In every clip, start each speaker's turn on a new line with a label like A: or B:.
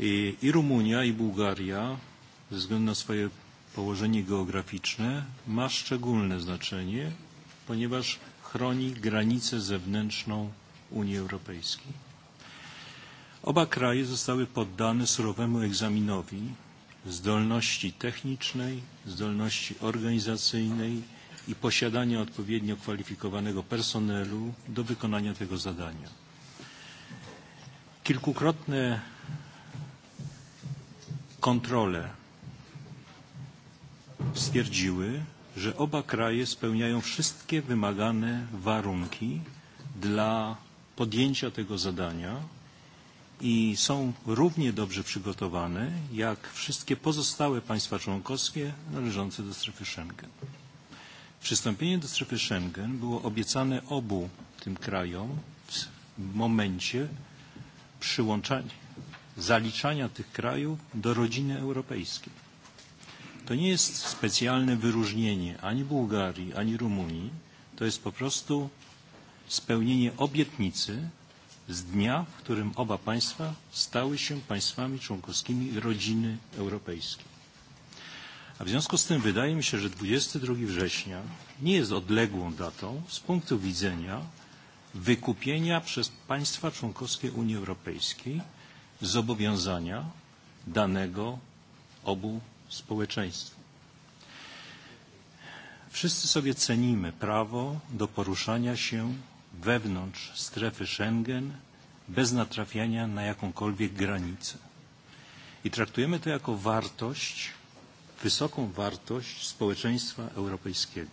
A: I, i Rumunia, i Bułgaria, ze względu na swoje położenie geograficzne, ma szczególne znaczenie, ponieważ chroni granicę zewnętrzną Unii Europejskiej. Oba kraje zostały poddane surowemu egzaminowi zdolności technicznej, zdolności organizacyjnej i posiadania odpowiednio kwalifikowanego personelu do wykonania tego zadania. Kilkukrotne Kontrole stwierdziły, że oba kraje spełniają wszystkie wymagane warunki dla podjęcia tego zadania i są równie dobrze przygotowane jak wszystkie pozostałe państwa członkowskie należące do strefy Schengen. Przystąpienie do strefy Schengen było obiecane obu tym krajom w momencie przyłączania, zaliczania tych krajów do rodziny europejskiej. To nie jest specjalne wyróżnienie ani Bułgarii, ani Rumunii. To jest po prostu spełnienie obietnicy z dnia, w którym oba państwa stały się państwami członkowskimi rodziny europejskiej. A w związku z tym wydaje mi się, że 22 września nie jest odległą datą z punktu widzenia wykupienia przez państwa członkowskie Unii Europejskiej zobowiązania danego obu społeczeństw. Wszyscy sobie cenimy prawo do poruszania się wewnątrz strefy Schengen bez natrafiania na jakąkolwiek granicę. I traktujemy to jako wartość, wysoką wartość społeczeństwa europejskiego.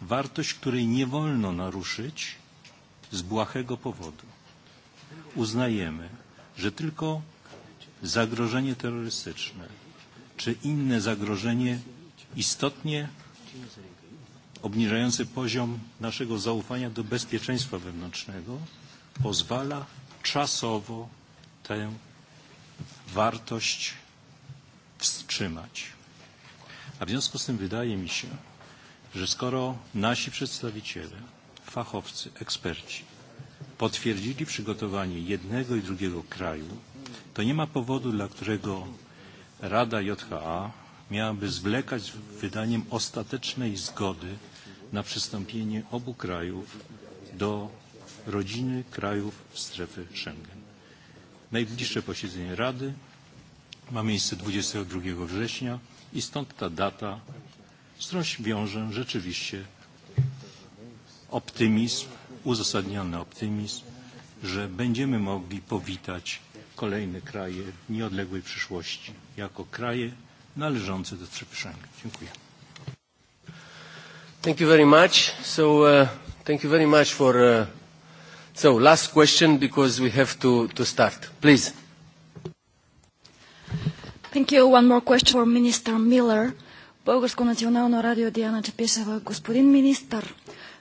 A: Wartość, której nie wolno naruszyć z błahego powodu uznajemy, że tylko zagrożenie terrorystyczne czy inne zagrożenie istotnie obniżające poziom naszego zaufania do bezpieczeństwa wewnętrznego pozwala czasowo tę wartość wstrzymać. A w związku z tym wydaje mi się, że skoro nasi przedstawiciele, fachowcy, eksperci potwierdzili przygotowanie jednego i drugiego kraju, to nie ma powodu, dla którego Rada JHA miałaby zwlekać z wydaniem ostatecznej zgody na przystąpienie obu krajów do rodziny krajów strefy Schengen. Najbliższe posiedzenie Rady ma miejsce 22 września i stąd ta data, z którą się wiąże rzeczywiście optymizm uzasadniony optymizm, że będziemy mogli powitać kolejne kraje nieodległej przyszłości jako kraje należące do strefy Schengen. Dziękuję.
B: Thank you very much. So uh, thank you very much for uh, so last question because we have to to start. Please.
C: Thank you. One more question for Minister Miller. Българско национално радио Диана Чепишева. Господин министър,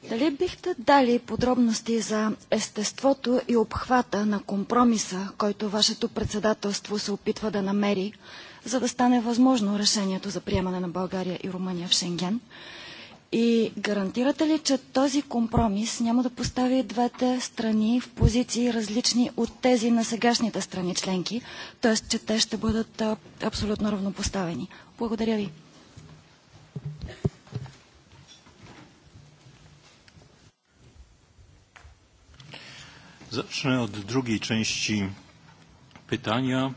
D: Дали бихте дали подробности за естеството и обхвата на компромиса, който вашето председателство се опитва да намери, за да стане възможно решението за приемане на България и Румъния в Шенген? И гарантирате ли, че този компромис няма да постави двете страни в позиции различни от тези на сегашните страни членки, т.е. че те ще бъдат абсолютно равнопоставени? Благодаря ви.
A: Zacznę od drugiej części pytania.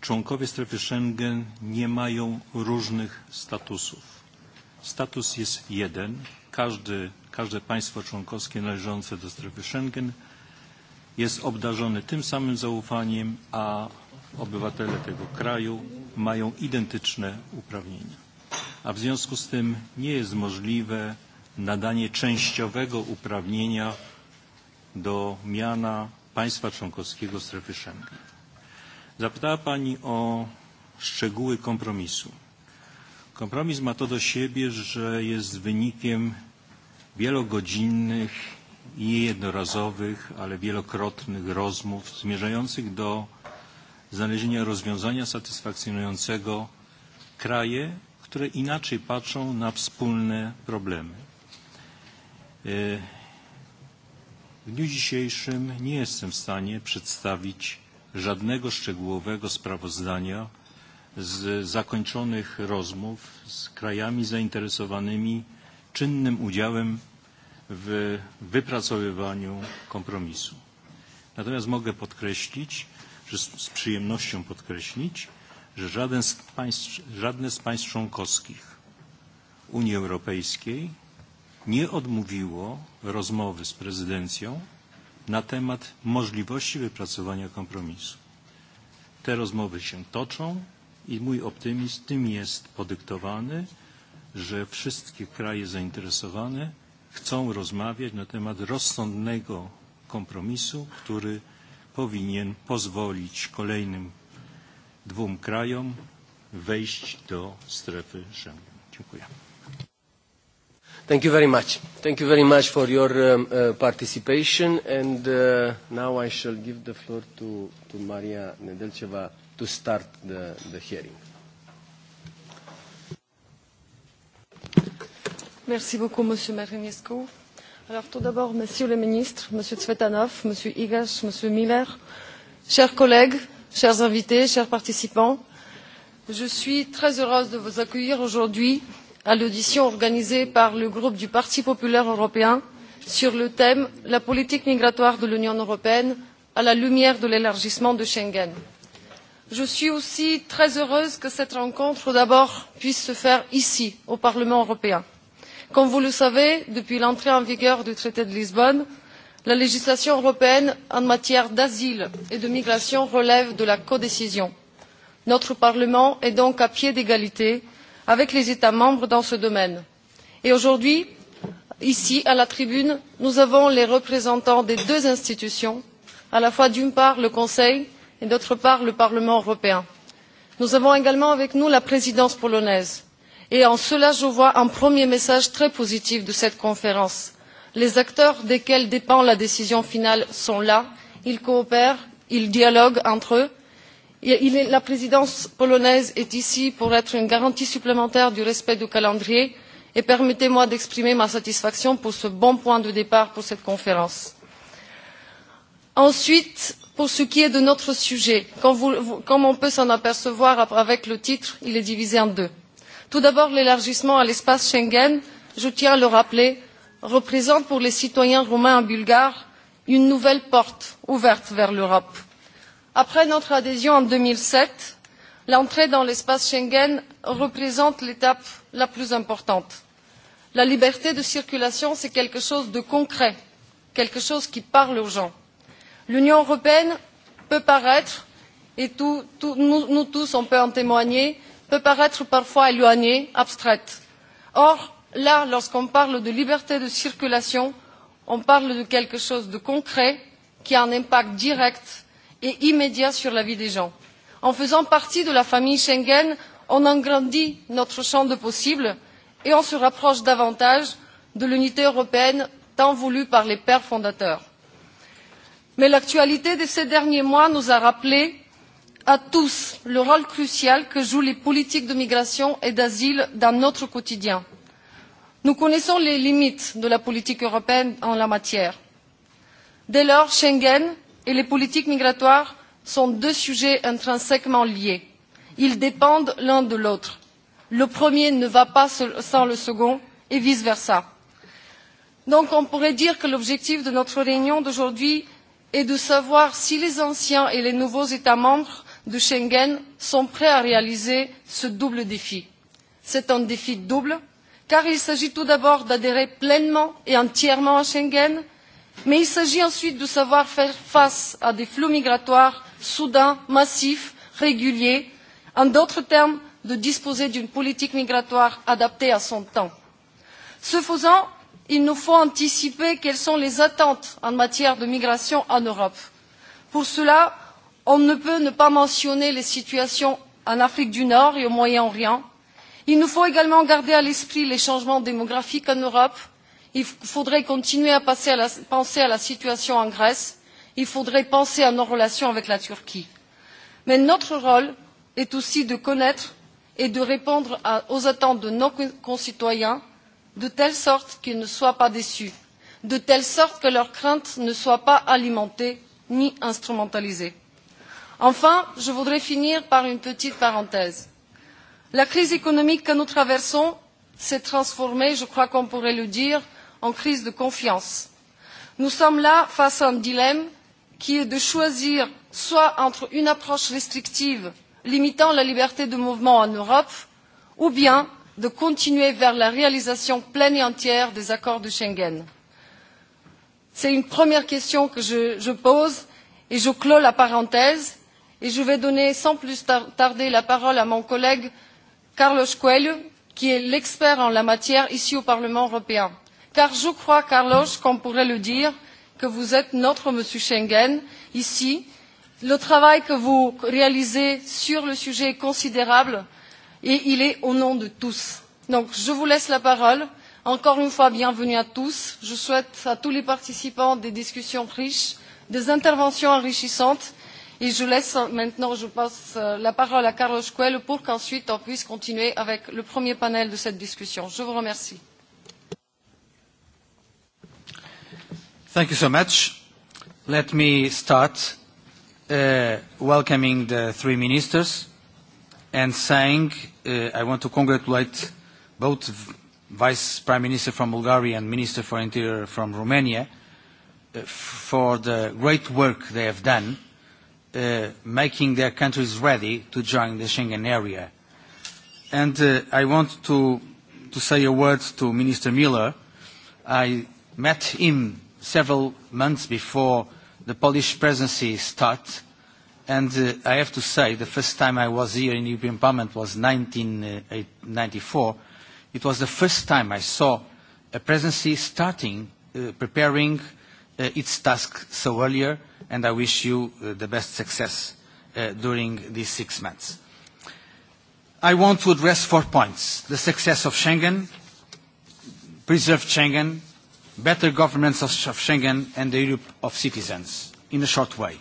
A: Członkowie strefy Schengen nie mają różnych statusów. Status jest jeden. Każdy, każde państwo członkowskie należące do strefy Schengen jest obdarzony tym samym zaufaniem, a obywatele tego kraju mają identyczne uprawnienia. A w związku z tym nie jest możliwe nadanie częściowego uprawnienia do miana państwa członkowskiego strefy Schengen. Zapytała Pani o szczegóły kompromisu. Kompromis ma to do siebie, że jest wynikiem wielogodzinnych i niejednorazowych, ale wielokrotnych rozmów zmierzających do znalezienia rozwiązania satysfakcjonującego kraje, które inaczej patrzą na wspólne problemy. E, W dniu dzisiejszym nie jestem w stanie przedstawić żadnego szczegółowego sprawozdania z zakończonych rozmów z krajami zainteresowanymi czynnym udziałem w wypracowywaniu kompromisu. Natomiast mogę podkreślić, że z przyjemnością podkreślić, że żaden z państw, żadne z państw członkowskich Unii Europejskiej nie odmówiło rozmowy z prezydencją na temat możliwości wypracowania kompromisu. Te rozmowy się toczą i mój optymizm tym jest podyktowany, że wszystkie kraje zainteresowane chcą rozmawiać na temat rozsądnego kompromisu, który powinien pozwolić kolejnym dwóm krajom wejść do strefy Schengen. Dziękuję.
B: Thank you very much. Thank you very much for your um, uh, participation. And uh, now I shall give the floor to, to Maria Nedelcheva to start the, the hearing.
C: Merci beaucoup, Monsieur Marinescu. Alors tout d'abord, Monsieur le Ministre, Monsieur Tsvetanov, Monsieur Higash, Monsieur Miller, chers collègues, chers invités, chers participants, je suis très heureuse de vous accueillir aujourd'hui euh, à l'audition organisée par le groupe du parti populaire européen sur le thème la politique migratoire de l'union européenne à la lumière de l'élargissement de schengen. je suis aussi très heureuse que cette rencontre d'abord puisse se faire ici au parlement européen. comme vous le savez depuis l'entrée en vigueur du traité de lisbonne la législation européenne en matière d'asile et de migration relève de la codécision. notre parlement est donc à pied d'égalité avec les états membres dans ce domaine. et aujourd'hui ici à la tribune nous avons les représentants des deux institutions à la fois d'une part le conseil et d'autre part le parlement européen. nous avons également avec nous la présidence polonaise et en cela je vois un premier message très positif de cette conférence les acteurs desquels dépend la décision finale sont là ils coopèrent ils dialoguent entre eux Il est, la présidence polonaise est ici pour être une garantie supplémentaire du respect du calendrier et permettez moi d'exprimer ma satisfaction pour ce bon point de départ pour cette conférence. ensuite pour ce qui est de notre sujet comme, vous, comme on peut s'en apercevoir avec le titre il est divisé en deux. tout d'abord l'élargissement à l'espace schengen je tiens à le rappeler représente pour les citoyens roumains et bulgares une nouvelle porte ouverte vers l'europe après notre adhésion en deux mille sept l'entrée dans l'espace schengen représente l'étape la plus importante. la liberté de circulation c'est quelque chose de concret quelque chose qui parle aux gens. l'union européenne peut paraître et tout, tout, nous, nous tous on peut en témoigner peut paraître parfois éloignée abstraite. or là lorsqu'on parle de liberté de circulation on parle de quelque chose de concret qui a un impact direct et immédiat sur la vie des gens. En faisant partie de la famille Schengen, on agrandit notre champ de possibles et on se rapproche davantage de l'unité européenne tant voulue par les pères fondateurs. Mais l'actualité de ces derniers mois nous a rappelé à tous le rôle crucial que jouent les politiques de migration et d'asile dans notre quotidien. Nous connaissons les limites de la politique européenne en la matière. Dès lors, Schengen et les politiques migratoires sont deux sujets intrinsèquement liés. Ils dépendent l'un de l'autre. Le premier ne va pas sans le second et vice-versa. Donc on pourrait dire que l'objectif de notre réunion d'aujourd'hui est de savoir si les anciens et les nouveaux États membres de Schengen sont prêts à réaliser ce double défi. C'est un défi double, car il s'agit tout d'abord d'adhérer pleinement et entièrement à Schengen, Mais il s'agit ensuite de savoir faire face à des flux migratoires soudains, massifs, réguliers, en d'autres termes, de disposer d'une politique migratoire adaptée à son temps. Ce faisant, il nous faut anticiper quelles sont les attentes en matière de migration en Europe. Pour cela, on ne peut ne pas mentionner les situations en Afrique du Nord et au Moyen-Orient. Il nous faut également garder à l'esprit les changements démographiques en Europe, il faudrait continuer à, à la, penser à la situation en grèce il faudrait penser à nos relations avec la turquie mais notre rôle est aussi de connaître et de répondre à, aux attentes de nos concitoyens de telle sorte qu'ils ne soient pas déçus de telle sorte que leurs craintes ne soient pas alimentées ni instrumentalisées. enfin je voudrais finir par une petite parenthèse la crise économique que nous traversons s'est transformée je crois qu'on pourrait le dire en crise de confiance. Nous sommes là face à un dilemme qui est de choisir soit entre une approche restrictive limitant la liberté de mouvement en Europe ou bien de continuer vers la réalisation pleine et entière des accords de Schengen. C'est une première question que je, je pose et je clôt la parenthèse et je vais donner sans plus tarder la parole à mon collègue Carlos Coelho, qui est l'expert en la matière ici au Parlement européen car je crois carlos qu'on pourrait le dire que vous êtes notre monsieur schengen ici. le travail que vous réalisez sur le sujet est considérable et il est au nom de tous. donc je vous laisse la parole. encore une fois bienvenue à tous. je souhaite à tous les participants des discussions riches des interventions enrichissantes et je laisse maintenant je passe euh, la parole à carlos coelho pour qu'ensuite on puisse continuer avec le premier panel de cette discussion. je vous remercie.
E: Thank you so much. Let me start uh, welcoming the three ministers and saying uh, I want to congratulate both Vice Prime Minister from Bulgaria and Minister for Interior from Romania uh, for the great work they have done uh, making their countries ready to join the Schengen area. And uh, I want to, to say a word to Minister Miller. I met him several months before the Polish presidency starts, and uh, I have to say, the first time I was here in the European Parliament was 1994. Uh, It was the first time I saw a presidency starting, uh, preparing uh, its task so earlier, and I wish you uh, the best success uh, during these six months. I want to address four points. The success of Schengen, preserved Schengen, better governance of, of Schengen and the Europe of citizens in a short way.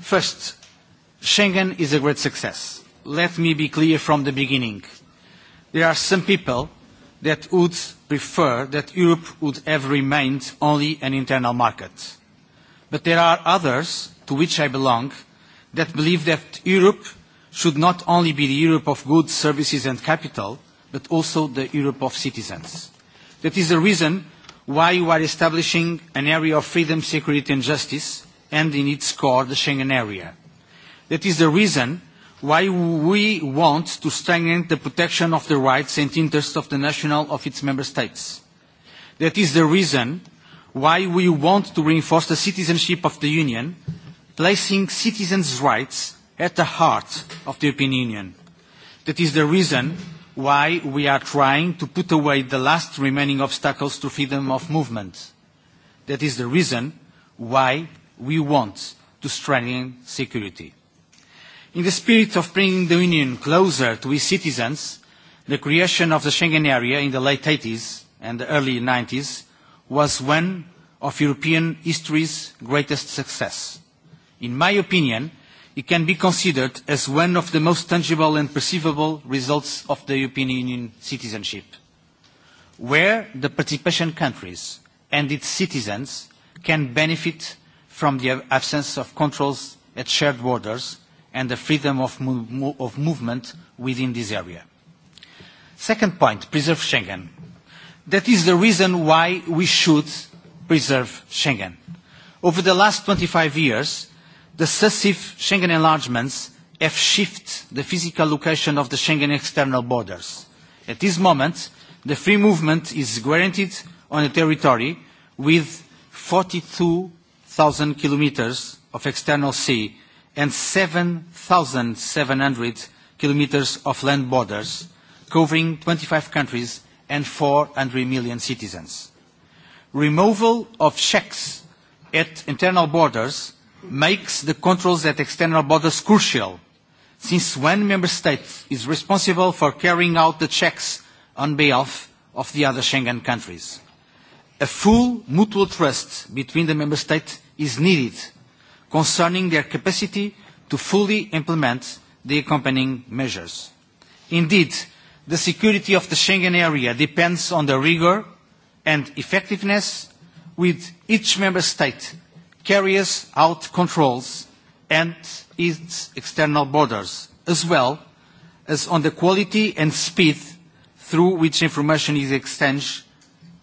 E: First, Schengen is a great success. Let me be clear from the beginning. There are some people that would prefer that Europe would have remained only an internal market. But there are others, to which I belong, that believe that Europe should not only be the Europe of goods, services and capital, but also the Europe of citizens. That is the reason why you are establishing an area of freedom, security and justice, and in its core the Schengen area. That is the reason why we want to strengthen the protection of the rights and interests of the national of its member states. That is the reason why we want to reinforce the citizenship of the Union, placing citizens' rights at the heart of the European Union. That is the reason why we are trying to put away the last remaining obstacles to freedom of movement. That is the reason why we want to strengthen security. In the spirit of bringing the Union closer to its citizens, the creation of the Schengen area in the late 80s and the early 90s was one of European history's greatest success. In my opinion, it can be considered as one of the most tangible and perceivable results of the European Union citizenship, where the participation countries and its citizens can benefit from the absence of controls at shared borders and the freedom of, mov of movement within this area. Second point, preserve Schengen. That is the reason why we should preserve Schengen. Over the last 25 years, The successive Schengen enlargements have shifted the physical location of the Schengen external borders. At this moment, the free movement is guaranteed on a territory with 42,000 kilometers of external sea and 7,700 kilometers of land borders, covering 25 countries and 400 million citizens. Removal of checks at internal borders makes the controls at external borders crucial, since one member state is responsible for carrying out the checks on behalf of the other Schengen countries. A full mutual trust between the member states is needed concerning their capacity to fully implement the accompanying measures. Indeed, the security of the Schengen area depends on the rigor and effectiveness with each member state carries out controls and its external borders, as well as on the quality and speed through which information is exchanged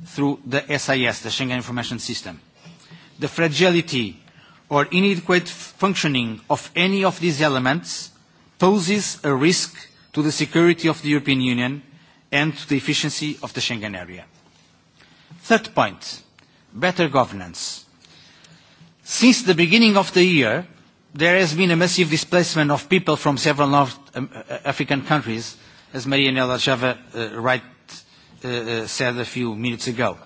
E: through the SIS, the Schengen Information System. The fragility or inadequate functioning of any of these elements poses a risk to the security of the European Union and to the efficiency of the Schengen area. Third point, better governance. Since the beginning of the year, there has been a massive displacement of people from several North um, uh, uh, African countries, as Marianela Chava uh, right, uh, uh, said a few minutes ago.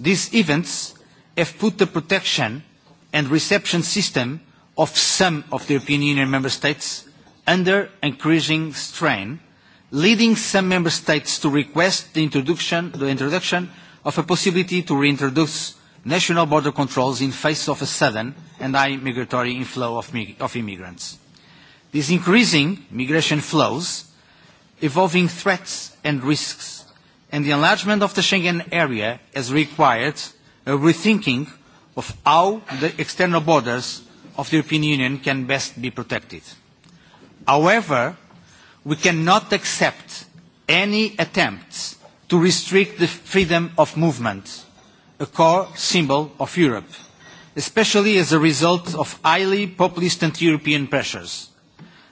E: These events have put the protection and reception system of some of the European Union member states under increasing strain, leading some member states to request the introduction, the introduction of a possibility to reintroduce national border controls in face of a sudden and high migratory inflow of, mig of immigrants. These increasing migration flows, evolving threats and risks, and the enlargement of the Schengen area has required a rethinking of how the external borders of the European Union can best be protected. However, we cannot accept any attempts to restrict the freedom of movement a core symbol of Europe, especially as a result of highly populist anti-European pressures.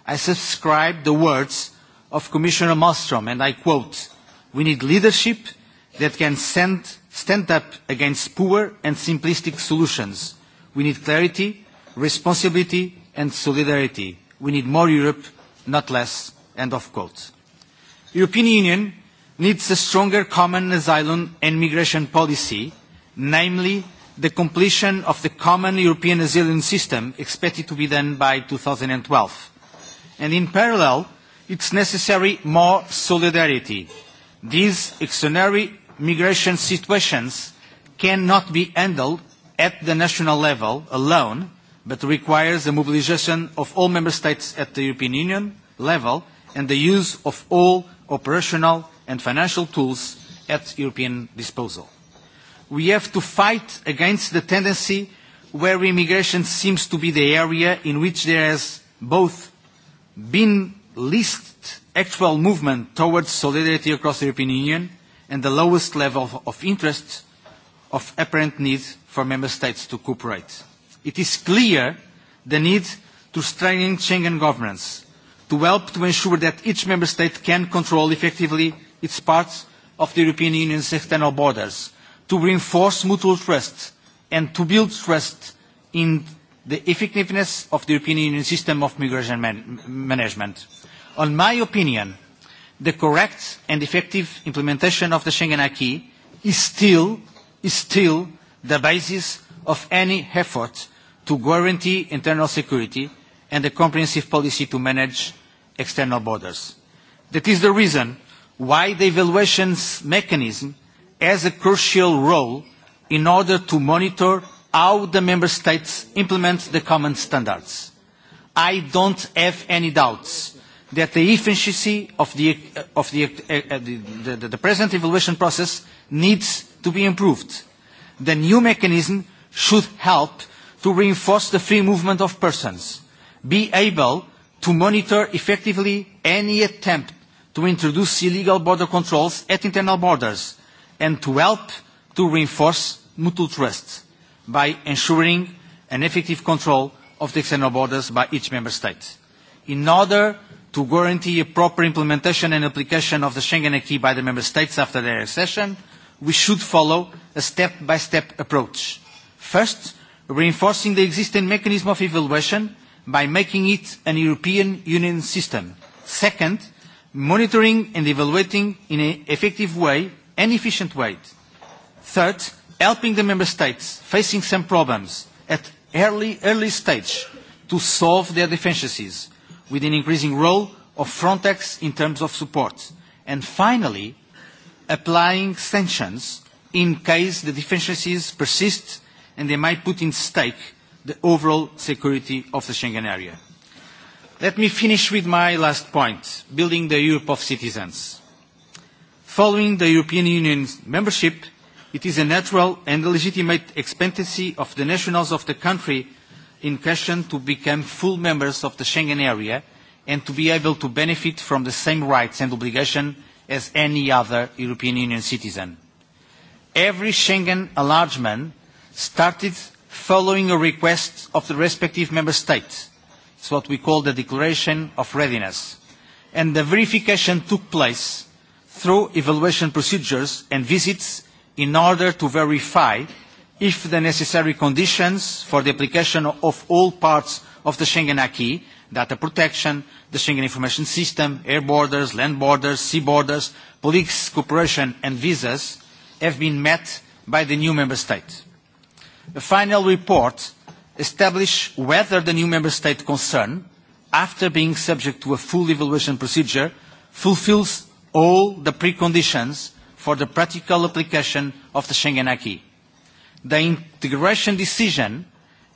E: I subscribe the words of Commissioner Malmström, and I quote, we need leadership that can send, stand up against poor and simplistic solutions. We need clarity, responsibility and solidarity. We need more Europe, not less. End of quote. European Union needs a stronger common asylum and migration policy namely the completion of the common European asylum system expected to be done by 2012. And in parallel, it's necessary more solidarity. These extraordinary migration situations cannot be handled at the national level alone, but requires the mobilization of all member states at the European Union level and the use of all operational and financial tools at European disposal we have to fight against the tendency where immigration seems to be the area in which there has both been least actual movement towards solidarity across the European Union and the lowest level of interest of apparent need for Member States to cooperate. It is clear the need to strengthen Schengen governance, to help to ensure that each Member State can control effectively its part of the European Union's external borders, to reinforce mutual trust and to build trust in the effectiveness of the European Union system of migration man management. On my opinion, the correct and effective implementation of the Schengen Acquis is still, is still the basis of any effort to guarantee internal security and a comprehensive policy to manage external borders. That is the reason why the evaluations mechanism has a crucial role in order to monitor how the member states implement the common standards. I don't have any doubts that the efficiency of the, uh, of the, uh, uh the, the, the present evaluation process needs to be improved. The new mechanism should help to reinforce the free movement of persons, be able to monitor effectively any attempt to introduce illegal border controls at internal borders, and to help to reinforce mutual trust by ensuring an effective control of the external borders by each member state. In order to guarantee a proper implementation and application of the Schengen Acquis by the member states after their accession, we should follow a step-by-step -step approach. First, reinforcing the existing mechanism of evaluation by making it an European Union system. Second, monitoring and evaluating in an effective way and efficient way. Third, helping the member states facing some problems at early, early stage to solve their deficiencies with an increasing role of Frontex in terms of support. And finally, applying sanctions in case the deficiencies persist and they might put in stake the overall security of the Schengen area. Let me finish with my last point, building the Europe of citizens. Following the European Union's membership, it is a natural and legitimate expectancy of the nationals of the country in question to become full members of the Schengen area and to be able to benefit from the same rights and obligations as any other European Union citizen. Every Schengen enlargement started following a request of the respective member states. It's what we call the Declaration of Readiness. And the verification took place through evaluation procedures and visits in order to verify if the necessary conditions for the application of all parts of the Schengen acquis, data protection, the Schengen information system, air borders, land borders, sea borders, police cooperation and visas have been met by the new member state. The final report establishes whether the new member state concerned, after being subject to a full evaluation procedure, fulfills all the preconditions for the practical application of the Schengen Acquis. The integration decision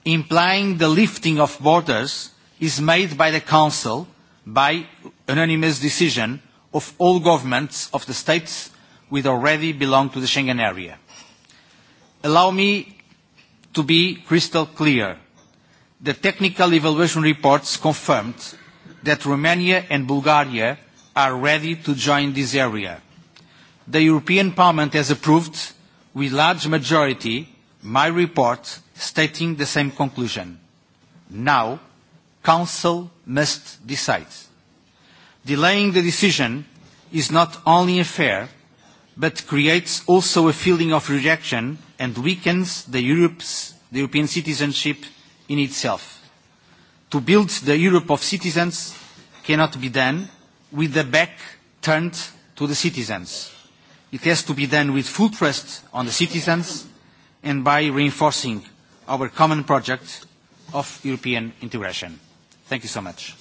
E: implying the lifting of borders is made by the Council by unanimous decision of all governments of the states which already belong to the Schengen area. Allow me to be crystal clear. The technical evaluation reports confirmed that Romania and Bulgaria are ready to join this area. The European Parliament has approved, with large majority, my report stating the same conclusion. Now, Council must decide. Delaying the decision is not only unfair, but creates also a feeling of rejection and weakens the, Europe's, the European citizenship in itself. To build the Europe of citizens cannot be done with the back turned to the citizens. It has to be done with full trust on the citizens and by reinforcing our common project of European integration. Thank you so much.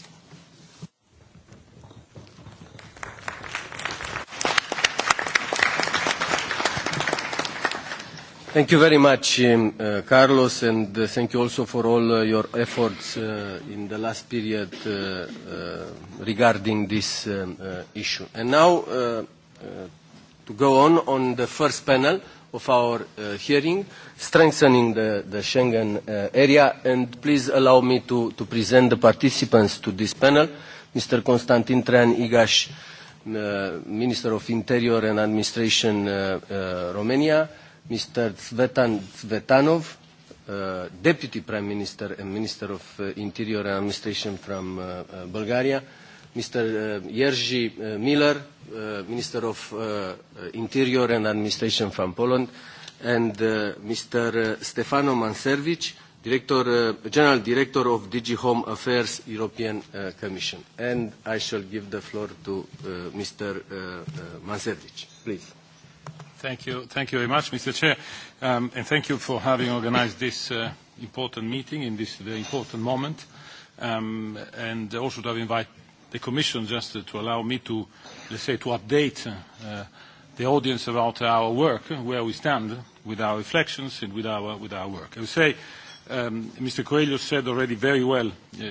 B: Thank you very much, um, uh, Carlos, and uh, thank you also for all uh, your efforts uh, in the last period uh, uh, regarding this um, uh, issue. And now, uh, uh, to go on on the first panel of our uh, hearing, strengthening the, the Schengen uh, area, and please allow me to, to present the participants to this panel, Mr. Konstantin Tran Igaș, uh, Minister of Interior and Administration, uh, uh, Romania, Mr. Svetan Svetanov, uh, Deputy Prime Minister and Minister of uh, Interior and Administration from uh, uh, Bulgaria, Mr. Uh, Jerzy uh, Miller, uh, Minister of uh, uh Interior and Administration from Poland, and uh, Mr. Uh, Stefano Manservic, Director, uh, General Director of DG Home Affairs, European uh, Commission. And I shall give the floor to uh, Mr. Uh, uh, Manservic, please.
F: Thank you. Thank you very much, Mr. Chair. Um, and thank you for having organized this uh, important meeting in this very important moment. Um, and also to have invited the Commission just to, to allow me to, let's say, to update uh, the audience about our work, where we stand with our reflections and with our, with our work. I would say, um, Mr. Coelho said already very well, uh,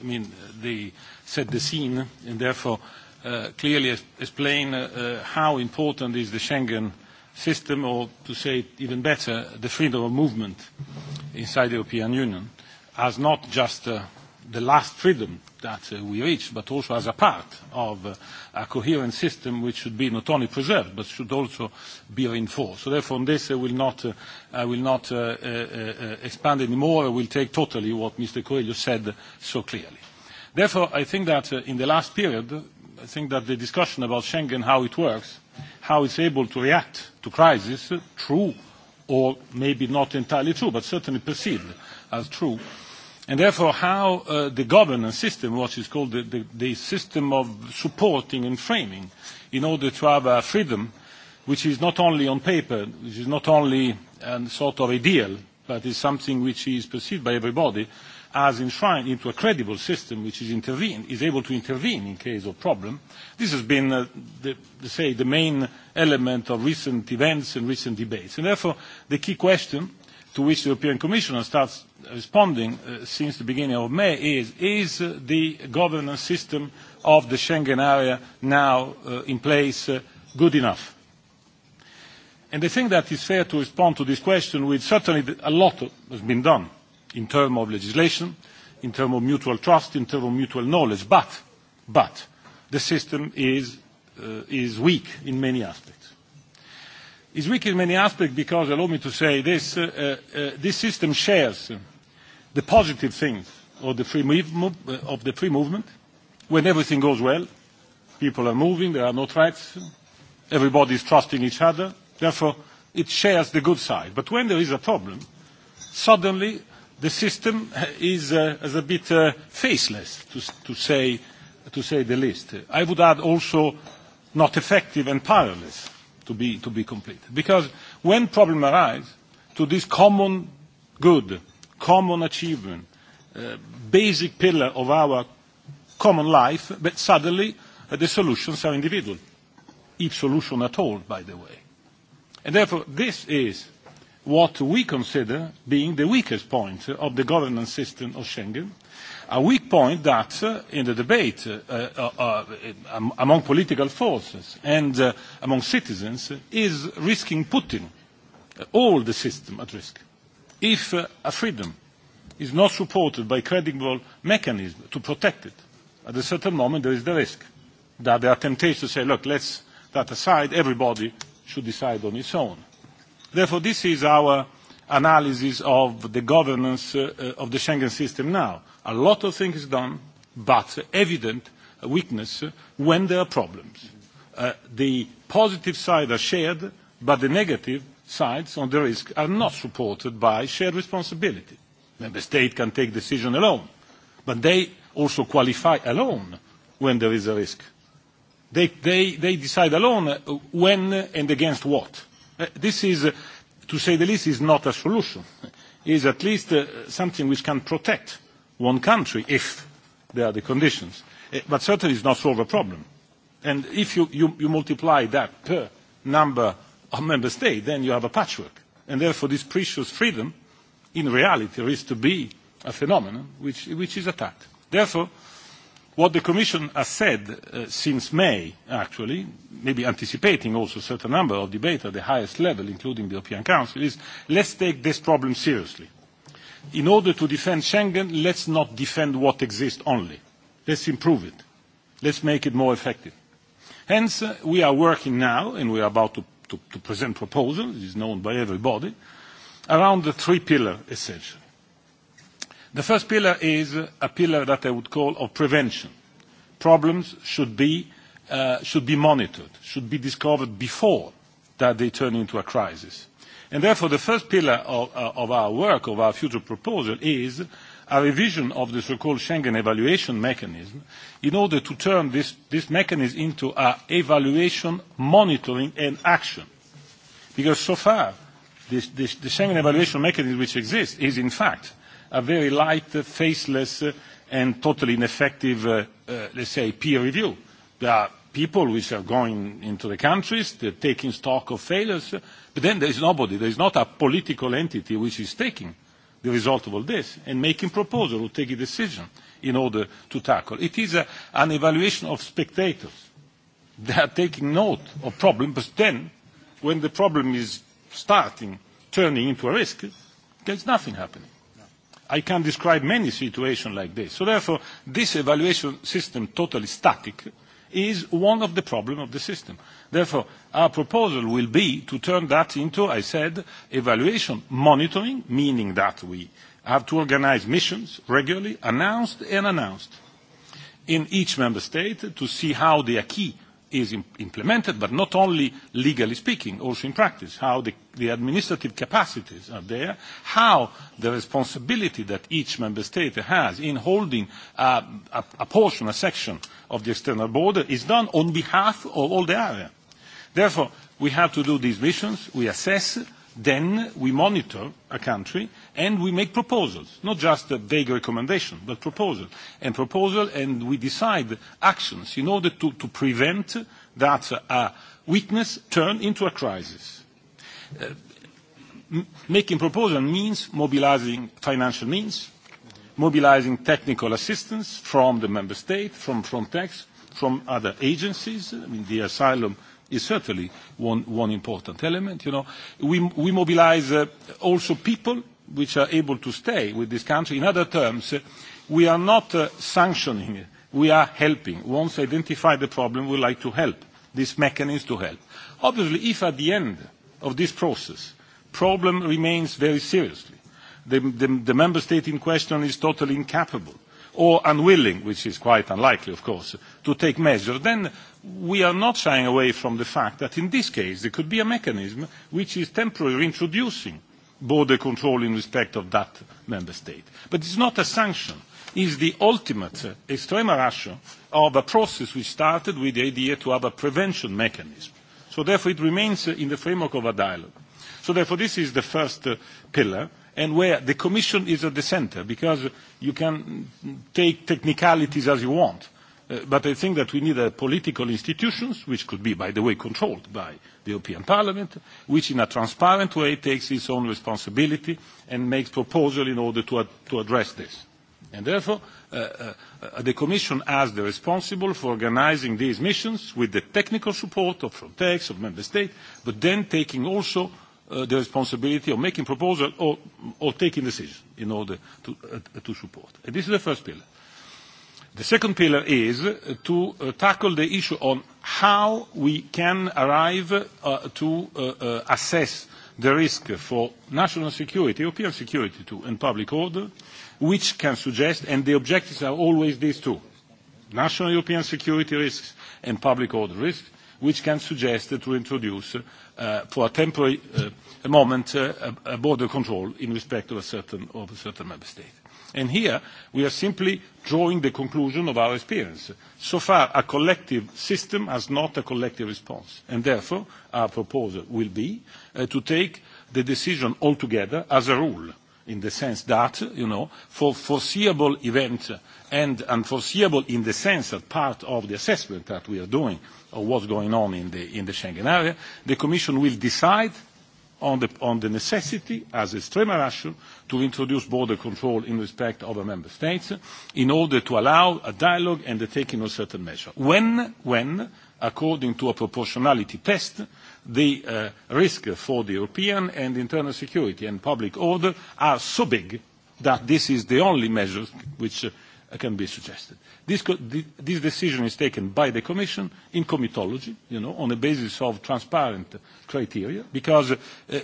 F: I mean, they set the scene and therefore uh, clearly explain uh, uh, how important is the Schengen system, or to say it even better, the freedom of movement inside the European Union as not just uh, the last freedom that uh, we reach, but also as a part of uh, a coherent system which should be not only preserved, but should also be reinforced. So therefore, on this, I uh, will not, uh, I will not uh, uh, uh, expand anymore. I will take totally what Mr. Coelho said so clearly. Therefore, I think that uh, in the last period, I think that the discussion about Schengen, how it works, how it's able to react to crisis, true or maybe not entirely true, but certainly perceived as true. And therefore, how uh, the governance system, what is called the, the, the system of supporting and framing, in order to have a freedom which is not only on paper, which is not only a sort of ideal, but is something which is perceived by everybody as enshrined into a credible system which is, intervene, is able to intervene in case of problem. This has been, uh, the, the, say, the main element of recent events and recent debates. And therefore, the key question to which the European Commission starts responding uh, since the beginning of May is, is uh, the governance system of the Schengen area now uh, in place uh, good enough? And I think that it's fair to respond to this question with certainly a lot has been done in terms of legislation, in terms of mutual trust, in terms of mutual knowledge. But, but the system is, uh, is weak in many aspects. It's weak in many aspects because, allow me to say this, uh, uh, uh this system shares the positive things of the, free move, uh, of the free movement. When everything goes well, people are moving, there are no threats, everybody is trusting each other. Therefore, it shares the good side. But when there is a problem, suddenly the system is, uh, is a bit uh, faceless, to, to, say, to say the least. I would add also not effective and powerless, to be, to be complete. Because when problems arise to this common good, common achievement, uh, basic pillar of our common life, but suddenly uh, the solutions are individual, if solution at all, by the way. And therefore, this is what we consider being the weakest point of the governance system of Schengen, a weak point that uh, in the debate uh, uh, um, among political forces and uh, among citizens is risking putting uh, all the system at risk. If a freedom is not supported by credible mechanism to protect it, at a certain moment there is the risk that there are temptations to say, look, let's that aside, everybody should decide on its own Therefore, this is our analysis of the governance uh, uh, of the Schengen system now. A lot of things done, but evident weakness when there are problems. Uh, the positive side are shared, but the negative sides on the risk are not supported by shared responsibility. Member State can take decision alone, but they also qualify alone when there is a risk. They, they, they decide alone when and against what Uh, this is, uh, to say the least, is not a solution. Is at least uh, something which can protect one country if there are the conditions. Uh, but certainly it's not solve a problem. And if you, you, you multiply that per number of member states, then you have a patchwork. And therefore this precious freedom, in reality, is to be a phenomenon which, which is attacked. Therefore, uh, What the Commission has said uh, since May, actually, maybe anticipating also a certain number of debate at the highest level, including the European Council, is let's take this problem seriously. In order to defend Schengen, let's not defend what exists only. Let's improve it. Let's make it more effective. Hence, uh, we are working now, and we are about to, to, to present proposals, it is known by everybody, around the three pillar essentially The first pillar is a pillar that I would call of prevention. Problems should be, uh, should be monitored, should be discovered before that they turn into a crisis. And therefore, the first pillar of, uh, of our work, of our future proposal, is a revision of the so-called Schengen evaluation mechanism in order to turn this, this mechanism into an evaluation, monitoring, and action. Because so far, this, this, the Schengen evaluation mechanism which exists is, in fact, a very light, faceless, and totally ineffective, uh, uh, let's say, peer review. There are people which are going into the countries, they're taking stock of failures, but then there is nobody, there is not a political entity which is taking the result of all this and making proposal or taking decision in order to tackle. It is a, an evaluation of spectators. They are taking note of problem, but then when the problem is starting turning into a risk, there's nothing happening. I can describe many situations like this. So therefore, this evaluation system, totally static, is one of the problems of the system. Therefore, our proposal will be to turn that into, I said, evaluation monitoring, meaning that we have to organize missions regularly, announced and announced, in each member state to see how the acquis is imp implemented, but not only legally speaking, also in practice, how the, the administrative capacities are there, how the responsibility that each member state has in holding uh, a, a portion, a section of the external border is done on behalf of all the area. Therefore, we have to do these missions, we assess, then we monitor a country, and we make proposals, not just a vague recommendation, but proposal. And proposal, and we decide actions in order to, to prevent that a weakness turn into a crisis.
A: Uh,
F: making proposal means mobilizing financial means, mobilizing technical assistance from the member state, from Frontex, from other agencies. I mean, the asylum is certainly one, one important element, you know. We, we mobilize uh, also people which are able to stay with this country. In other terms, we are not uh, sanctioning, we are helping. Once identify the problem, we like to help. This mechanism to help. Obviously, if at the end of this process, problem remains very seriously, the, the, the member state in question is totally incapable or unwilling, which is quite unlikely, of course, to take measures, then we are not shying away from the fact that in this case there could be a mechanism which is temporarily introducing border control in respect of that member state. But it's not a sanction. It's the ultimate uh, extrema ratio of a process which started with the idea to have a prevention mechanism. So therefore it remains uh, in the framework of a dialogue. So therefore this is the first uh, pillar and where the Commission is at the center because you can mm, take technicalities as you want Uh, but I think that we need a political institutions, which could be, by the way, controlled by the European Parliament, which in a transparent way takes its own responsibility and makes proposals in order to, ad to address this. And therefore, uh, uh, uh, the Commission as the responsible for organizing these missions with the technical support of Frontex, of Member States, but then taking also uh, the responsibility of making proposals or, or taking decisions in order to, uh, to support. And this is the first pillar. The second pillar is to uh, tackle the issue on how we can arrive uh, to uh, uh, assess the risk for national security, European security too, and public order, which can suggest, and the objectives are always these two, national European security risks and public order risks, which can suggest to introduce, uh, for a temporary uh, a moment, uh, a, a border control in respect of a certain, of a certain member state. And here we are simply drawing the conclusion of our experience. So far, a collective system has not a collective response, and therefore our proposal will be uh, to take the decision altogether as a rule, in the sense that, you know, for foreseeable event and unforeseeable in the sense that part of the assessment that we are doing of what's going on in the, in the Schengen area, the Commission will decide on the, on the necessity, as a extrema ratio, to introduce border control in respect of a member state in order to allow a dialogue and the taking of certain measures. When, when, according to a proportionality test, the uh, risk for the European and internal security and public order are so big that this is the only measure which can be suggested. This, this decision is taken by the Commission in comitology, you know, on the basis of transparent criteria, because uh,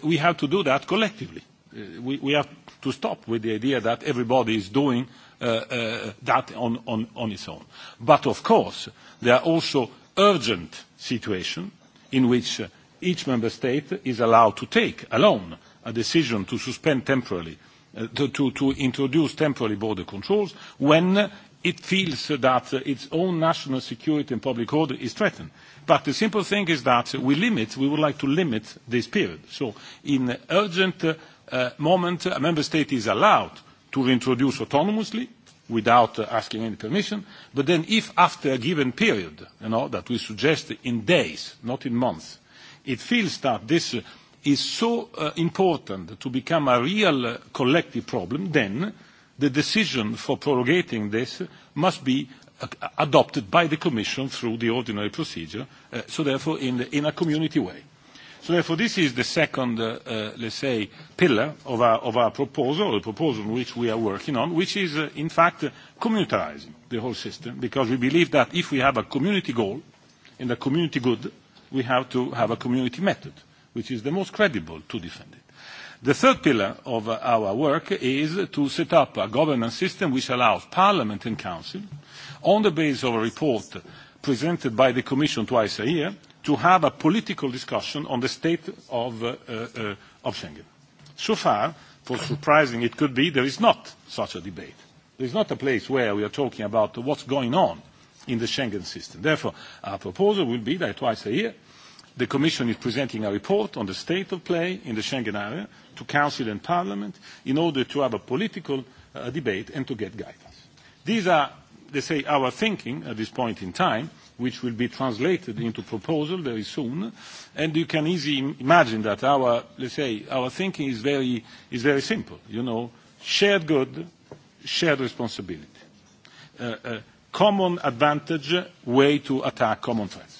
F: we have to do that collectively. Uh, we, we have to stop with the idea that everybody is doing uh, uh, that on, on, on its own. But of course, there are also urgent situations in which uh, each member state is allowed to take alone a decision to suspend temporarily uh, uh, to, to, to introduce temporary border controls when it feels that its own national security and public order is threatened. But the simple thing is that we limit, we would like to limit this period. So in urgent uh, moment, a member state is allowed to reintroduce autonomously without uh, asking any permission. But then if after a given period, you know, that we suggest in days, not in months, it feels that this is so uh, important to become a real uh, collective problem, then the decision for prorogating this must be uh, adopted by the Commission through the ordinary procedure, uh, so therefore in, the, in a community way. So therefore this is the second, uh, uh, let's say, pillar of our, of our proposal, the proposal which we are working on, which is uh, in fact uh, communitarizing the whole system, because we believe that if we have a community goal and a community good, we have to have a community method. Uh, which is the most credible to defend it. The third pillar of our work is to set up a governance system which allows Parliament and Council, on the basis of a report presented by the Commission twice a year, to have a political discussion on the state of, uh, uh, of Schengen. So far, for surprising it could be, there is not such a debate. There is not a place where we are talking about what's going on in the Schengen system. Therefore, our proposal will be that twice a year, the Commission is presenting a report on the state of play in the Schengen area to Council and Parliament in order to have a political uh, debate and to get guidance. These are, let's say, our thinking at this point in time, which will be translated into proposal very soon. And you can easily imagine that our, let's say, our thinking is very, is very simple. You know, shared good, shared responsibility. Uh, uh, common advantage, way to attack common threats.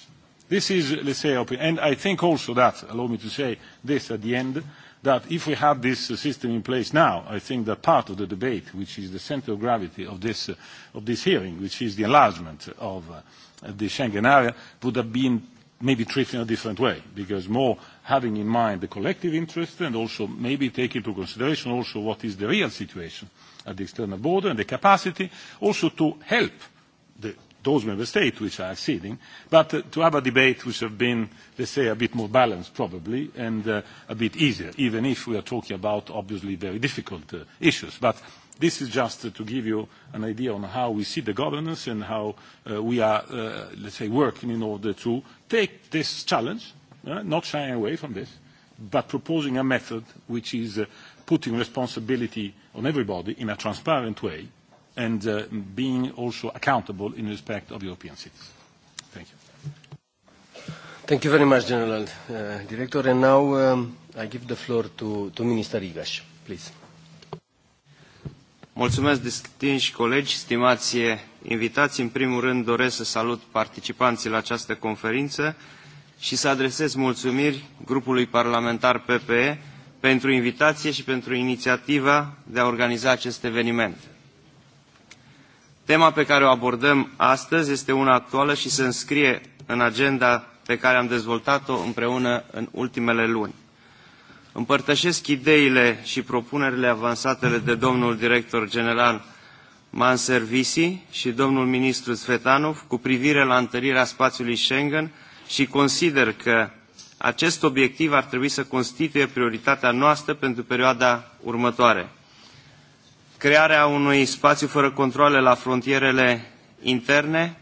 F: This is, let's say, and I think also that, allow me to say this at the end, that if we had this uh, system in place now, I think that part of the debate, which is the center of gravity of this, uh, of this hearing, which is the enlargement uh, of the Schengen area, would have been maybe treated in a different way, because more having in mind the collective interest and also maybe take into consideration also what is the real situation at the external border and the capacity also to help the those member states which are acceding, but uh, to have a debate which have been, let's say, a bit more balanced probably and uh, a bit easier, even if we are talking about obviously very difficult uh, issues. But this is just uh, to give you an idea on how we see the governance and how uh, we are, uh, let's say, working in order to take this challenge, uh, not shying away from this, but proposing a method which is uh, putting responsibility on everybody in a transparent way, and uh, being also accountable in respect of European citizens. Thank you.
B: Thank you very much, General uh, Director. And now um, I give the floor to, to Minister Igaș, please.
G: Mulțumesc, distinși colegi, stimați invitați. În primul rând doresc să salut participanții la această conferință și să adresez mulțumiri grupului parlamentar PPE pentru invitație și pentru inițiativa de a organiza acest eveniment. Tema pe care o abordăm astăzi este una actuală și se înscrie în agenda pe care am dezvoltat-o împreună în ultimele luni. Împărtășesc ideile și propunerile avansatele de domnul director general Manservisi și domnul ministru Svetanov cu privire la întărirea spațiului Schengen și consider că acest obiectiv ar trebui să constituie prioritatea noastră pentru perioada următoare – crearea unui spațiu fără controle la frontierele interne,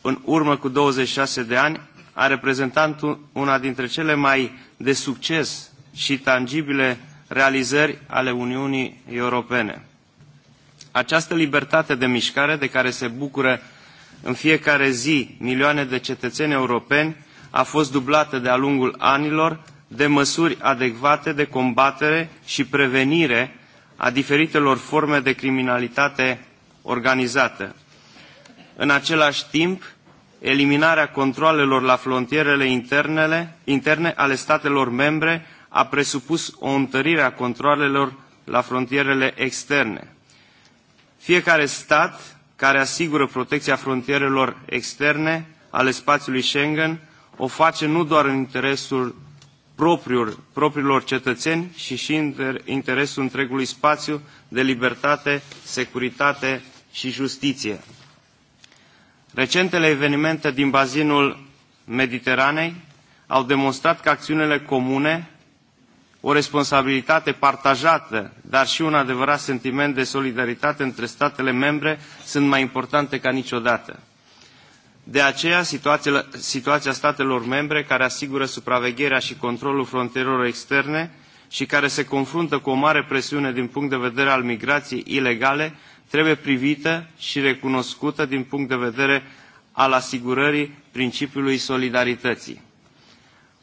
G: în urmă cu 26 de ani, a reprezentat una dintre cele mai de succes și tangibile realizări ale Uniunii Europene. Această libertate de mișcare de care se bucură în fiecare zi milioane de cetățeni europeni a fost dublată de-a lungul anilor de măsuri adecvate de combatere și prevenire a diferitelor forme de criminalitate organizată. În același timp, eliminarea controalelor la frontierele internele, interne ale statelor membre a presupus o întărire a controalelor la frontierele externe. Fiecare stat care asigură protecția frontierelor externe ale spațiului Schengen o face nu doar în interesul propriul, propriilor cetățeni și și în interesul întregului spațiu de libertate, securitate și justiție. Recentele evenimente din bazinul Mediteranei au demonstrat că acțiunile comune, o responsabilitate partajată, dar și un adevărat sentiment de solidaritate între statele membre sunt mai importante ca niciodată. De aceea, situația, situația statelor membre care asigură supravegherea și controlul frontierelor externe și care se confruntă cu o mare presiune din punct de vedere al migrației ilegale trebuie privită și recunoscută din punct de vedere al asigurării principiului solidarității.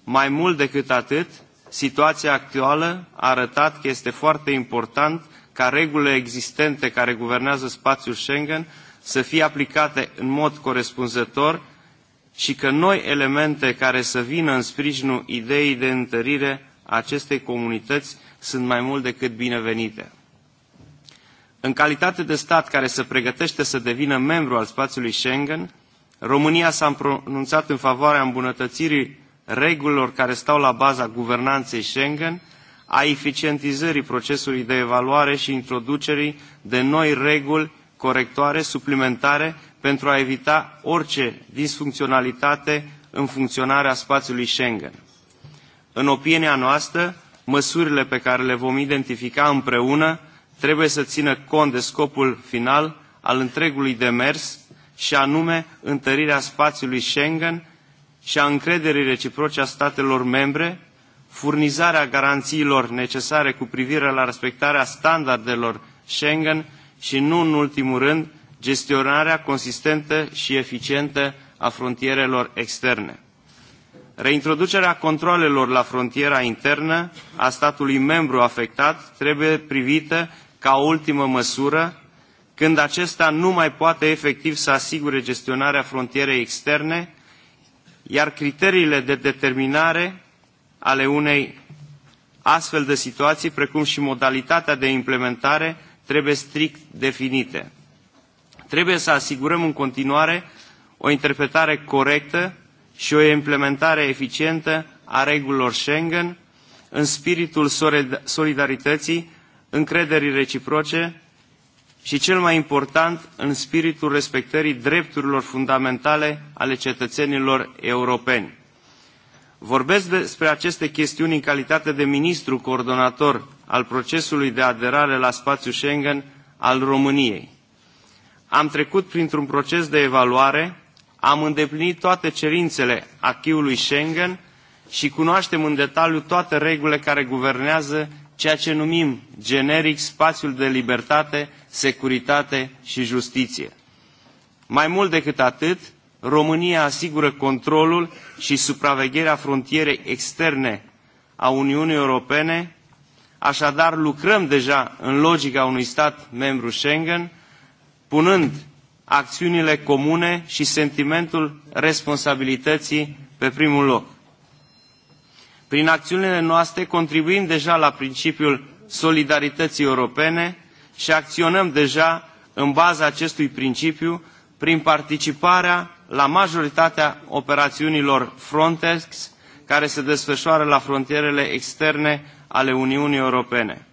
G: Mai mult decât atât, situația actuală a arătat că este foarte important ca regulile existente care guvernează spațiul Schengen să fie aplicate în mod corespunzător și că noi elemente care să vină în sprijinul ideii de întărire a acestei comunități sunt mai mult decât binevenite. În calitate de stat care se pregătește să devină membru al spațiului Schengen, România s-a pronunțat în favoarea îmbunătățirii regulilor care stau la baza guvernanței Schengen, a eficientizării procesului de evaluare și introducerii de noi reguli corectoare, suplimentare, pentru a evita orice disfuncționalitate în funcționarea spațiului Schengen. În opinia noastră, măsurile pe care le vom identifica împreună trebuie să țină cont de scopul final al întregului demers și anume întărirea spațiului Schengen și a încrederii reciproce a statelor membre, furnizarea garanțiilor necesare cu privire la respectarea standardelor Schengen și nu în ultimul rând gestionarea consistentă și eficientă a frontierelor externe. Reintroducerea controalelor la frontiera internă a statului membru afectat trebuie privită ca o ultimă măsură când acesta nu mai poate efectiv să asigure gestionarea frontierei externe, iar criteriile de determinare ale unei astfel de situații, precum și modalitatea de implementare, trebuie strict definite. Trebuie să asigurăm în continuare o interpretare corectă și o implementare eficientă a regulilor Schengen în spiritul solidarității, încrederii reciproce și, cel mai important, în spiritul respectării drepturilor fundamentale ale cetățenilor europeni. Vorbesc despre aceste chestiuni în calitate de ministru coordonator al procesului de aderare la spațiul Schengen al României. Am trecut printr-un proces de evaluare, am îndeplinit toate cerințele achiului Schengen și cunoaștem în detaliu toate regulile care guvernează ceea ce numim generic spațiul de libertate, securitate și justiție. Mai mult decât atât, România asigură controlul și supravegherea frontierei externe a Uniunii Europene, așadar lucrăm deja în logica unui stat membru Schengen, punând acțiunile comune și sentimentul responsabilității pe primul loc. Prin acțiunile noastre contribuim deja la principiul solidarității europene și acționăm deja în baza acestui principiu prin participarea la majoritatea operațiunilor Frontex care se desfășoară la frontierele externe ale Uniunii Europene.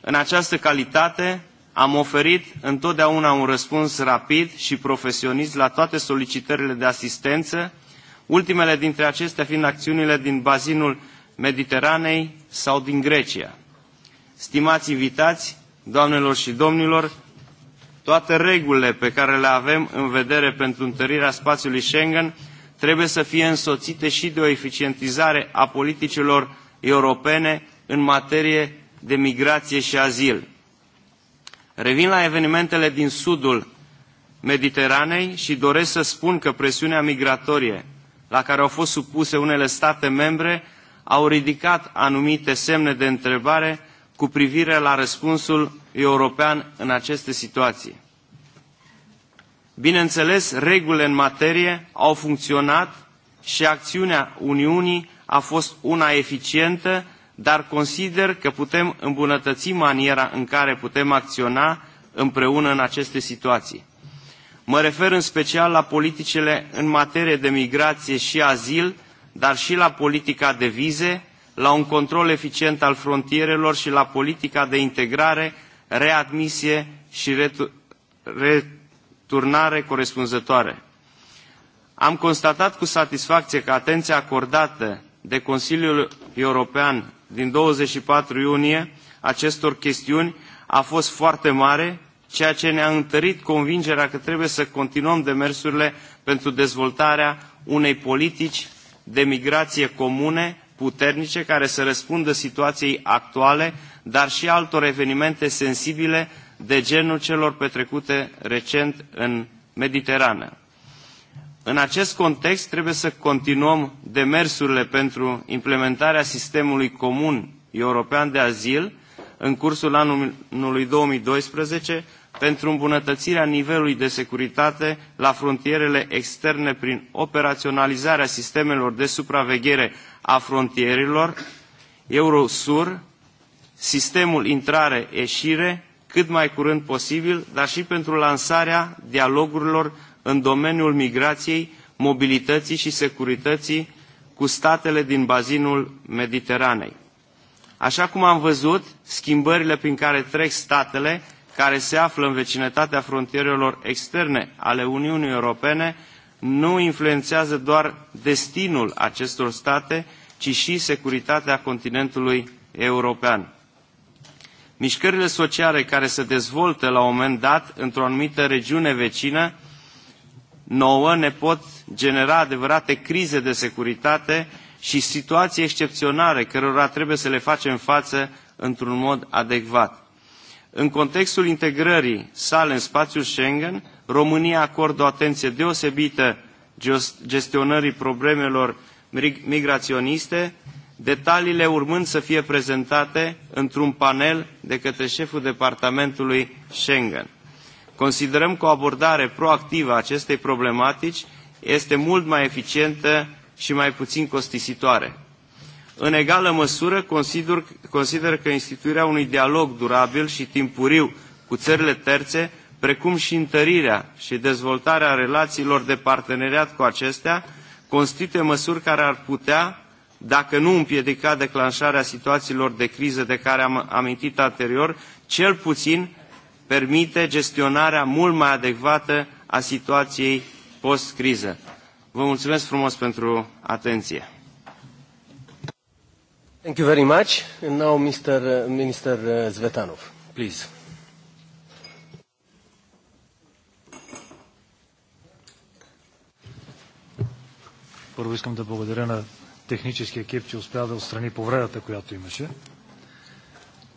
G: În această calitate am oferit întotdeauna un răspuns rapid și profesionist la toate solicitările de asistență, ultimele dintre acestea fiind acțiunile din bazinul Mediteranei sau din Grecia. Stimați invitați, doamnelor și domnilor, toate regulile pe care le avem în vedere pentru întărirea spațiului Schengen trebuie să fie însoțite și de o eficientizare a politicilor europene în materie de migrație și azil. Revin la evenimentele din sudul Mediteranei și doresc să spun că presiunea migratorie la care au fost supuse unele state membre au ridicat anumite semne de întrebare cu privire la răspunsul european în aceste situații. Bineînțeles, regulile în materie au funcționat și acțiunea Uniunii a fost una eficientă, dar consider că putem îmbunătăți maniera în care putem acționa împreună în aceste situații. Mă refer în special la politicile în materie de migrație și azil, dar și la politica de vize, la un control eficient al frontierelor și la politica de integrare, readmisie și retur returnare corespunzătoare. Am constatat cu satisfacție că atenția acordată de Consiliul European din 24 iunie acestor chestiuni a fost foarte mare, ceea ce ne-a întărit convingerea că trebuie să continuăm demersurile pentru dezvoltarea unei politici de migrație comune puternice care să răspundă situației actuale, dar și altor evenimente sensibile de genul celor petrecute recent în Mediterană. În acest context trebuie să continuăm demersurile pentru implementarea sistemului comun european de azil în cursul anului 2012 pentru îmbunătățirea nivelului de securitate la frontierele externe prin operaționalizarea sistemelor de supraveghere a frontierelor, Eurosur, sistemul intrare-eșire, cât mai curând posibil, dar și pentru lansarea dialogurilor în domeniul migrației, mobilității și securității cu statele din bazinul Mediteranei. Așa cum am văzut, schimbările prin care trec statele care se află în vecinătatea frontierelor externe ale Uniunii Europene nu influențează doar destinul acestor state, ci și securitatea continentului european. Mișcările sociale care se dezvoltă la un moment dat într-o anumită regiune vecină nouă ne pot genera adevărate crize de securitate și situații excepționale cărora trebuie să le facem față într-un mod adecvat. În contextul integrării sale în spațiul Schengen, România acordă o atenție deosebită gestionării problemelor migraționiste, detaliile urmând să fie prezentate într-un panel de către șeful departamentului Schengen. Considerăm că o abordare proactivă a acestei problematici este mult mai eficientă și mai puțin costisitoare. În egală măsură, consider, consider că instituirea unui dialog durabil și timpuriu cu țările terțe precum și întărirea și dezvoltarea relațiilor de parteneriat cu acestea, constituie măsuri care ar putea, dacă nu împiedica declanșarea situațiilor de criză de care am amintit anterior, cel puțin permite gestionarea mult mai adecvată a situației post-criză. Vă mulțumesc frumos pentru atenție.
B: Thank you very much. And now Mr. Minister Zvetanov, please.
H: Първо искам да благодаря на техническия екип, че успя да отстрани повредата, която имаше.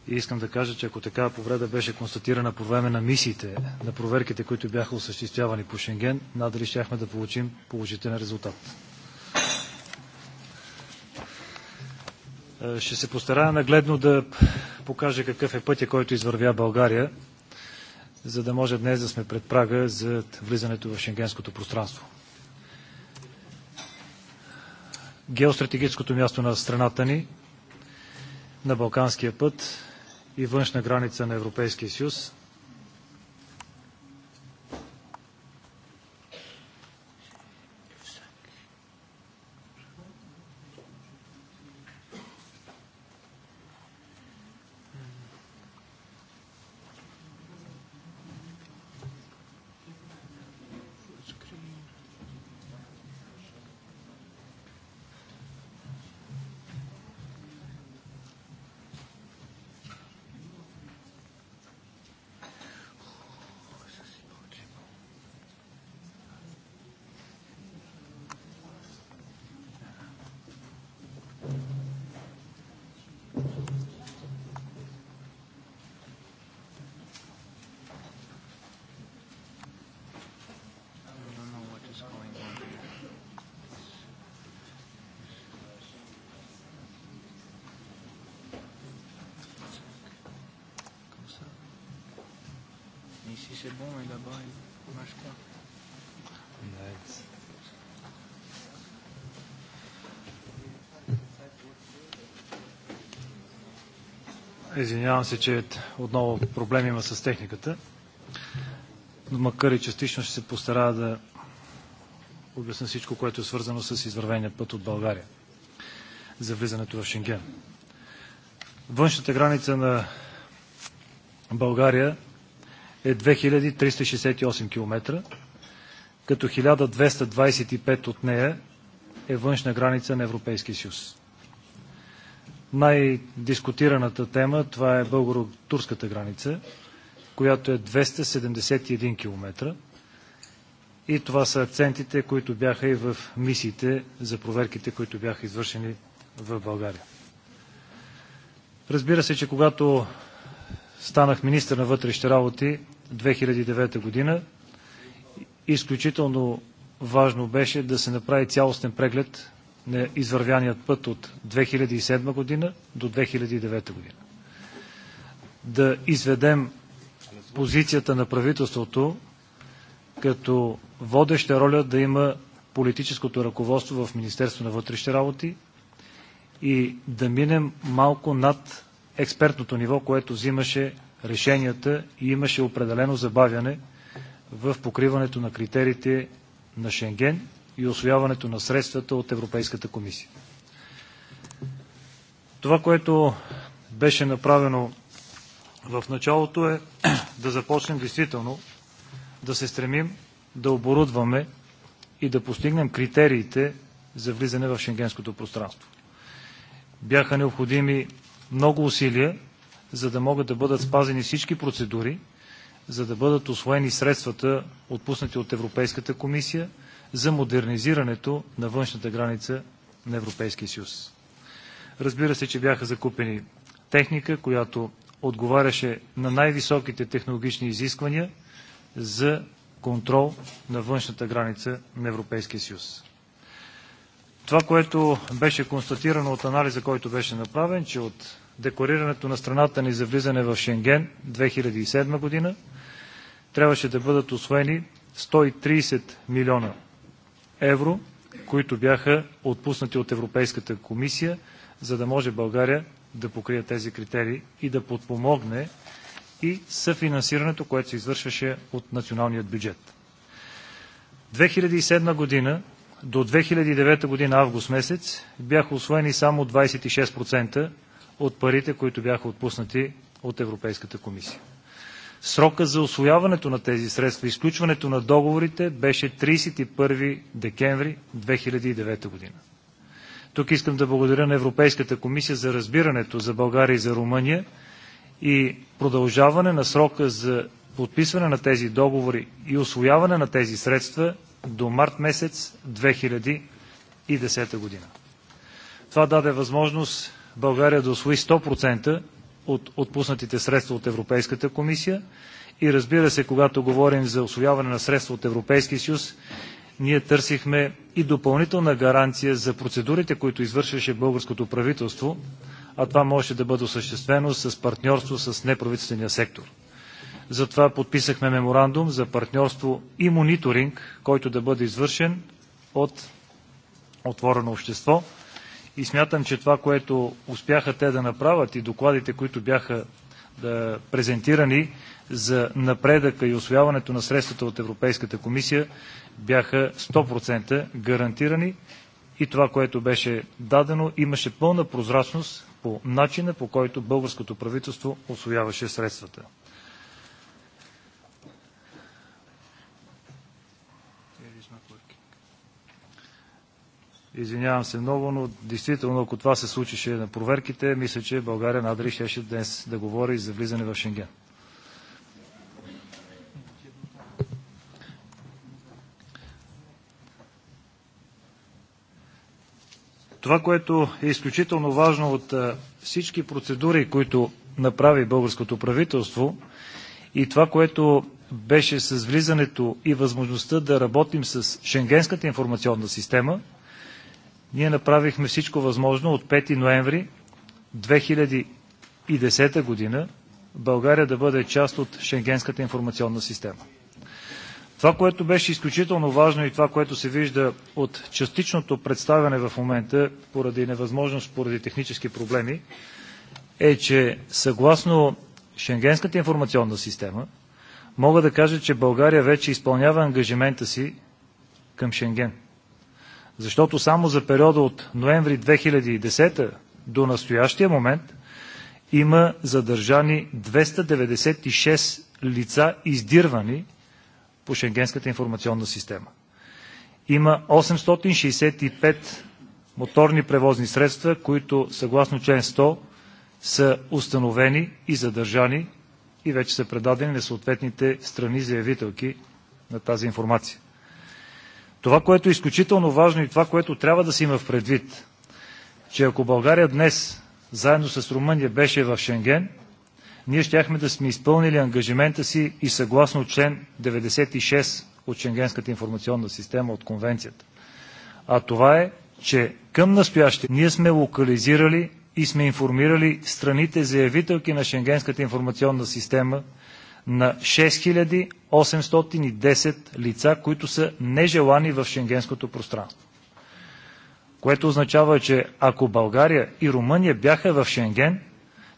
H: И искам да кажа, че ако такава повреда беше констатирана по време на мисиите, на проверките, които бяха осъществявани по Шенген, надали щяхме да получим положителен резултат. Ще се постарая нагледно да покажа какъв е пътя, който извървя България, за да може днес да сме пред прага за влизането в шенгенското пространство. геостратегическото място на страната ни на Балканския път и външна граница на Европейския съюз Извинявам се, че отново проблем има с техниката. Макар и частично ще се постарая да обясня всичко, което е свързано с извървения път от България за влизането в Шенген. Външната граница на България е 2368 км, като 1225 от нея е външна граница на Европейския съюз най-дискутираната тема, това е българо-турската граница, която е 271 км. И това са акцентите, които бяха и в мисиите за проверките, които бяха извършени в България. Разбира се, че когато станах министър на вътрешните работи 2009 година, изключително важно беше да се направи цялостен преглед на извървяният път от 2007 година до 2009 година. Да изведем позицията на правителството като водеща роля да има политическото ръководство в Министерство на вътрешните работи и да минем малко над експертното ниво, което взимаше решенията и имаше определено забавяне в покриването на критериите на Шенген и освояването на средствата от Европейската комисия. Това, което беше направено в началото е да започнем действително да се стремим да оборудваме и да постигнем критериите за влизане в шенгенското пространство. Бяха необходими много усилия, за да могат да бъдат спазени всички процедури, за да бъдат освоени средствата, отпуснати от Европейската комисия – за модернизирането на външната граница на Европейския съюз. Разбира се, че бяха закупени техника, която отговаряше на най-високите технологични изисквания за контрол на външната граница на Европейския съюз. Това, което беше констатирано от анализа, който беше направен, че от декларирането на страната ни за влизане в Шенген 2007 година трябваше да бъдат освоени 130 милиона евро, които бяха отпуснати от Европейската комисия, за да може България да покрие тези критерии и да подпомогне и съфинансирането, което се извършваше от националният бюджет. 2007 година до 2009 година август месец бяха освоени само 26% от парите, които бяха отпуснати от Европейската комисия. Срока за освояването на тези средства и изключването на договорите беше 31 декември 2009 година. Тук искам да благодаря на Европейската комисия за разбирането за България и за Румъния и продължаване на срока за подписване на тези договори и освояване на тези средства до март месец 2010 година. Това даде възможност България да освои 100% от отпуснатите средства от Европейската комисия. И разбира се, когато говорим за освояване на средства от Европейския съюз, ние търсихме и допълнителна гаранция за процедурите, които извършваше българското правителство, а това можеше да бъде осъществено с партньорство с неправителствения сектор. Затова подписахме меморандум за партньорство и мониторинг, който да бъде извършен от отворено общество – и смятам, че това, което успяха те да направят и докладите, които бяха да, презентирани за напредъка и освояването на средствата от Европейската комисия, бяха 100% гарантирани и това, което беше дадено, имаше пълна прозрачност по начина, по който българското правителство освояваше средствата. Извинявам се много, но действително, ако това се случише на проверките, мисля, че България надали щеше днес да говори за влизане в Шенген. Това, което е изключително важно от всички процедури, които направи българското правителство и това, което беше с влизането и възможността да работим с Шенгенската информационна система – ние направихме всичко възможно от 5 ноември 2010 година България да бъде част от Шенгенската информационна система. Това, което беше изключително важно и това, което се вижда от частичното представяне в момента поради невъзможност, поради технически проблеми, е, че съгласно Шенгенската информационна система, мога да кажа, че България вече изпълнява ангажимента си към Шенген – защото само за периода от ноември 2010 до настоящия момент има задържани 296 лица, издирвани по Шенгенската информационна система. Има 865 моторни превозни средства, които съгласно член 100 са установени и задържани и вече са предадени на съответните страни заявителки на тази информация. Това, което е изключително важно и това, което трябва да си има в предвид, че ако България днес, заедно с Румъния, беше в Шенген, ние щяхме да сме изпълнили ангажимента си и съгласно член 96 от Шенгенската информационна система от конвенцията. А това е, че към настояще ние сме локализирали и сме информирали страните заявителки на Шенгенската информационна система, на 6810 лица, които са нежелани в шенгенското пространство. Което означава, че ако България и Румъния бяха в Шенген,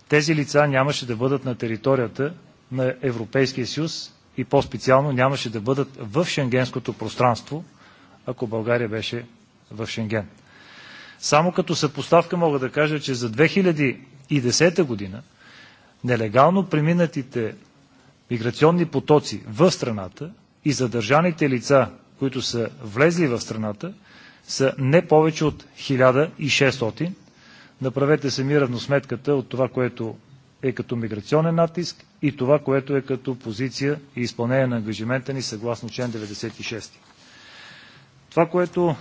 H: тези лица нямаше да бъдат на територията на Европейския съюз и по-специално нямаше да бъдат в шенгенското пространство, ако България беше в Шенген. Само като съпоставка мога да кажа, че за 2010 година нелегално преминатите миграционни потоци в страната и задържаните лица, които са влезли в страната, са не повече от 1600. Направете сами равносметката от това, което е като миграционен натиск и това, което е като позиция и изпълнение на ангажимента ни съгласно член 96. Това, което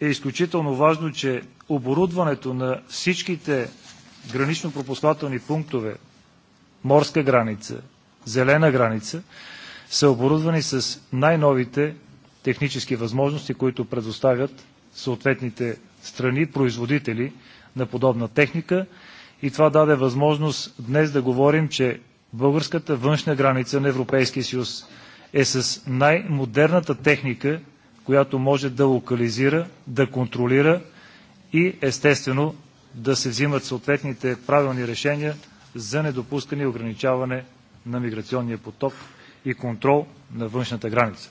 H: е изключително важно, че оборудването на всичките гранично-пропускателни пунктове, морска граница, зелена граница, са оборудвани с най-новите технически възможности, които предоставят съответните страни, производители на подобна техника. И това даде възможност днес да говорим, че българската външна граница на Европейския съюз е с най-модерната техника, която може да локализира, да контролира и естествено да се взимат съответните правилни решения за недопускане и ограничаване на миграционния поток и контрол на външната граница.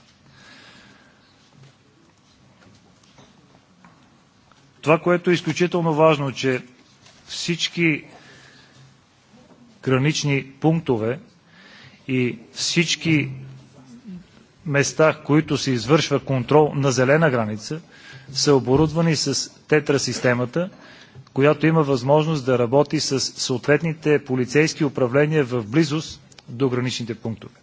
H: Това, което е изключително важно, че всички гранични пунктове и всички места, които се извършва контрол на зелена граница, са оборудвани с тетра системата която има възможност да работи с съответните полицейски управления в близост до граничните пунктове.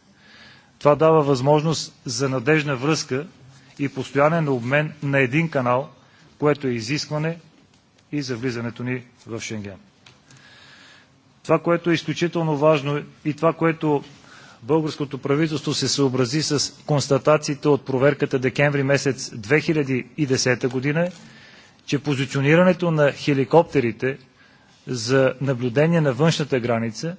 H: Това дава възможност за надежна връзка и постоянен обмен на един канал, което е изискване и за влизането ни в Шенген. Това, което е изключително важно и това, което българското правителство се съобрази с констатациите от проверката декември месец 2010 година, че позиционирането на хеликоптерите за наблюдение на външната граница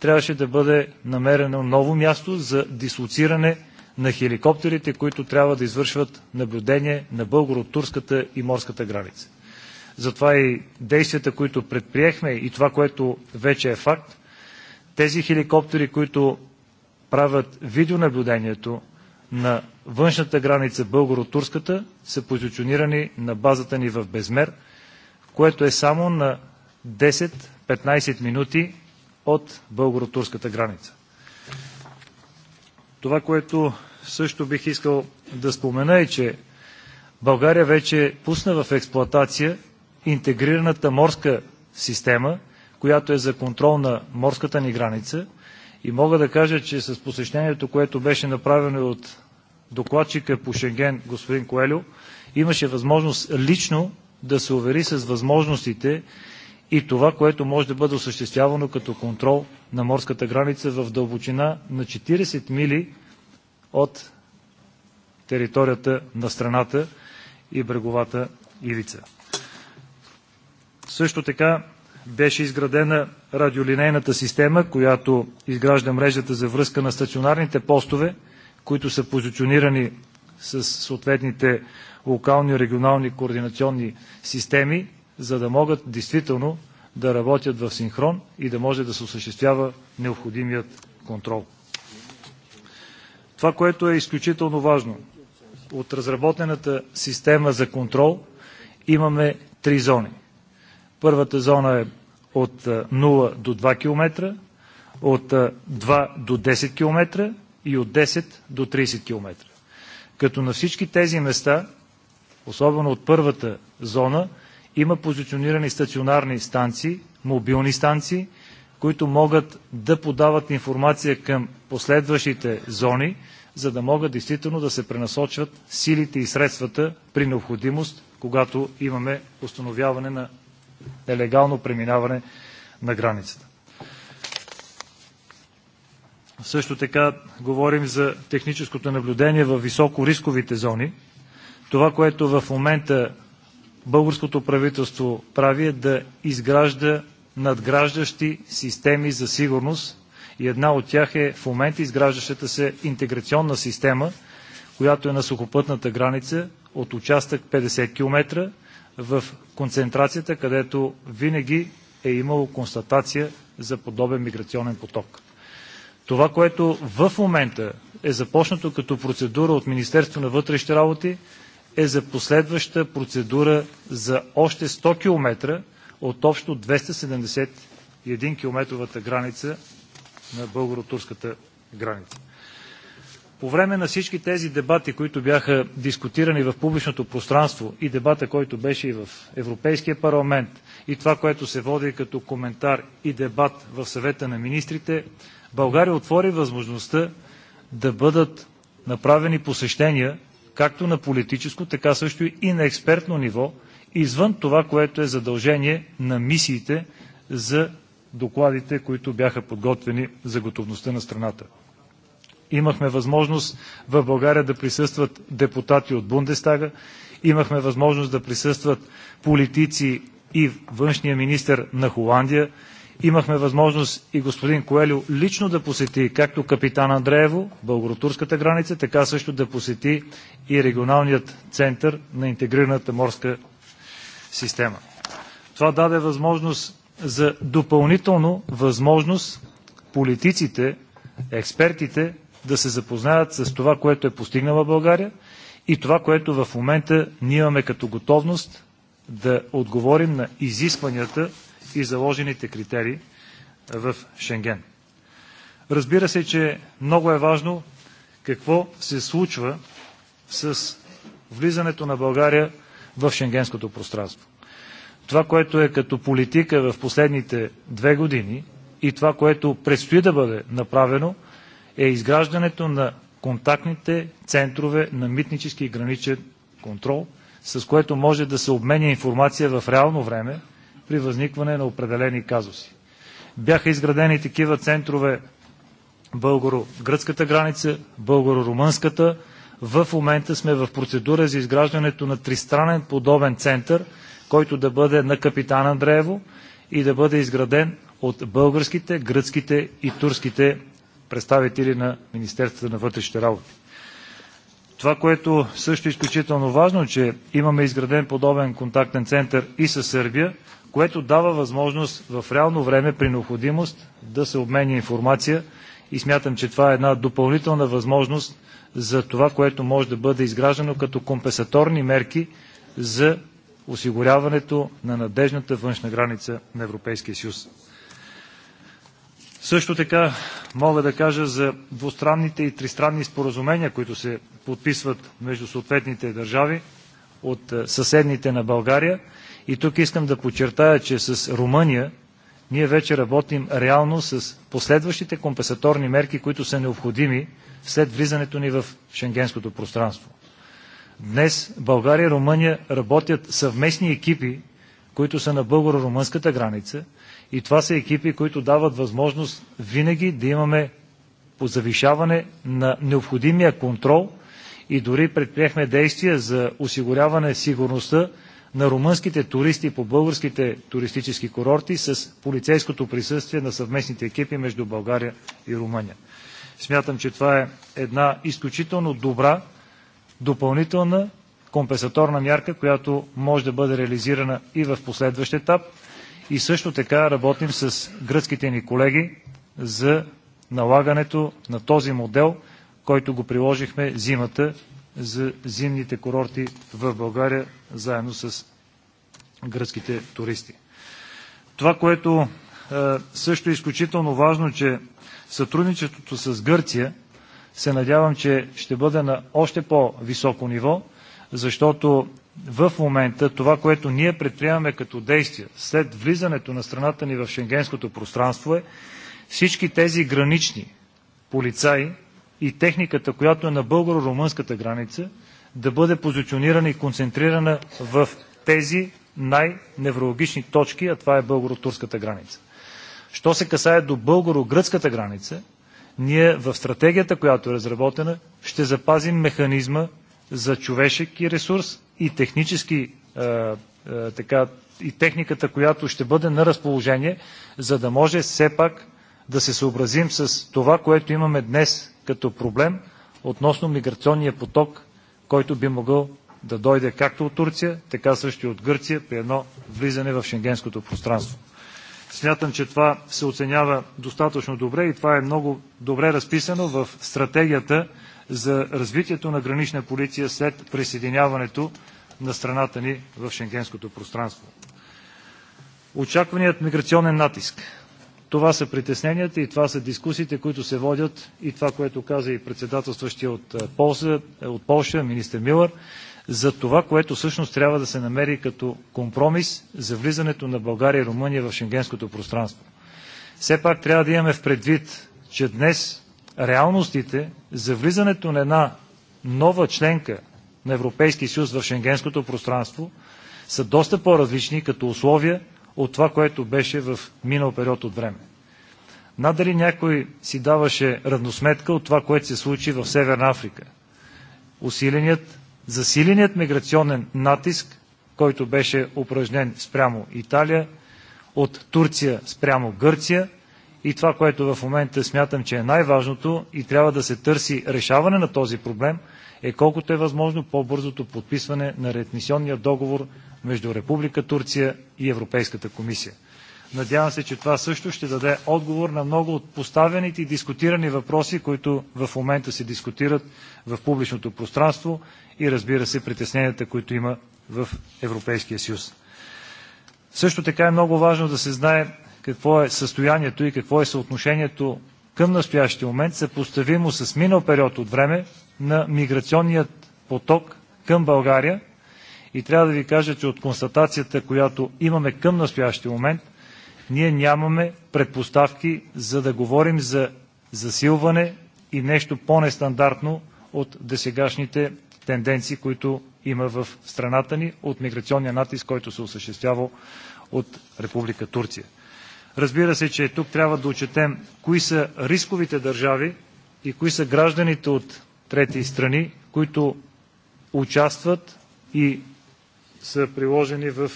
H: трябваше да бъде намерено ново място за дислоциране на хеликоптерите, които трябва да извършват наблюдение на българо-турската и морската граница. Затова и действията, които предприехме и това, което вече е факт, тези хеликоптери, които правят видеонаблюдението на външната граница българо-турската са позиционирани на базата ни в Безмер, което е само на 10-15 минути от българо-турската граница. Това, което също бих искал да спомена е, че България вече пусна в експлоатация интегрираната морска система, която е за контрол на морската ни граница. И мога да кажа, че с посещението, което беше направено от докладчика по Шенген господин Коелю имаше възможност лично да се увери с възможностите и това, което може да бъде осъществявано като контрол на морската граница в дълбочина на 40 мили от територията на страната и бреговата ивица. Също така беше изградена радиолинейната система, която изгражда мрежата за връзка на стационарните постове които са позиционирани с съответните локални, регионални координационни системи, за да могат действително да работят в синхрон и да може да се осъществява необходимият контрол. Това, което е изключително важно, от разработената система за контрол имаме три зони. Първата зона е от 0 до 2 км, от 2 до 10 км и от 10 до 30 км. Като на всички тези места, особено от първата зона, има позиционирани стационарни станции, мобилни станции, които могат да подават информация към последващите зони, за да могат действително да се пренасочват силите и средствата при необходимост, когато имаме установяване на нелегално преминаване на границата. Също така говорим за техническото наблюдение в високорисковите зони. Това, което в момента българското правителство прави е да изгражда надграждащи системи за сигурност и една от тях е в момента изграждащата се интеграционна система, която е на сухопътната граница от участък 50 км в концентрацията, където винаги е имало констатация за подобен миграционен поток. Това, което в момента е започнато като процедура от Министерство на вътрешните работи, е за последваща процедура за още 100 км от общо 271 километровата граница на българо-турската граница. По време на всички тези дебати, които бяха дискутирани в публичното пространство и дебата, който беше и в Европейския парламент и това, което се води като коментар и дебат в съвета на министрите, България отвори възможността да бъдат направени посещения както на политическо, така също и на експертно ниво, извън това, което е задължение на мисиите за докладите, които бяха подготвени за готовността на страната. Имахме възможност в България да присъстват депутати от Бундестага, имахме възможност да присъстват политици и външния министр на Холандия, Имахме възможност и господин Коелю лично да посети както капитан Андреево, българо-турската граница, така също да посети и регионалният център на интегрираната морска система. Това даде възможност за допълнително възможност политиците, експертите да се запознаят с това, което е постигнала България и това, което в момента ние имаме като готовност да отговорим на изискванията и заложените критерии в Шенген. Разбира се, че много е важно какво се случва с влизането на България в шенгенското пространство. Това, което е като политика в последните две години и това, което предстои да бъде направено, е изграждането на контактните центрове на митнически и граничен контрол, с което може да се обменя информация в реално време при възникване на определени казуси. Бяха изградени такива центрове българо-гръцката граница, българо-румънската. В момента сме в процедура за изграждането на тристранен подобен център, който да бъде на капитан Андреево и да бъде изграден от българските, гръцките и турските представители на Министерството на вътрешните работи. Това, което също е изключително важно, че имаме изграден подобен контактен център и със Сърбия, което дава възможност в реално време при необходимост да се обменя информация и смятам, че това е една допълнителна възможност за това, което може да бъде изграждано като компенсаторни мерки за осигуряването на надежната външна граница на Европейския съюз. Също така мога да кажа за двустранните и тристранни споразумения, които се подписват между съответните държави от съседните на България – И тук искам да подчертая, че с Румъния ние вече работим реално с последващите компенсаторни мерки, които са необходими след влизането ни в шенгенското пространство. Днес България и Румъния работят съвместни екипи, които са на българо-румънската граница и това са екипи, които дават възможност винаги да имаме по завишаване на необходимия контрол и дори предприехме действия за осигуряване сигурността на румънските туристи по българските туристически курорти с полицейското присъствие на съвместните екипи между България и Румъния. Смятам, че това е една изключително добра допълнителна компенсаторна мярка, която може да бъде реализирана и в последващ етап. И също така работим с гръцките ни колеги за налагането на този модел, който го приложихме зимата за зимните курорти в България, заедно с гръцките туристи. Това, което също е изключително важно, че сътрудничеството с Гърция се надявам, че ще бъде на още по-високо ниво, защото в момента това, което ние предприемаме като действия след влизането на страната ни в шенгенското пространство е всички тези гранични полицаи и техниката, която е на българо-румънската граница, да бъде позиционирана и концентрирана в тези най-неврологични точки, а това е българо-турската граница. Що се касае до българо-гръцката граница, ние в стратегията, която е разработена, ще запазим механизма за човешки ресурс и технически е, е, така, и техниката, която ще бъде на разположение, за да може все пак да се съобразим с това, което имаме днес като проблем относно миграционния поток, който би могъл да дойде както от Турция, така също и от Гърция при едно влизане в шенгенското пространство. Смятам, че това се оценява достатъчно добре и това е много добре разписано в стратегията за развитието на гранична полиция след присъединяването на страната ни в шенгенското пространство. Очакваният миграционен натиск Това са притесненията и това са дискусиите, които се водят и това, което каза и председателстващия от Полша, от Полша министр Милър, за това, което всъщност трябва да се намери като компромис за влизането на България и Румъния в шенгенското пространство. Все пак трябва да имаме в предвид, че днес реалностите за влизането на една нова членка на Европейския съюз в шенгенското пространство са доста по-различни като условия, от това, което беше в минал период от време. Надали някой си даваше равносметка от това, което се случи в Северна Африка. Усиленият, засиленият миграционен натиск, който беше упражнен спрямо Италия, от Турция спрямо Гърция и това, което в момента смятам, че е най-важното и трябва да се търси решаване на този проблем, е колкото е възможно по-бързото подписване на ретмисионния договор между Република Турция и Европейската комисия. Надявам се, че това също ще даде отговор на много от поставените и дискутирани въпроси, които в момента се дискутират в публичното пространство и разбира се притесненията, които има в Европейския съюз. Също така е много важно да се знае какво е състоянието и какво е съотношението към настоящия момент, съпоставимо с минал период от време на миграционният поток към България И трябва да ви кажа, че от констатацията, която имаме към настоящия момент, ние нямаме предпоставки за да говорим за засилване и нещо по-нестандартно от десегашните тенденции, които има в страната ни от миграционния натиск, който се осъществява от Република Турция. Разбира се, че тук трябва да отчетем кои са рисковите държави и кои са гражданите от трети страни, които участват и са приложени в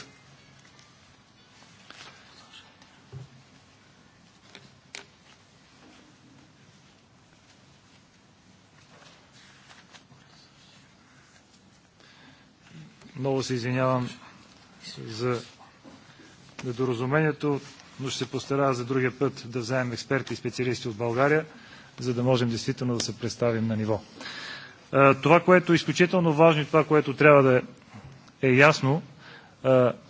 H: Много се извинявам за недоразумението, но ще се постарая за другия път да вземем експерти и специалисти от България, за да можем действително да се представим на ниво. Това, което е изключително важно и това, което трябва да е е ясно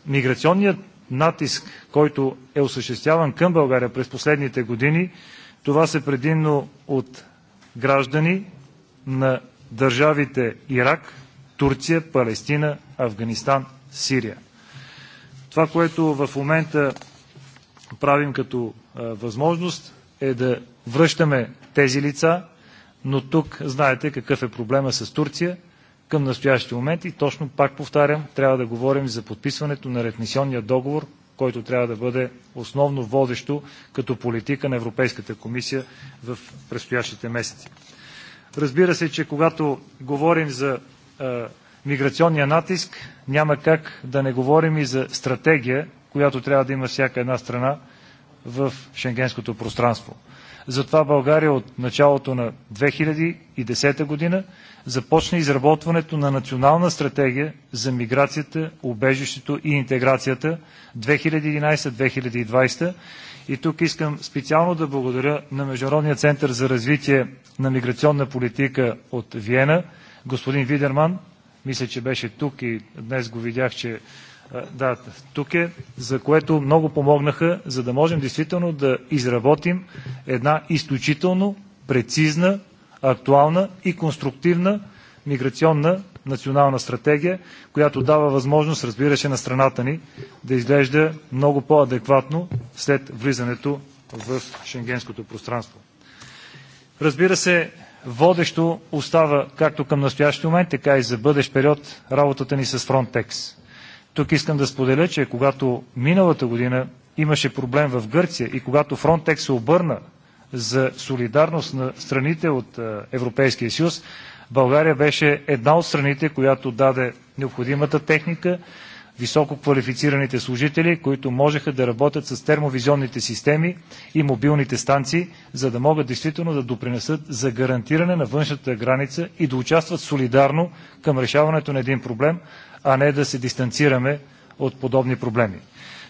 H: миграционният натиск, който е осъществяван към България през последните години, това са предимно от граждани на държавите Ирак, Турция, Палестина, Афганистан, Сирия. Това, което в момента правим като а, възможност е да връщаме тези лица, но тук знаете какъв е проблема с Турция. Към настоящия момент и точно пак повтарям, трябва да говорим за подписването на ретмисионния договор, който трябва да бъде основно водещо като политика на Европейската комисия в предстоящите месеци. Разбира се, че когато говорим за а, миграционния натиск, няма как да не говорим и за стратегия, която трябва да има всяка една страна в шенгенското пространство. Затова България от началото на 2010 година започна изработването на национална стратегия за миграцията, убежището и интеграцията 2011-2020. И тук искам специално да благодаря на Международния център за развитие на миграционна политика от Виена, господин Видерман, мисля, че беше тук и днес го видях, че да, тук е, за което много помогнаха, за да можем действително да изработим една изключително прецизна, актуална и конструктивна миграционна национална стратегия, която дава възможност, разбира се, на страната ни да изглежда много по-адекватно след влизането в шенгенското пространство. Разбира се, водещо остава както към настоящия момент, така и за бъдещ период работата ни с Frontex. Тук искам да споделя, че когато миналата година имаше проблем в Гърция и когато Фронтекс се обърна за солидарност на страните от Европейския съюз, България беше една от страните, която даде необходимата техника, високо квалифицираните служители, които можеха да работят с термовизионните системи и мобилните станции, за да могат действително да допринесат за гарантиране на външната граница и да участват солидарно към решаването на един проблем, а не да се дистанцираме от подобни проблеми.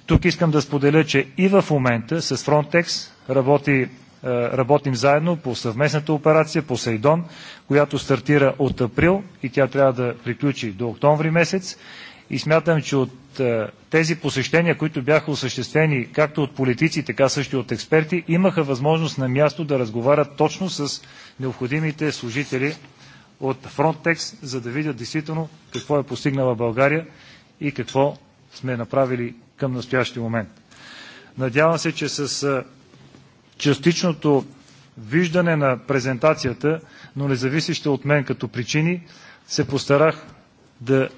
H: Тук искам да споделя, че и в момента с Frontex работи, работим заедно по съвместната операция Посейдон, която стартира от април и тя трябва да приключи до октомври месец. И смятам, че от тези посещения, които бяха осъществени както от политици, така също и от експерти, имаха възможност на място да разговарят точно с необходимите служители от Фронтекс, за да видят действително какво е постигнала България и какво сме направили към настоящия момент. Надявам се, че с частичното виждане на презентацията, но независеща от мен като причини, се постарах да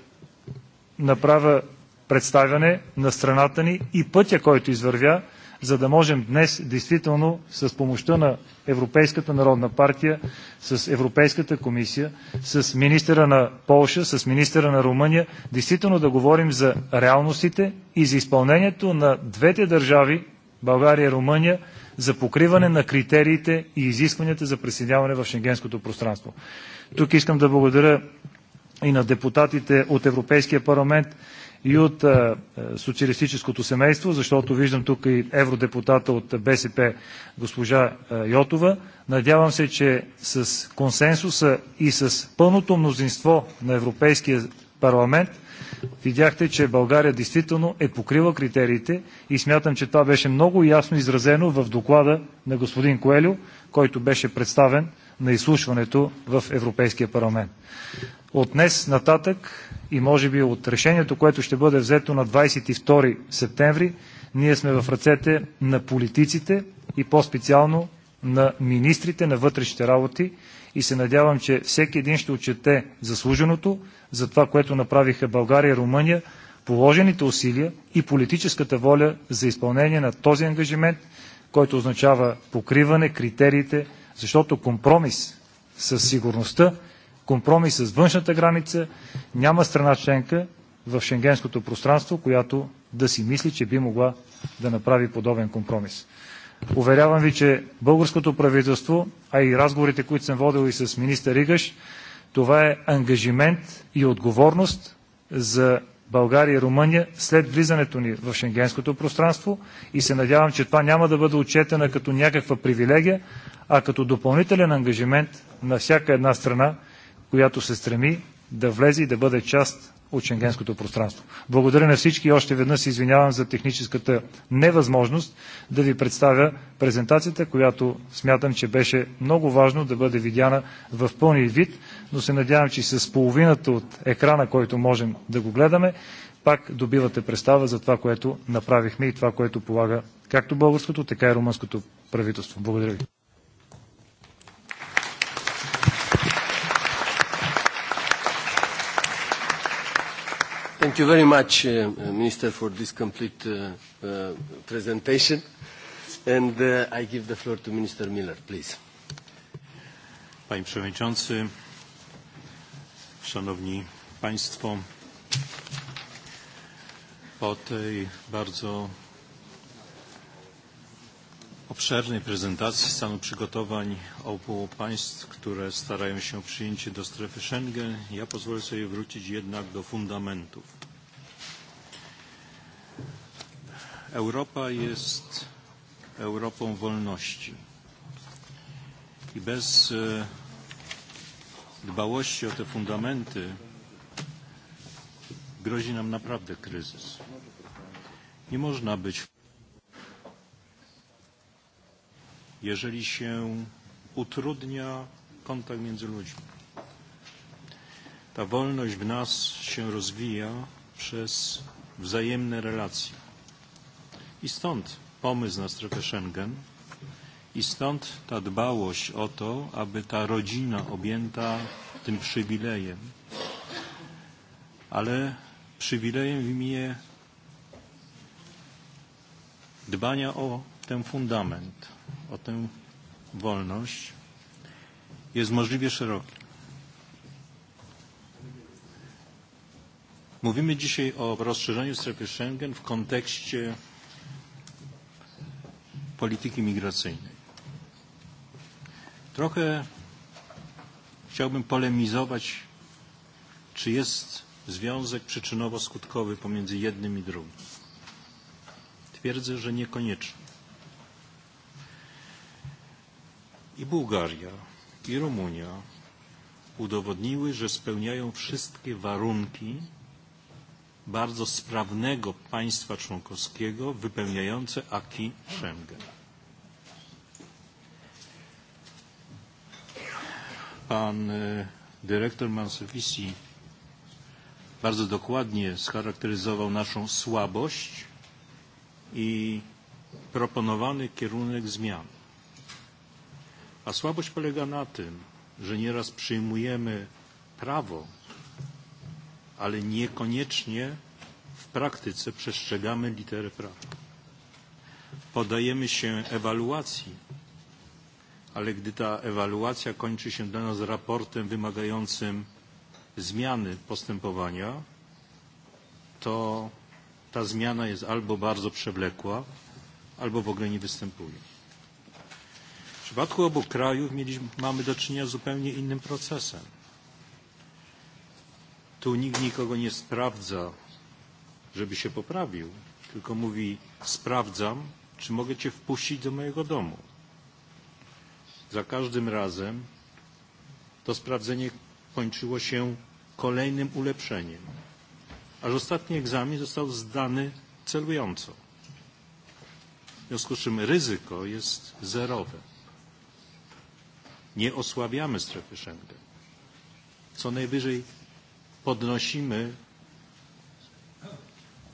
H: направя представяне на страната ни и пътя, който извървя, за да можем днес действително с помощта на Европейската народна партия, с Европейската комисия, с министъра на Полша, с министъра на Румъния, действително да говорим за реалностите и за изпълнението на двете държави, България и Румъния, за покриване на критериите и изискванията за присъединяване в шенгенското пространство. Тук искам да благодаря и на депутатите от Европейския парламент, и от а, социалистическото семейство, защото виждам тук и евродепутата от БСП госпожа а, Йотова. Надявам се, че с консенсуса и с пълното мнозинство на Европейския парламент видяхте, че България действително е покрила критериите и смятам, че това беше много ясно изразено в доклада на господин Коелю, който беше представен на изслушването в Европейския парламент от днес нататък и може би от решението, което ще бъде взето на 22 септември, ние сме в ръцете на политиците и по-специално на министрите на вътрешните работи и се надявам, че всеки един ще отчете заслуженото за това, което направиха България и Румъния, положените усилия и политическата воля за изпълнение на този ангажимент, който означава покриване критериите, защото компромис със сигурността компромис с външната граница, няма страна членка в шенгенското пространство, която да си мисли, че би могла да направи подобен компромис. Уверявам ви, че българското правителство, а и разговорите, които съм водил и с министър Игаш, това е ангажимент и отговорност за България и Румъния след влизането ни в шенгенското пространство и се надявам, че това няма да бъде отчетена като някаква привилегия, а като допълнителен ангажимент на всяка една страна, която се стреми да влезе и да бъде част от шенгенското пространство. Благодаря на всички и още веднъж се извинявам за техническата невъзможност да ви представя презентацията, която смятам, че беше много важно да бъде видяна в пълния вид, но се надявам, че с половината от екрана, който можем да го гледаме, пак добивате представа за това, което направихме и това, което полага както българското, така и румънското правителство. Благодаря ви.
B: Thank you very much, uh, uh, Minister, for this complete uh, uh, presentation. And uh, I give the floor to Minister Miller, please.
A: Panie Przewodniczący, Szanowni Państwo, po tej bardzo obszernej prezentacji stanu przygotowań obu państw, które starają się o przyjęcie do strefy Schengen. Ja pozwolę sobie wrócić jednak do fundamentów. Europa jest Europą wolności i bez e, dbałości o te fundamenty grozi nam naprawdę kryzys. Nie można być jeżeli się utrudnia kontakt między ludźmi. Ta wolność w nas się rozwija przez wzajemne relacje. I stąd pomysł na strefę Schengen i stąd ta dbałość o to, aby ta rodzina objęta tym przywilejem, ale przywilejem w imię dbania o ten fundament, o tę wolność jest możliwie szeroki. Mówimy dzisiaj o rozszerzeniu strefy Schengen w kontekście polityki migracyjnej. Trochę chciałbym polemizować, czy jest związek przyczynowo-skutkowy pomiędzy jednym i drugim. Twierdzę, że niekoniecznie. i Bułgaria, i Rumunia udowodniły, że spełniają wszystkie warunki bardzo sprawnego państwa członkowskiego wypełniające aki Schengen. Pan e, dyrektor Mansowisi bardzo dokładnie scharakteryzował naszą słabość i proponowany kierunek zmian. A słabość polega na tym, że nieraz przyjmujemy prawo, ale niekoniecznie w praktyce przestrzegamy literę prawa. Podajemy się ewaluacji, ale gdy ta ewaluacja kończy się dla nas raportem wymagającym zmiany postępowania, to ta zmiana jest albo bardzo przewlekła, albo w ogóle nie występuje. W przypadku obu krajów mieliśmy, mamy do czynienia z zupełnie innym procesem. Tu nikt nikogo nie sprawdza, żeby się poprawił, tylko mówi sprawdzam, czy mogę cię wpuścić do mojego domu. Za każdym razem to sprawdzenie kończyło się kolejnym ulepszeniem, aż ostatni egzamin został zdany celująco. W związku z czym ryzyko jest zerowe nie osłabiamy strefy Schengen. Co najwyżej podnosimy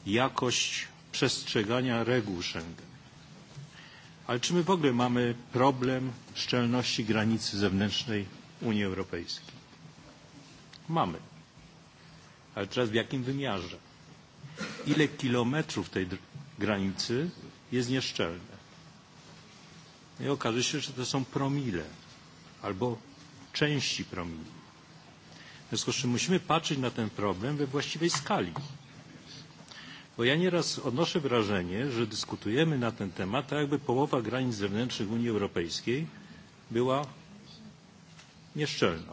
A: jakość przestrzegania reguł Schengen. Ale czy my w ogóle mamy problem szczelności granicy zewnętrznej Unii Europejskiej? Mamy. Ale teraz w jakim wymiarze? Ile kilometrów tej granicy jest nieszczelne? I okaże się, że to są promile albo części promili. W związku z czym musimy patrzeć na ten problem we właściwej skali. Bo ja nieraz odnoszę wrażenie, że dyskutujemy na ten temat, tak jakby połowa granic zewnętrznych Unii Europejskiej była nieszczelna.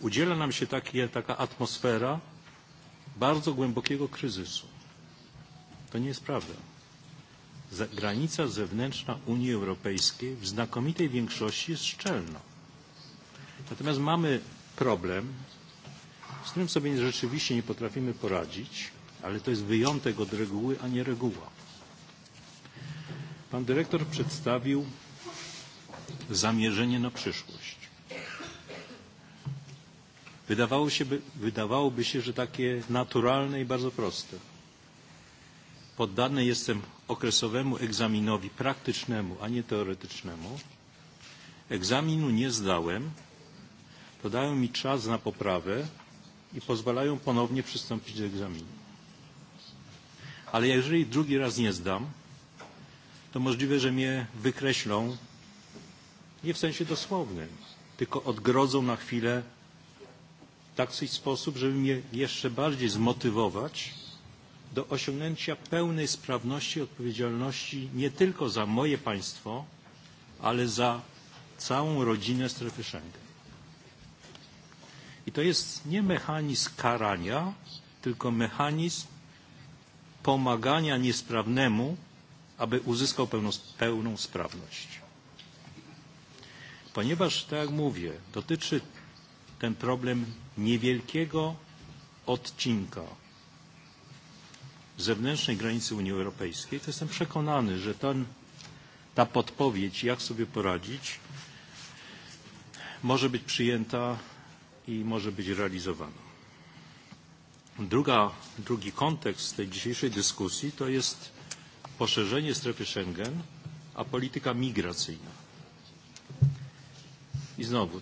A: Udziela nam się takie, taka atmosfera bardzo głębokiego kryzysu. To nie jest prawda granica zewnętrzna Unii Europejskiej w znakomitej większości jest szczelną. Natomiast mamy problem, z którym sobie rzeczywiście nie potrafimy poradzić, ale to jest wyjątek od reguły, a nie reguła. Pan dyrektor przedstawił zamierzenie na przyszłość. Wydawało się, wydawałoby się, że takie naturalne i bardzo proste poddany jestem okresowemu egzaminowi praktycznemu, a nie teoretycznemu. Egzaminu nie zdałem, podają mi czas na poprawę i pozwalają ponownie przystąpić do egzaminu. Ale jeżeli drugi raz nie zdam, to możliwe, że mnie wykreślą nie w sensie dosłownym, tylko odgrodzą na chwilę w taki sposób, żeby mnie jeszcze bardziej zmotywować do osiągnięcia pełnej sprawności i odpowiedzialności nie tylko za moje państwo, ale za całą rodzinę strefy Schengen. I to jest nie mechanizm karania, tylko mechanizm pomagania niesprawnemu, aby uzyskał pełną, pełną sprawność. Ponieważ, tak jak mówię, dotyczy ten problem niewielkiego odcinka zewnętrznej granicy Unii Europejskiej, to jestem przekonany, że ten, ta podpowiedź, jak sobie poradzić, może być przyjęta i może być realizowana. Druga, drugi kontekst tej dzisiejszej dyskusji to jest poszerzenie strefy Schengen, a polityka migracyjna. I znowu,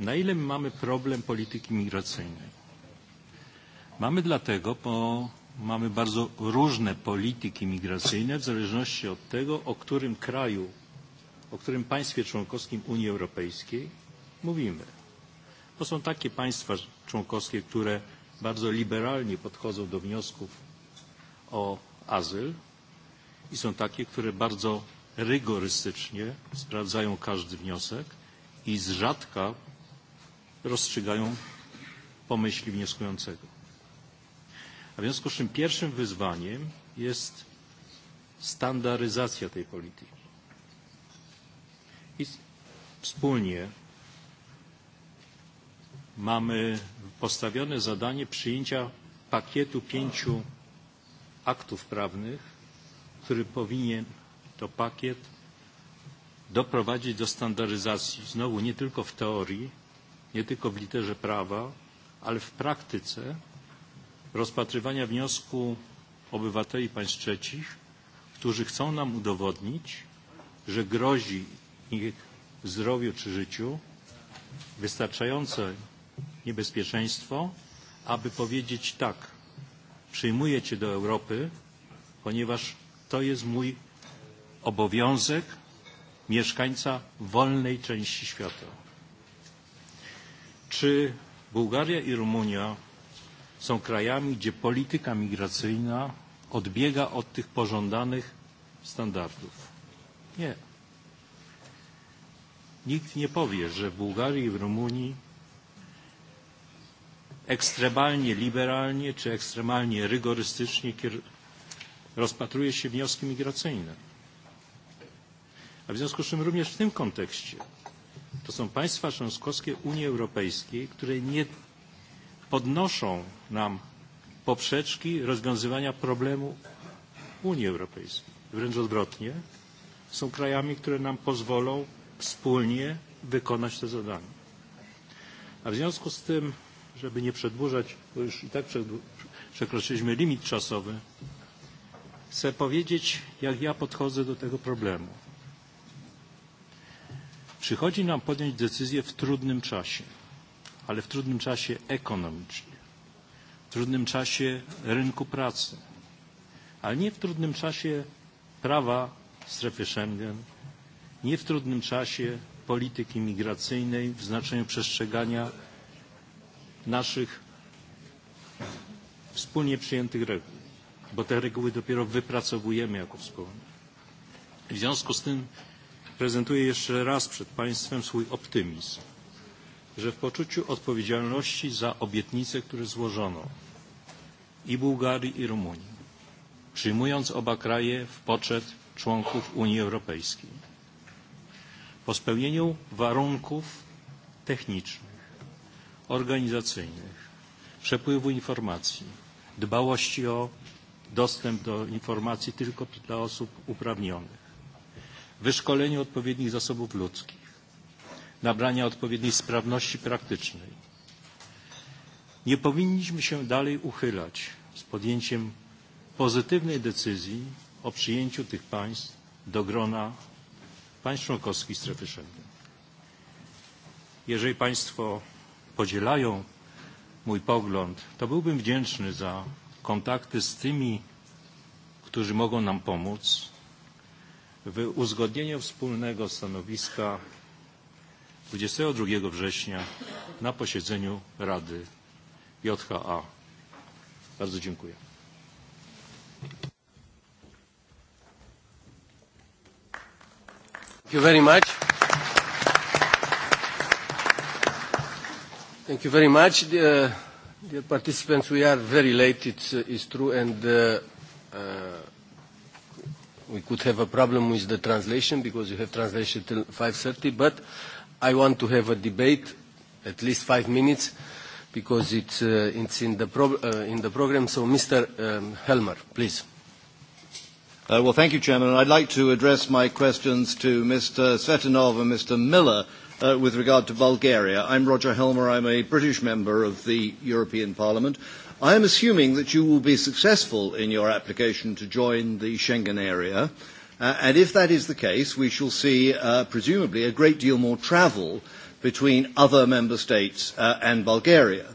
A: na ile my mamy problem polityki migracyjnej? Mamy dlatego, bo mamy bardzo różne polityki migracyjne w zależności od tego, o którym kraju, o którym państwie członkowskim Unii Europejskiej mówimy. Bo są takie państwa członkowskie, które bardzo liberalnie podchodzą do wniosków o azyl i są takie, które bardzo rygorystycznie sprawdzają każdy wniosek i z rzadka rozstrzygają pomyśli wnioskującego. A w związku z czym pierwszym wyzwaniem jest standaryzacja tej polityki. I wspólnie mamy postawione zadanie przyjęcia pakietu pięciu aktów prawnych, który powinien to pakiet doprowadzić do standaryzacji, znowu nie tylko w teorii, nie tylko w literze prawa, ale w praktyce rozpatrywania wniosku obywateli państw trzecich, którzy chcą nam udowodnić, że grozi ich zdrowiu czy życiu wystarczające niebezpieczeństwo, aby powiedzieć tak, przyjmuję Cię do Europy, ponieważ to jest mój obowiązek mieszkańca wolnej części świata. Czy Bułgaria i Rumunia są krajami, gdzie polityka migracyjna odbiega od tych pożądanych standardów. Nie. Nikt nie powie, że w Bułgarii i w Rumunii ekstremalnie liberalnie czy ekstremalnie rygorystycznie rozpatruje się wnioski migracyjne. A w związku z czym również w tym kontekście to są państwa członkowskie Unii Europejskiej, które nie podnoszą nam poprzeczki rozwiązywania problemu Unii Europejskiej. Wręcz odwrotnie, są krajami, które nam pozwolą wspólnie wykonać te zadania. A w związku z tym, żeby nie przedłużać, bo już i tak przekroczyliśmy limit czasowy, chcę powiedzieć, jak ja podchodzę do tego problemu. Przychodzi nam podjąć decyzję w trudnym czasie – ale w trudnym czasie ekonomicznym, w trudnym czasie rynku pracy, ale nie w trudnym czasie prawa strefy Schengen, nie w trudnym czasie polityki migracyjnej w znaczeniu przestrzegania naszych wspólnie przyjętych reguł, bo te reguły dopiero wypracowujemy jako wspólnie. W związku z tym prezentuję jeszcze raz przed Państwem swój optymizm że w poczuciu odpowiedzialności za obietnice, które złożono i Bułgarii, i Rumunii, przyjmując oba kraje w poczet członków Unii Europejskiej, po spełnieniu warunków technicznych, organizacyjnych, przepływu informacji, dbałości o dostęp do informacji tylko dla osób uprawnionych, wyszkoleniu odpowiednich zasobów ludzkich, nabrania odpowiedniej sprawności praktycznej. Nie powinniśmy się dalej uchylać z podjęciem pozytywnej decyzji o przyjęciu tych państw do grona państw członkowskich strefy Schengen. Jeżeli Państwo podzielają mój pogląd, to byłbym wdzięczny za kontakty z tymi, którzy mogą nam pomóc w uzgodnieniu wspólnego stanowiska 22 września na posiedzeniu Rady
B: JHA. Bardzo dziękuję. Thank you very much. Thank you very much. Dear, dear participants, we are very late, it's, uh, it's true, and uh, uh, we could have a problem with the translation because you have translation till 5.30, but I want to have a debate, at least five minutes, because it's,
I: uh, it's in, the pro uh, in the program. So, Mr. Um, Helmer, please. Uh, well, thank you, Chairman. I'd like to address my questions to Mr. Svetanov and Mr. Miller uh, with regard to Bulgaria. I'm Roger Helmer. I'm a British member of the European Parliament. I am assuming that you will be successful in your application to join the Schengen area. Uh, Uh, and if that is the case, we shall see, uh, presumably, a great deal more travel between other member states uh, and Bulgaria.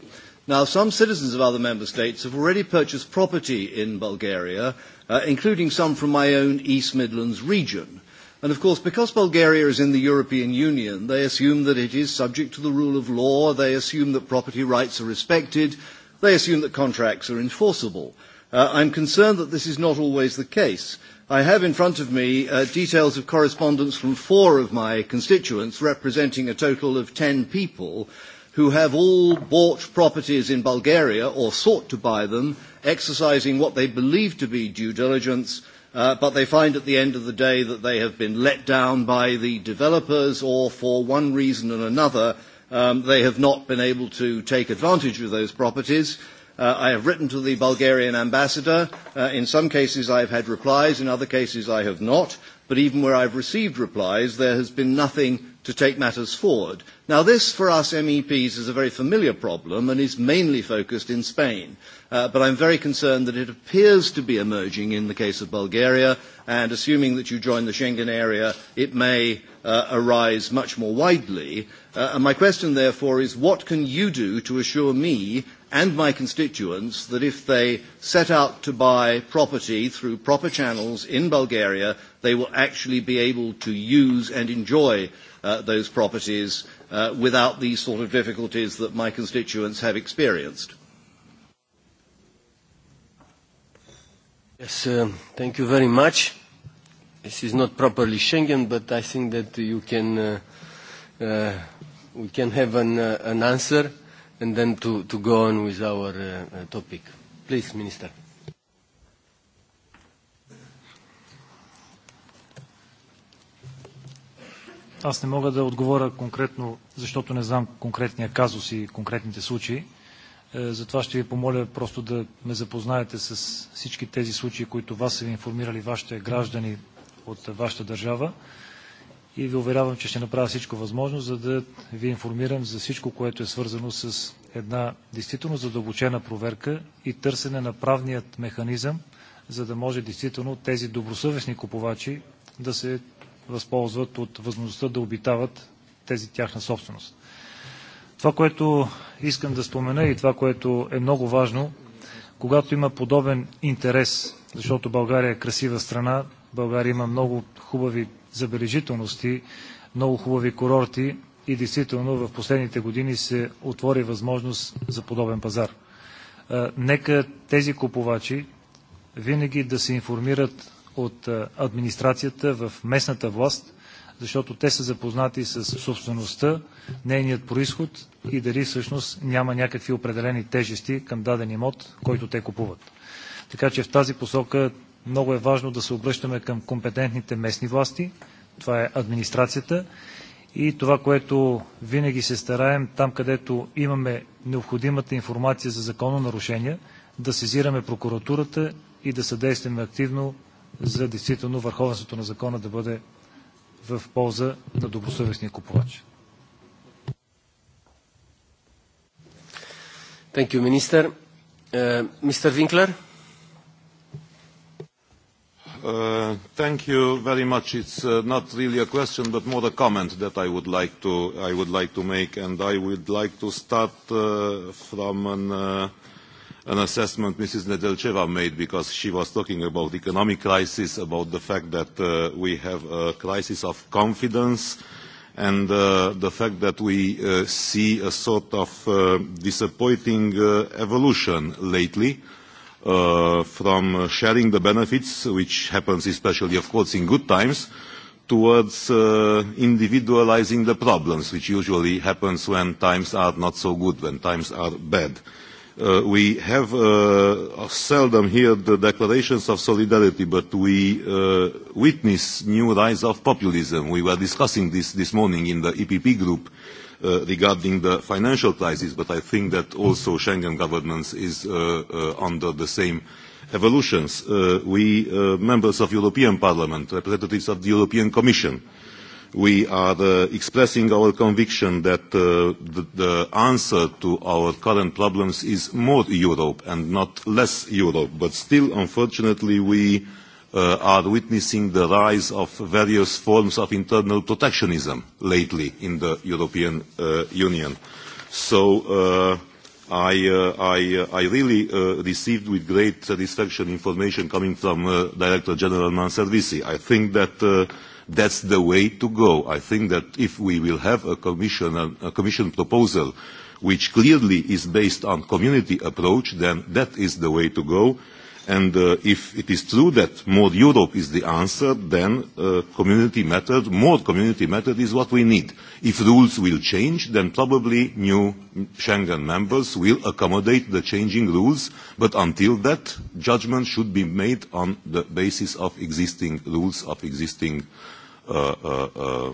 I: Now, some citizens of other member states have already purchased property in Bulgaria, uh, including some from my own East Midlands region. And of course, because Bulgaria is in the European Union, they assume that it is subject to the rule of law, they assume that property rights are respected, they assume that contracts are enforceable. Uh, I'm concerned that this is not always the case. Uh, I have in front of me uh, details of correspondence from four of my constituents, representing a total of 10 people, who have all bought properties in Bulgaria or sought to buy them, exercising what they believe to be due diligence, uh, but they find at the end of the day that they have been let down by the developers or for one reason and another um, they have not been able to take advantage of those properties. Uh, Uh, I have written to the Bulgarian ambassador. Uh, in some cases, I have had replies. In other cases, I have not. But even where I've received replies, there has been nothing to take matters forward. Now, this for us MEPs is a very familiar problem and is mainly focused in Spain. Uh, but I'm very concerned that it appears to be emerging in the case of Bulgaria, and assuming that you join the Schengen area, it may uh, arise much more widely. Uh, and my question, therefore, is what can you do to assure me and my constituents that if they set out to buy property through proper channels in Bulgaria, they will actually be able to use and enjoy uh, those properties uh, without these sort of difficulties that my constituents have experienced.
B: Yes, uh, thank you very much. This is not properly Schengen, but I think that you can, uh, uh, we can have an, uh, an answer and then to, to go on with our uh, uh, topic. Please, Minister. Аз не мога да
H: отговоря конкретно, защото не знам конкретния казус и конкретните случаи. Затова ще ви помоля просто да ме запознаете с всички тези случаи, които вас са ви информирали вашите граждани от вашата държава и ви уверявам, че ще направя всичко възможно, за да ви информирам за всичко, което е свързано с една действително задълбочена проверка и търсене на правният механизъм, за да може действително тези добросъвестни купувачи да се възползват от възможността да обитават тези тяхна собственост. Това, което искам да спомена и това, което е много важно, когато има подобен интерес, защото България е красива страна, България има много хубави забележителности, много хубави курорти и действително в последните години се отвори възможност за подобен пазар. Нека тези купувачи винаги да се информират от администрацията в местната власт, защото те са запознати с собствеността, нейният происход и дали всъщност няма някакви определени тежести към даден имот, който те купуват. Така че в тази посока Много е важно да се обръщаме към компетентните местни власти, това е администрацията и това, което винаги се стараем, там където имаме необходимата информация за закононарушения, да сезираме прокуратурата и да съдействаме активно за действително върховенството на закона да бъде в полза на добросъвестния
B: купувач. Thank you, Minister. Uh, Mr. Winkler?
J: Uh, thank you very much. It's uh, not really a question, but more a comment that I would like to, I would like to make, and I would like to start uh, from an, uh, an assessment Mrs. Nedelcheva made, because she was talking about economic crisis, about the fact that uh, we have a crisis of confidence, and uh, the fact that we uh, see a sort of uh, disappointing uh, evolution lately. Uh, uh, from sharing the benefits, which happens especially, of course, in good times, towards uh, individualizing the problems, which usually happens when times are not so good, when times are bad. Uh, we have uh, seldom heard the declarations of solidarity, but we uh, witness new rise of populism. We were discussing this this morning in the EPP group uh, regarding the financial crisis, but I think that also Schengen governance is uh, uh, under the same evolutions. Uh, we, uh, members of European Parliament, representatives of the European Commission, we are uh, expressing our conviction that uh, the, the answer to our current problems is more Europe and not less Europe. But still, unfortunately, we uh, uh, are witnessing the rise of various forms of internal protectionism lately in the European uh, Union. So uh, I, uh, I, uh, I really uh, received with great satisfaction information coming from uh, Director General Manservisi. I think that uh, that's the way to go. I think that if we will have a commission, a, a commission proposal which clearly is based on community approach, then that is the way to go. And uh, if it is true that more Europe is the answer, then uh, community method, more community method is what we need. If rules will change, then probably new Schengen members will accommodate the changing rules, but until that, judgment should be made on the basis of existing rules, of existing uh, uh, uh,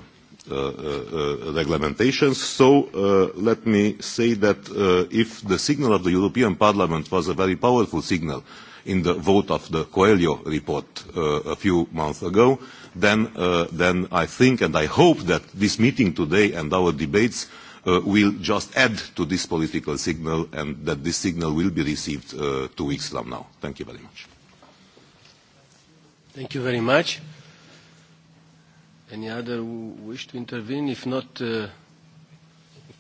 J: Uh, uh, uh, regulations. So uh, let me say that uh, if the signal of the European Parliament was a very powerful signal, uh, in the vote of the Coelho report uh, a few months ago, then, uh, then I think and I hope that this meeting today and our debates uh, will just add to this political signal and that this signal will be received uh, two weeks from now. Thank you very much.
B: Thank you very much. Any other wish to intervene? If not, uh,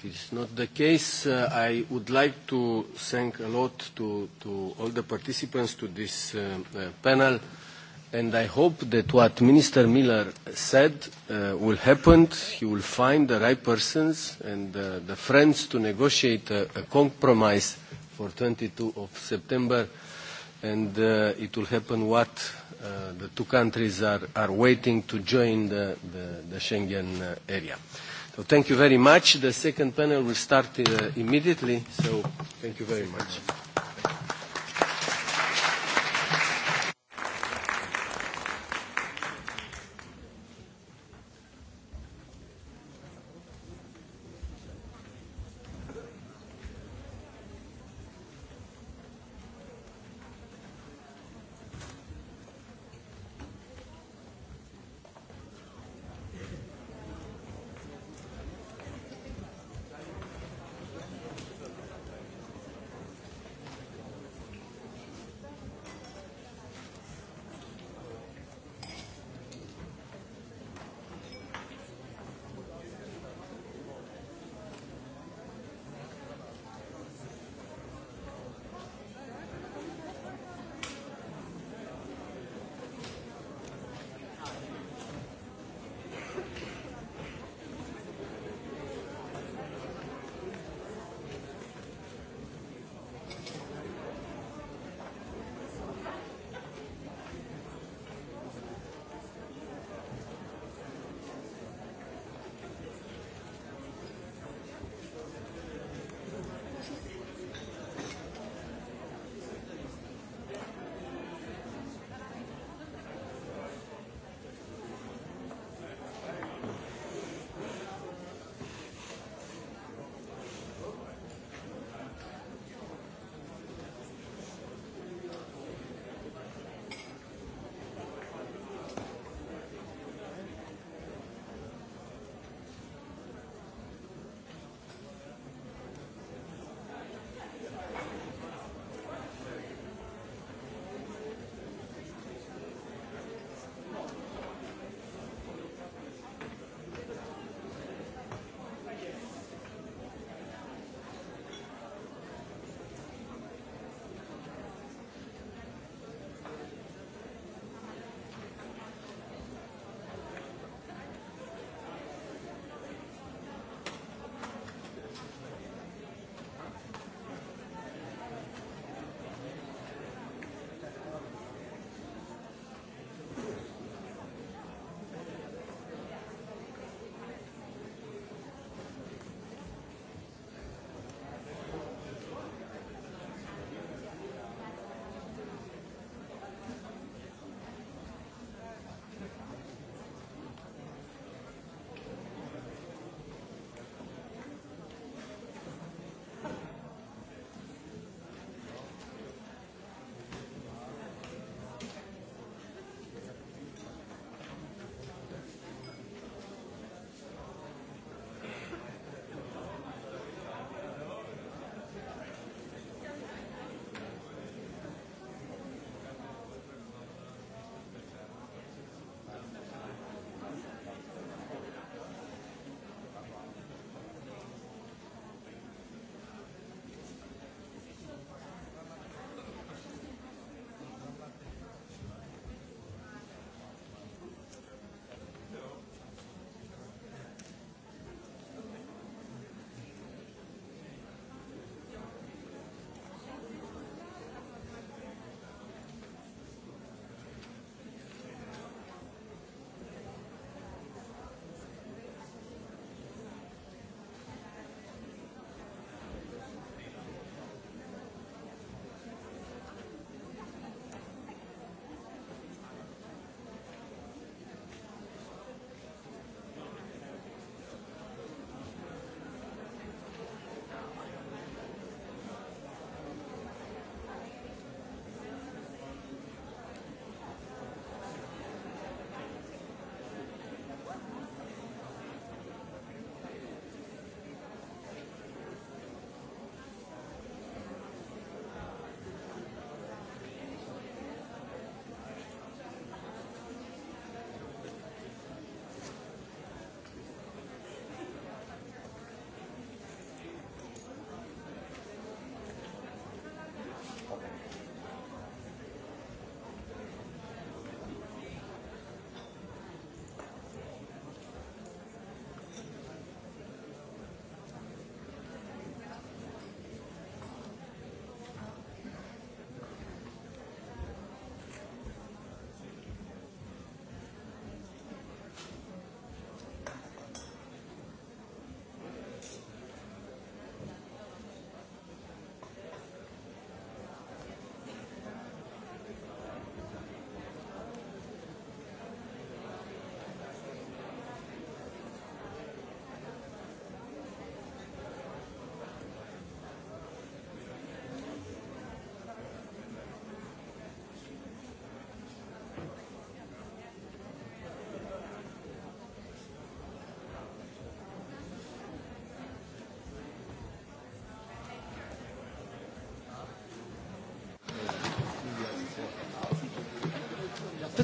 B: it is not the case, uh, I would like to thank a lot to, to all the participants to this uh, uh, panel, and I hope that what Minister Miller said uh, will happen. He will find the right persons and uh, the friends to negotiate a, a compromise for 22 of September, and uh, it will happen what uh, the two countries are, are waiting to join the, the, the Schengen uh, area. Uh, So thank you very much. The second panel will start uh, immediately. So thank you very much.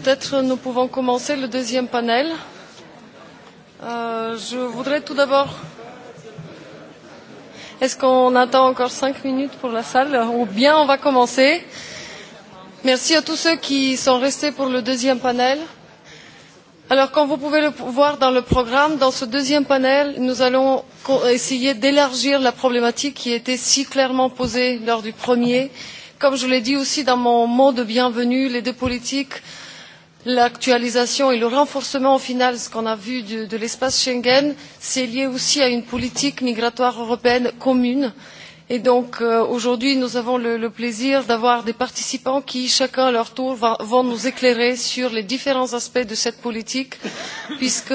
C: Peut-être nous pouvons commencer le deuxième panel. Euh, je voudrais tout d'abord. Est-ce qu'on attend encore cinq minutes pour la salle ou bien on va commencer Merci à tous ceux qui sont restés pour le deuxième panel. Alors, comme vous pouvez le voir dans le programme, dans ce deuxième panel, nous allons essayer d'élargir la problématique qui était si clairement posée lors du premier. Comme je l'ai dit aussi dans mon mot de bienvenue, les deux politiques l'actualisation et le renforcement au final ce qu'on a vu de, de l'espace Schengen, c'est lié aussi à une politique migratoire européenne commune. Et donc euh, aujourd'hui, nous avons le, le plaisir d'avoir des participants qui, chacun à leur tour, va, vont nous éclairer sur les différents aspects de cette politique, puisque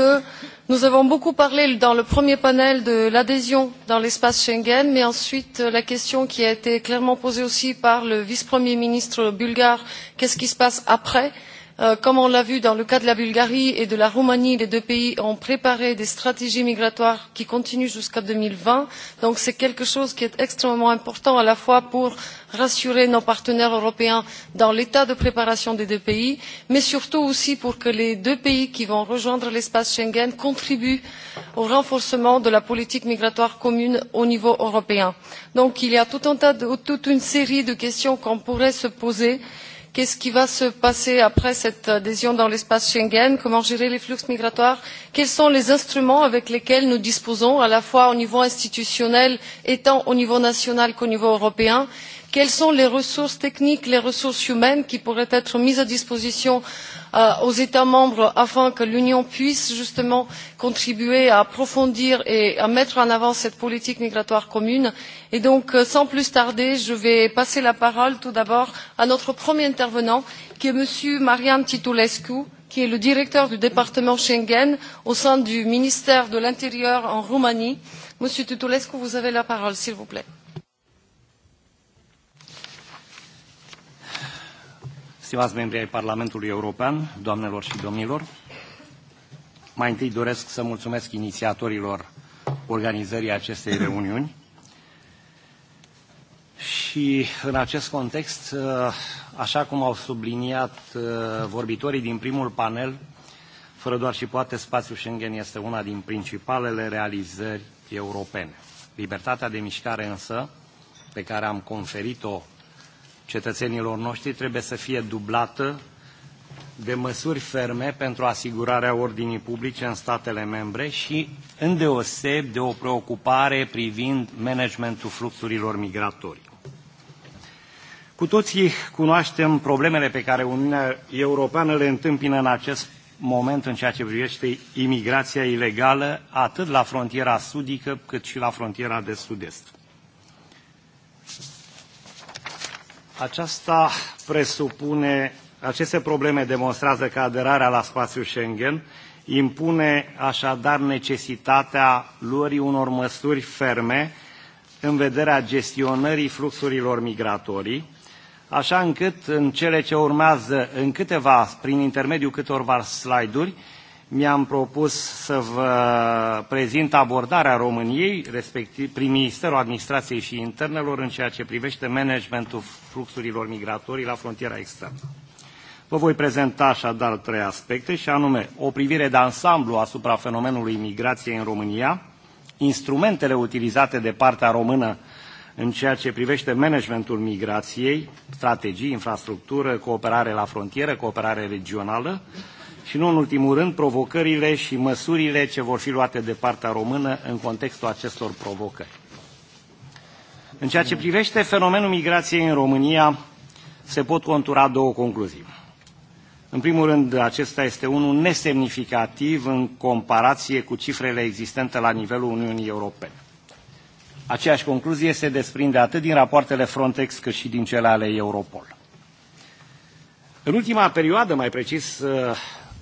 C: nous avons beaucoup parlé dans le premier panel de l'adhésion dans l'espace schengen mais ensuite euh, la question qui a été clairement posée aussi par le vice premier ministre bulgare qu'est ce qui se passe après? Euh, comme on l'a vu dans le cas de la bulgarie et de la roumanie les deux pays ont préparé des stratégies migratoires qui continuent jusqu'en deux mille vingt donc c'est quelque chose qui est extrêmement important à la fois pour rassurer nos partenaires européens dans l'état de préparation des deux pays mais surtout aussi pour que les deux pays qui vont rejoindre l'espace schengen contribuent au renforcement de la politique migratoire commune au niveau européen. donc il y a toute une série de questions qu'on pourrait se poser et Qu'est-ce qui va se passer après cette adhésion dans l'espace Schengen Comment gérer les flux migratoires Quels sont les instruments avec lesquels nous disposons, à la fois au niveau institutionnel, et tant au niveau national qu'au niveau européen Quelles sont les ressources techniques, les ressources humaines qui pourraient être mises à disposition euh, Euh, aux états membres afin que l'union puisse justement contribuer à approfondir et à mettre en avant cette politique migratoire commune. Donc, euh, sans plus tarder je vais passer la parole tout d'abord à notre premier intervenant qui est m. marian titulescu qui est le directeur du département schengen au sein du ministère de l'intérieur en roumanie. monsieur titulescu vous avez la parole s'il vous plaît.
K: stimați membri ai Parlamentului European, doamnelor și domnilor, mai întâi doresc să mulțumesc inițiatorilor organizării acestei reuniuni și în acest context, așa cum au subliniat uh, vorbitorii din primul panel, fără doar și poate, spațiul Schengen este una din principalele realizări europene. Libertatea de mișcare însă, pe care am conferit-o cetățenilor noștri trebuie să fie dublată de măsuri ferme pentru asigurarea ordinii publice în statele membre și îndeoseb de o preocupare privind managementul fluxurilor migratorii. Cu toții cunoaștem problemele pe care Uniunea Europeană le întâmpină în acest moment în ceea ce privește imigrația ilegală, atât la frontiera sudică cât și la frontiera de sud-est. Aceasta presupune, aceste probleme demonstrează că aderarea la spațiul Schengen impune așadar necesitatea luării unor măsuri ferme în vederea gestionării fluxurilor migratorii, așa încât în cele ce urmează, în câteva, prin intermediul câtorva slide-uri, mi-am propus să vă prezint abordarea României, respectiv prin Ministerul Administrației și Internelor, în ceea ce privește managementul fluxurilor migratorii la frontiera externă. Vă voi prezenta așadar trei aspecte, și anume o privire de ansamblu asupra fenomenului migrației în România, instrumentele utilizate de partea română în ceea ce privește managementul migrației, strategii, infrastructură, cooperare la frontieră, cooperare regională, și nu în ultimul rând provocările și măsurile ce vor fi luate de partea română în contextul acestor provocări. În ceea ce privește fenomenul migrației în România, se pot contura două concluzii. În primul rând, acesta este unul nesemnificativ în comparație cu cifrele existente la nivelul Uniunii Europene. Aceeași concluzie se desprinde atât din rapoartele Frontex cât și din cele ale Europol. În ultima perioadă, mai precis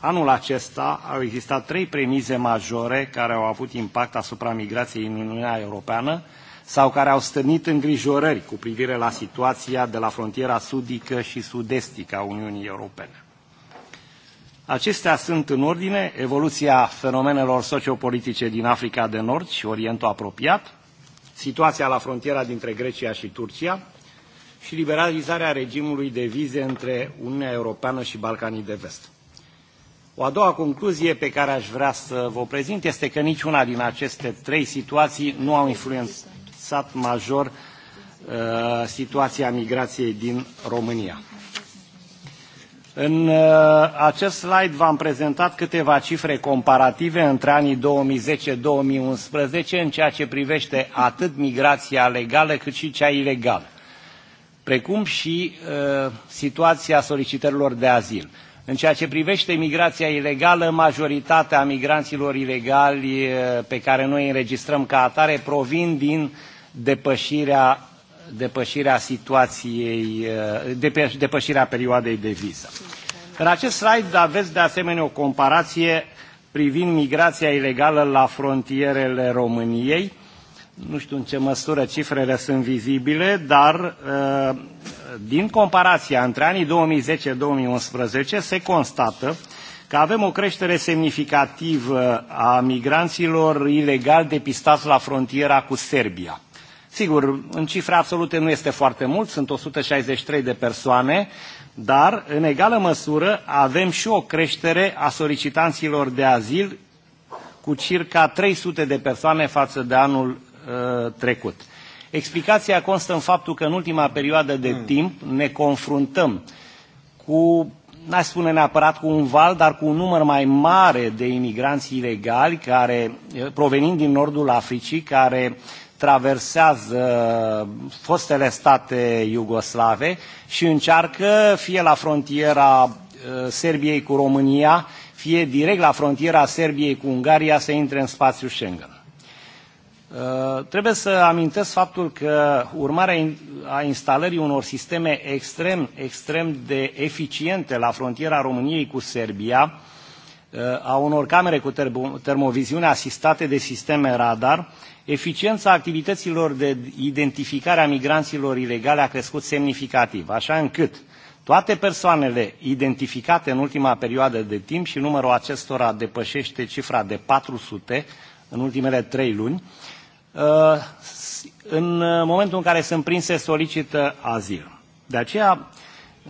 K: Anul acesta au existat trei premize majore care au avut impact asupra migrației în Uniunea Europeană sau care au stârnit îngrijorări cu privire la situația de la frontiera sudică și sud-estică a Uniunii Europene. Acestea sunt în ordine evoluția fenomenelor sociopolitice din Africa de Nord și Orientul apropiat, situația la frontiera dintre Grecia și Turcia și liberalizarea regimului de vize între Uniunea Europeană și Balcanii de Vest. O a doua concluzie pe care aș vrea să vă prezint este că niciuna din aceste trei situații nu au influențat major uh, situația migrației din România. În uh, acest slide v-am prezentat câteva cifre comparative între anii 2010-2011 în ceea ce privește atât migrația legală cât și cea ilegală, precum și uh, situația solicitărilor de azil. Uh, În ceea ce privește migrația ilegală, majoritatea migranților ilegali eh, pe care noi înregistrăm ca atare provin din depășirea, depășirea situației, eh, depă, depășirea perioadei de viză. În acest slide aveți de asemenea o comparație privind migrația ilegală la frontierele României. Nu știu în ce măsură cifrele sunt vizibile, dar uh, din comparația între anii 2010-2011 se constată că avem o creștere semnificativă a migranților ilegal depistați la frontiera cu Serbia. Sigur, în cifre absolute nu este foarte mult, sunt 163 de persoane, dar în egală măsură avem și o creștere a solicitanților de azil cu circa 300 de persoane față de anul uh, trecut. Uh, Explicația constă în faptul că în ultima perioadă de hmm. timp ne confruntăm cu, n-aș spune neapărat cu un val, dar cu un număr mai mare de imigranți ilegali care, eh, provenind din nordul Africii, care traversează fostele state iugoslave și încearcă fie la frontiera eh, Serbiei cu România, fie direct la frontiera Serbiei cu Ungaria să intre în spațiul Schengen. Uh, trebuie să amintesc faptul că urmarea a instalării unor sisteme extrem, extrem de eficiente la frontiera României cu Serbia, uh, a unor camere cu termoviziune asistate de sisteme radar, eficiența activităților de identificare a migranților ilegale a crescut semnificativ, așa încât toate persoanele identificate în ultima perioadă de timp și numărul acestora depășește cifra de 400 în ultimele trei luni, uh, Uh, în uh, momentul în care sunt prinse solicită azil. De aceea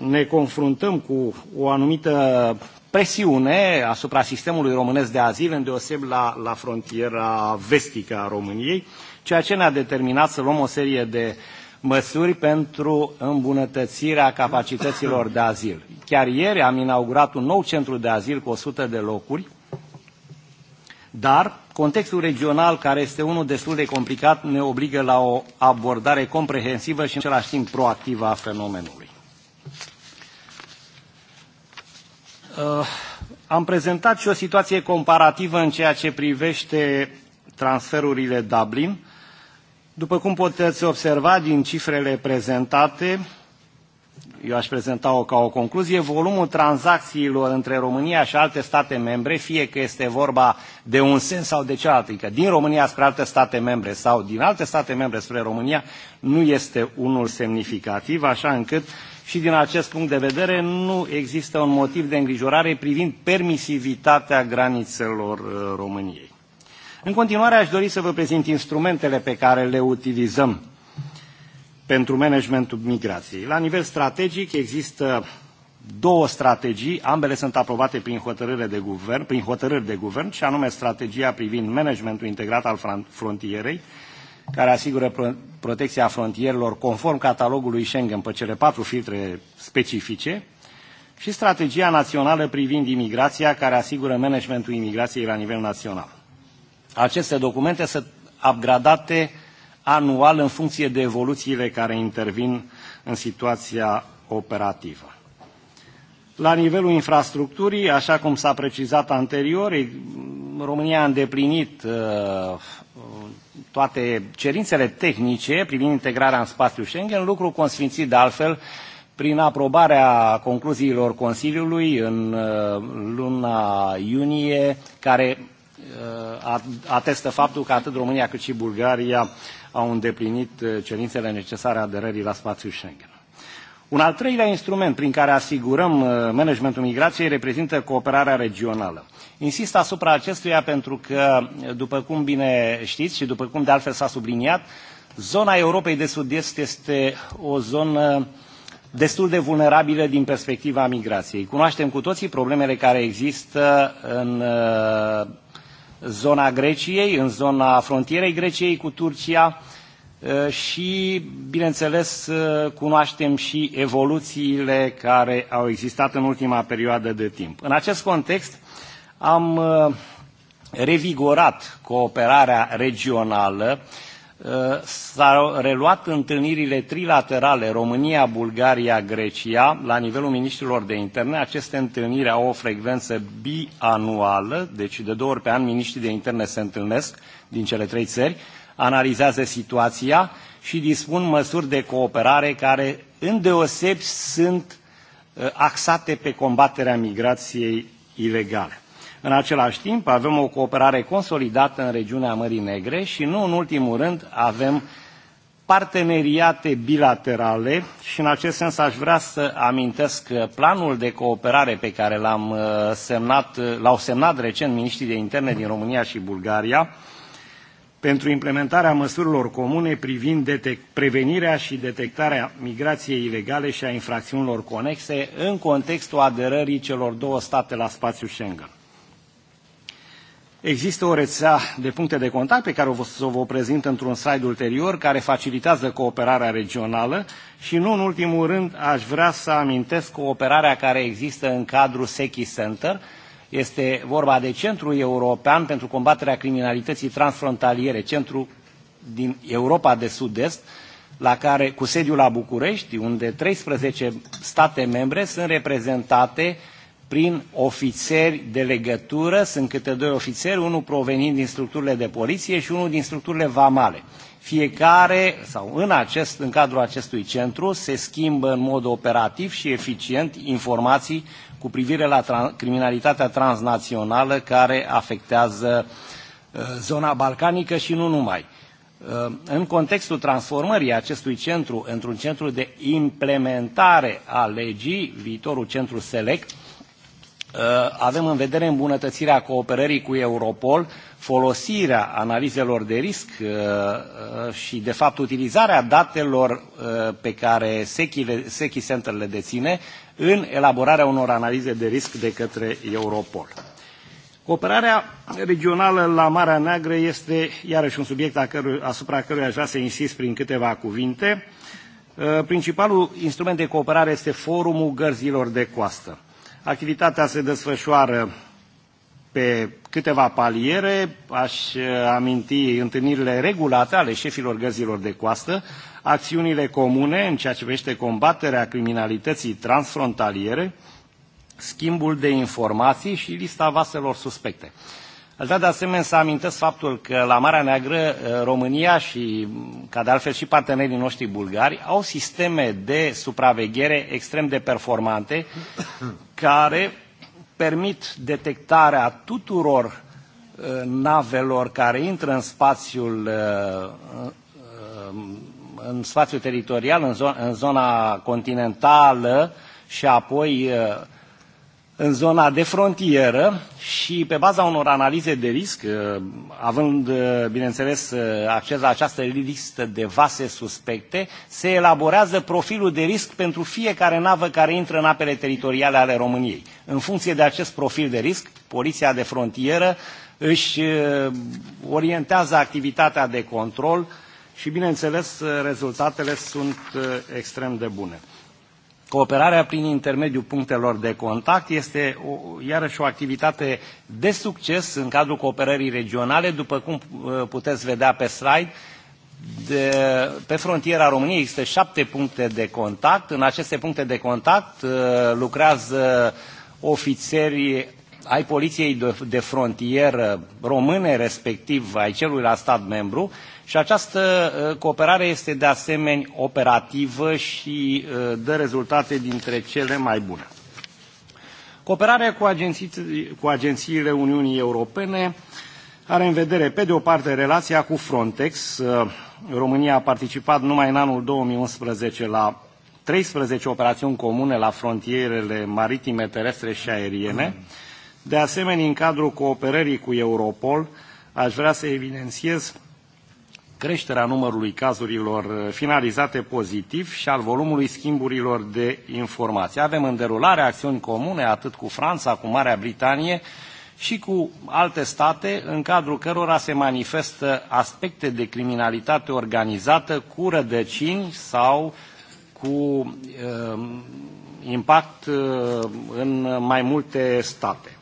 K: ne confruntăm cu o anumită presiune asupra sistemului românesc de azil, îndeoseb la, la frontiera vestică a României, ceea ce ne-a determinat să luăm o serie de măsuri pentru îmbunătățirea capacităților de azil. Chiar ieri am inaugurat un nou centru de azil cu 100 de locuri, Dar contextul regional, care este unul destul de complicat, ne obligă la o abordare comprehensivă și în același timp proactivă a fenomenului. Uh, am prezentat și o situație comparativă în ceea ce privește transferurile Dublin. După cum puteți observa din cifrele prezentate, eu aș prezenta -o ca o concluzie, volumul tranzacțiilor între România și alte state membre, fie că este vorba de un sens sau de cealaltă, adică din România spre alte state membre sau din alte state membre spre România, nu este unul semnificativ, așa încât și din acest punct de vedere nu există un motiv de îngrijorare privind permisivitatea granițelor uh, României. În continuare aș dori să vă prezint instrumentele pe care le utilizăm pentru managementul migrației. La nivel strategic există două strategii, ambele sunt aprobate prin hotărâre de guvern, prin hotărâri de guvern, și anume strategia privind managementul integrat al frontierei, care asigură pro protecția frontierelor conform catalogului Schengen pe cele patru filtre specifice, și strategia națională privind imigrația, care asigură managementul imigrației la nivel național. Aceste documente sunt upgradate anual în funcție de evoluțiile care intervin în situația operativă. La nivelul infrastructurii, așa cum s-a precizat anterior, e- România a îndeplinit uh, toate cerințele tehnice privind integrarea în spațiul Schengen, lucru consfințit de altfel prin aprobarea concluziilor Consiliului în uh, luna iunie, care atestă faptul că atât România cât și Bulgaria au îndeplinit uh, cerințele necesare aderării la spațiul Schengen. Un al treilea instrument prin care asigurăm uh, managementul migrației reprezintă cooperarea regională. Insist asupra acestuia pentru că, după cum bine știți și după cum de altfel s-a subliniat, zona Europei de Sud-Est este o zonă destul de vulnerabilă din perspectiva migrației. Cunoaștem cu toții problemele care există în uh, zona Greciei, în zona frontierei Greciei cu Turcia e, și, bineînțeles, e, cunoaștem și evoluțiile care au existat în ultima perioadă de timp. În acest context, am e, revigorat cooperarea regională uh, Uh, s-au reluat întâlnirile trilaterale România, Bulgaria, Grecia la nivelul ministrilor de interne. Aceste întâlniri au o frecvență bianuală, deci de două ori pe an miniștrii de interne se întâlnesc din cele trei țări, analizează situația și dispun măsuri de cooperare care îndeosebi sunt uh, axate pe combaterea migrației ilegale. În același timp, avem o cooperare consolidată în regiunea Mării Negre și, nu în ultimul rând, avem parteneriate bilaterale și în acest sens aș vrea să amintesc planul de cooperare pe care l-am uh, semnat, uh, l-au semnat recent miniștrii de interne din România și Bulgaria pentru implementarea măsurilor comune privind prevenirea și detectarea migrației ilegale și a infracțiunilor conexe în contextul aderării celor două state la spațiul Schengen. Există o rețea de puncte de contact pe care o să vă prezint într-un slide ulterior, care facilitează cooperarea regională și nu în ultimul rând aș vrea să amintesc cooperarea care există în cadrul SECI Center. Este vorba de Centrul European pentru combaterea criminalității transfrontaliere, centru din Europa de Sud-Est, la care, cu sediul la București, unde 13 state membre sunt reprezentate uh, prin ofițeri de legătură, sunt câte doi ofițeri, unul provenind din structurile de poliție și unul din structurile vamale. Fiecare, sau în, acest, în cadrul acestui centru, se schimbă în mod operativ și eficient informații cu privire la tran criminalitatea transnațională care afectează uh, zona balcanică și nu numai. Uh, în contextul transformării acestui centru într-un centru de implementare a legii, viitorul centru SELECT, Uh, avem în vedere îmbunătățirea cooperării cu Europol, folosirea analizelor de risc uh, uh, și, de fapt, utilizarea datelor pe care SECI Center le deține în elaborarea unor analize de risc de către Europol. Cooperarea regională la Marea Neagră este iarăși un subiect asupra căruia aș vrea să insist prin câteva cuvinte. Principalul instrument de cooperare este Forumul Gărzilor de Coastă. Activitatea se desfășoară pe câteva paliere. Aș eh, aminti întâlnirile regulate ale șefilor găzilor de coastă, acțiunile comune în ceea ce privește combaterea criminalității transfrontaliere, schimbul de informații și lista vaselor suspecte. Uh, Aș vrea de asemenea să amintesc faptul că la Marea Neagră eh, România și, mm, ca de altfel, și partenerii noștri bulgari au sisteme de supraveghere extrem de performante care permit detectarea tuturor eh, navelor care intră în spațiul eh, în spațiul teritorial, în zona continentală și apoi uh, în zona de frontieră și pe baza unor analize de risc, uh, având, uh, bineînțeles, uh, acces la această listă de vase suspecte, se elaborează profilul de risc pentru fiecare navă care intră în apele teritoriale ale României. În funcție de acest profil de risc, Poliția de Frontieră își orientează activitatea de control și, bineînțeles, rezultatele sunt extrem de bune. Cooperarea prin intermediul punctelor de contact este o, iarăși o activitate de succes în cadrul cooperării regionale, după cum uh, puteți vedea pe slide. De, pe frontiera României există șapte puncte de contact. În aceste puncte de contact uh, lucrează ofițeri ai poliției de, de frontieră române, respectiv ai celuilalt stat membru, Și această cooperare este de asemenea operativă și dă rezultate dintre cele mai bune. Cooperarea cu, agenții, cu agențiile Uniunii Europene are în vedere, pe de o parte, relația cu Frontex. România a participat numai în anul 2011 la 13 operațiuni comune la frontierele maritime, terestre și aeriene. De asemenea, în cadrul cooperării cu Europol, aș vrea să evidențiez creșterea numărului cazurilor uh, finalizate pozitiv și al volumului schimburilor de informații. Avem în derulare acțiuni comune atât cu Franța, cu Marea Britanie și cu alte state în cadrul cărora se manifestă aspecte de criminalitate organizată cu rădăcini sau cu uh, impact uh, în mai multe state.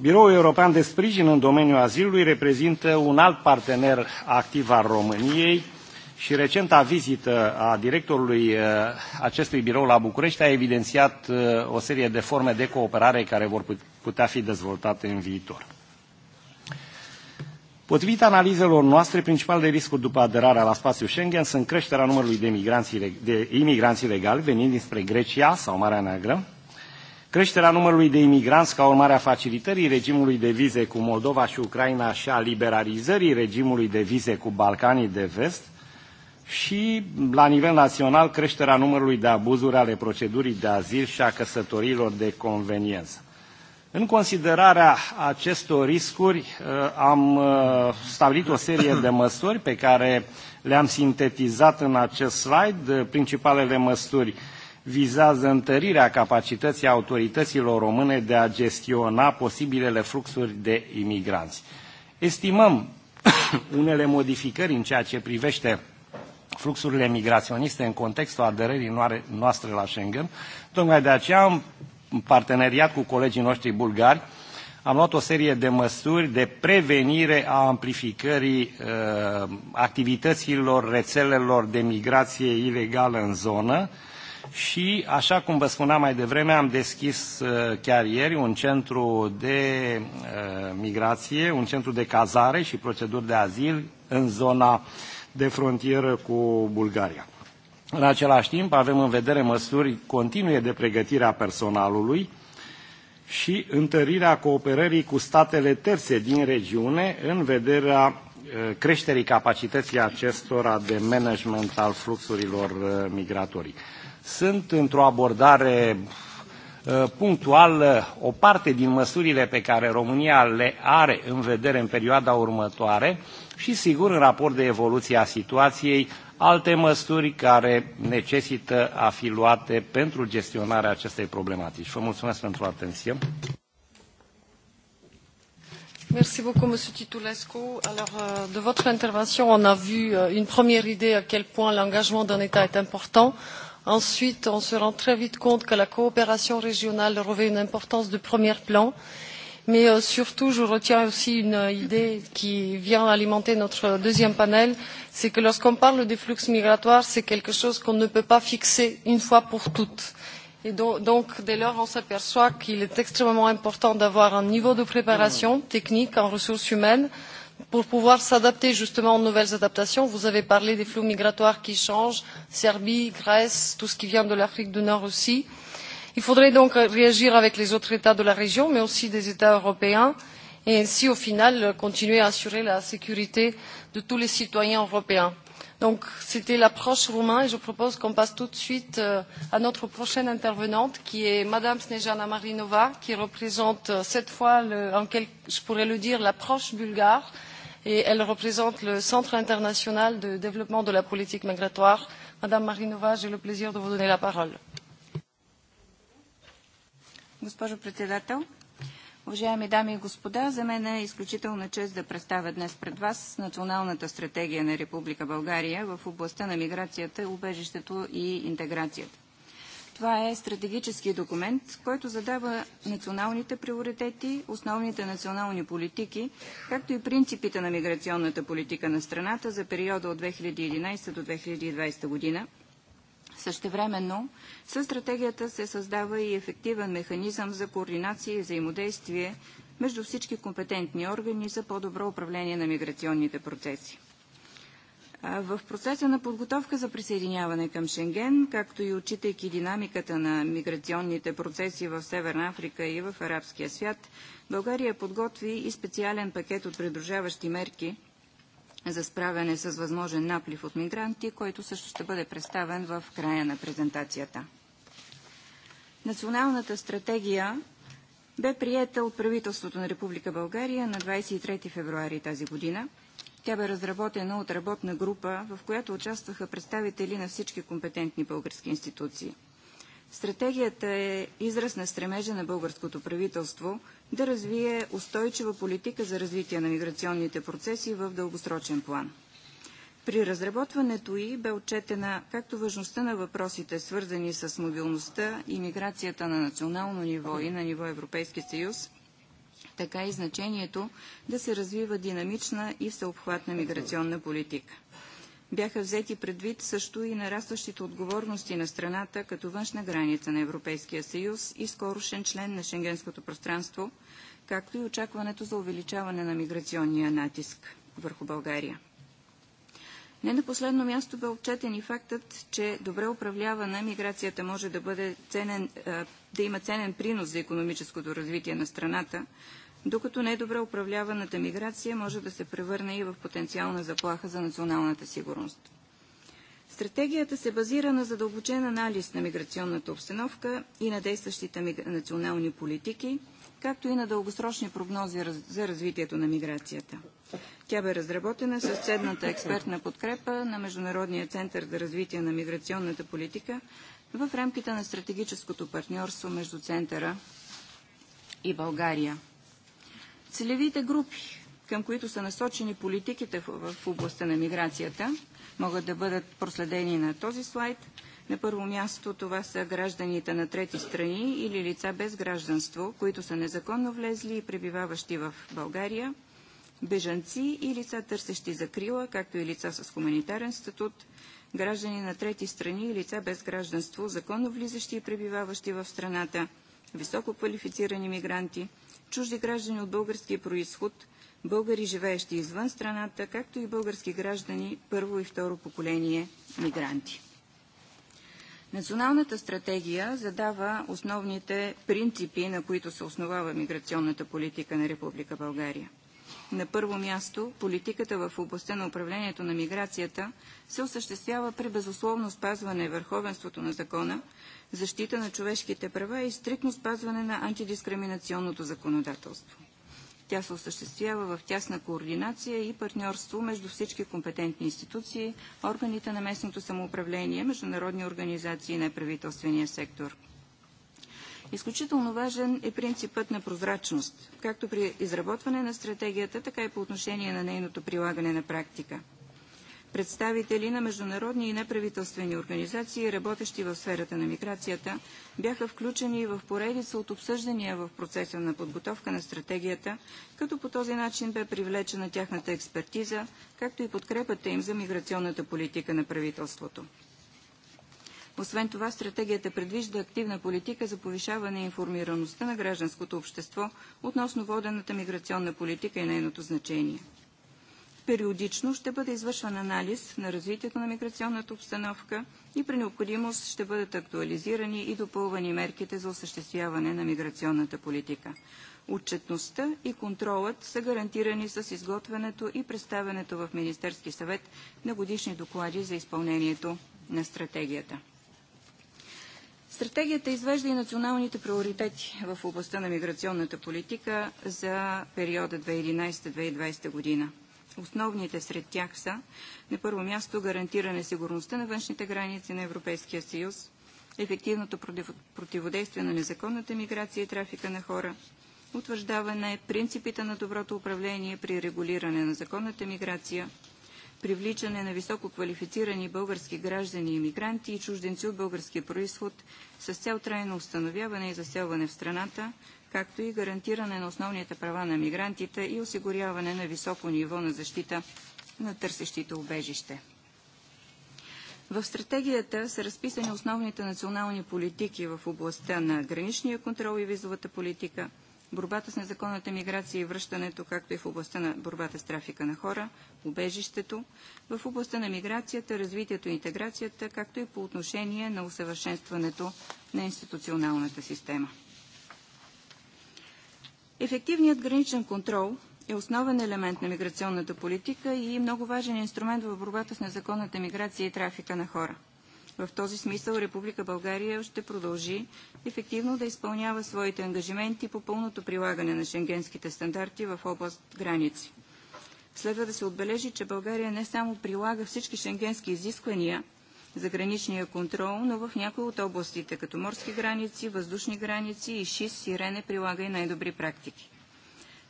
K: Biroul European de Sprijin în domeniul azilului reprezintă un alt partener activ al României și recenta vizită a directorului uh, acestui birou la București a evidențiat uh, o serie de forme de cooperare care vor putea fi dezvoltate în viitor. Potrivit analizelor noastre, principalele riscuri după aderarea la spațiul Schengen sunt creșterea numărului de, de imigranți ilegali venind dinspre Grecia sau Marea Neagră, creșterea numărului de imigranți ca urmare a facilitării regimului de vize cu Moldova și Ucraina și a liberalizării regimului de vize cu Balcanii de Vest și, la nivel național, creșterea numărului de abuzuri ale procedurii de azil și a căsătorilor de conveniență. În considerarea acestor riscuri, eh, am eh, stabilit o serie de măsuri pe care le-am sintetizat în acest slide. Principalele măsuri uh, vizează întărirea capacității autorităților române de a gestiona posibilele fluxuri de imigranți. Estimăm unele modificări în ceea ce privește fluxurile migraționiste în contextul aderării noastre la Schengen. Tocmai de aceea, în parteneriat cu colegii noștri bulgari, am luat o serie de măsuri de prevenire a amplificării uh, activităților rețelelor de migrație ilegală în zonă, uh, și, așa cum vă spuneam mai devreme, am deschis uh, chiar ieri un centru de uh, migrație, un centru de cazare și proceduri de azil în zona de frontieră cu Bulgaria. În același timp, avem în vedere măsuri continue de pregătire a personalului și întărirea cooperării cu statele terțe din regiune în vederea uh, creșterii capacității acestora de management al fluxurilor migratorii sunt într-o abordare uh, punctuală o parte din măsurile pe care România le are în vedere în perioada următoare și, sigur, în raport de evoluție a situației, alte măsuri care necesită a fi luate pentru gestionarea acestei problematici. Vă mulțumesc pentru atenție.
C: Merci beaucoup, Monsieur Titulescu. Alors, euh, de votre intervention, on a vu euh, une première idée à quel point l'engagement d'un État est important. Euh, ensuite on se rend très vite compte que la coopération régionale revêt une importance de premier plan mais euh, surtout je retiens aussi une idée qui vient alimenter notre deuxième panel c'est que lorsqu'on parle des flux migratoires c'est quelque chose qu'on ne peut pas fixer une fois pour toutes. Et do donc dès lors on s'aperçoit qu'il est extrêmement important d'avoir un niveau de préparation technique en ressources humaines et pour pouvoir s'adapter justement aux nouvelles adaptations. Vous avez parlé des flux migratoires qui changent, Serbie, Grèce, tout ce qui vient de l'Afrique du Nord aussi. Il faudrait donc réagir avec les autres États de la région, mais aussi des États européens, et ainsi au final continuer à assurer la sécurité de tous les citoyens européens. Donc c'était l'approche roumaine et je propose qu'on passe tout de suite euh, à notre prochaine intervenante qui est Madame Snejana Marinova qui représente euh, cette fois, le, en quel, je pourrais le dire, l'approche bulgare et elle représente le Centre international de développement de la politique migratoire. Madame Marinova, j'ai le plaisir de vous donner la parole. Госпожо председател,
D: уважаеми дами и господа, за мен е изключителна чест да представя днес пред вас Националната стратегия на Република България в областта на миграцията, убежището и интеграцията. Това е стратегически документ, който задава националните приоритети, основните национални политики, както и принципите на миграционната политика на страната за периода от 2011 до 2020 година. Същевременно, със стратегията се създава и ефективен механизъм за координация и взаимодействие между всички компетентни органи за по-добро управление на миграционните процеси. В процеса на подготовка за присъединяване към Шенген, както и отчитайки динамиката на миграционните процеси в Северна Африка и в арабския свят, България подготви и специален пакет от придружаващи мерки за справяне с възможен наплив от мигранти, който също ще бъде представен в края на презентацията. Националната стратегия бе приета от правителството на Република България на 23 февруари тази година – Тя бе разработена от работна група, в която участваха представители на всички компетентни български институции. Стратегията е израз на стремежа на българското правителство да развие устойчива политика за развитие на миграционните процеси в дългосрочен план. При разработването й бе отчетена както важността на въпросите, свързани с мобилността и миграцията на национално ниво и на ниво Европейски съюз, така и значението да се развива динамична и всеобхватна миграционна политика. Бяха взети предвид също и нарастващите отговорности на страната като външна граница на Европейския съюз и скорошен член на Шенгенското пространство, както и очакването за увеличаване на миграционния натиск върху България. Не на последно място бе отчетен и фактът, че добре управлявана миграцията може да, бъде ценен, да има ценен принос за економическото развитие на страната, докато недобре управляваната миграция може да се превърне и в потенциална заплаха за националната сигурност. Стратегията се базира на задълбочен анализ на миграционната обстановка и на действащите национални политики, както и на дългосрочни прогнози за развитието на миграцията. Тя бе разработена с седната експертна подкрепа на Международния център за развитие на миграционната политика в рамките на стратегическото партньорство между Центъра и България – Целевите групи, към които са насочени политиките в, в областта на миграцията, могат да бъдат проследени на този слайд. На първо място това са гражданите на трети страни или лица без гражданство, които са незаконно влезли и пребиваващи в България, бежанци и лица търсещи закрила, както и лица с хуманитарен статут, граждани на трети страни и лица без гражданство, законно влизащи и пребиваващи в страната, високо квалифицирани мигранти – чужди граждани от български происход, българи живеещи извън страната, както и български граждани първо и второ поколение мигранти. Националната стратегия задава основните принципи, на които се основава миграционната политика на Република България. На първо място, политиката в областта на управлението на миграцията се осъществява при безусловно спазване върховенството на закона, защита на човешките права и стриктно спазване на антидискриминационното законодателство. Тя се осъществява в тясна координация и партньорство между всички компетентни институции, органите на местното самоуправление, международни организации и неправителствения сектор. Изключително важен е принципът на прозрачност, както при изработване на стратегията, така и по отношение на нейното прилагане на практика – Представители на международни и неправителствени организации, работещи в сферата на миграцията, бяха включени в поредица от обсъждания в процеса на подготовка на стратегията, като по този начин бе привлечена тяхната експертиза, както и подкрепата им за миграционната политика на правителството. Освен това, стратегията предвижда активна политика за повишаване информираността на гражданското общество относно водената миграционна политика и нейното значение периодично ще бъде извършван анализ на развитието на миграционната обстановка и при необходимост ще бъдат актуализирани и допълвани мерките за осъществяване на миграционната политика. Отчетността и контролът са гарантирани с изготвянето и представянето в Министерски съвет на годишни доклади за изпълнението на стратегията. Стратегията извежда и националните приоритети в областта на миграционната политика за периода 2011-2020 година. Основните сред тях са на първо място гарантиране сигурността на външните граници на Европейския съюз, ефективното противодействие на незаконната миграция и трафика на хора, утвърждаване принципите на доброто управление при регулиране на законната миграция, привличане на високо квалифицирани български граждани и мигранти и чужденци от български происход с цел трайно установяване и заселване в страната, както и гарантиране на основните права на мигрантите и осигуряване на високо ниво на защита на търсещите убежище. В стратегията са разписани основните национални политики в областта на граничния контрол и визовата политика, борбата с незаконната миграция и връщането, както и в областта на борбата с трафика на хора, убежището, в областта на миграцията, развитието и интеграцията, както и по отношение на усъвършенстването на институционалната система. Ефективният граничен контрол е основен елемент на миграционната политика и много важен инструмент в борбата с незаконната миграция и трафика на хора. В този смисъл Република България ще продължи ефективно да изпълнява своите ангажименти по пълното прилагане на шенгенските стандарти в област граници. Следва да се отбележи, че България не само прилага всички шенгенски изисквания – за граничния контрол, но в някои от областите, като морски граници, въздушни граници и ШИС, Ирене прилага и най-добри практики.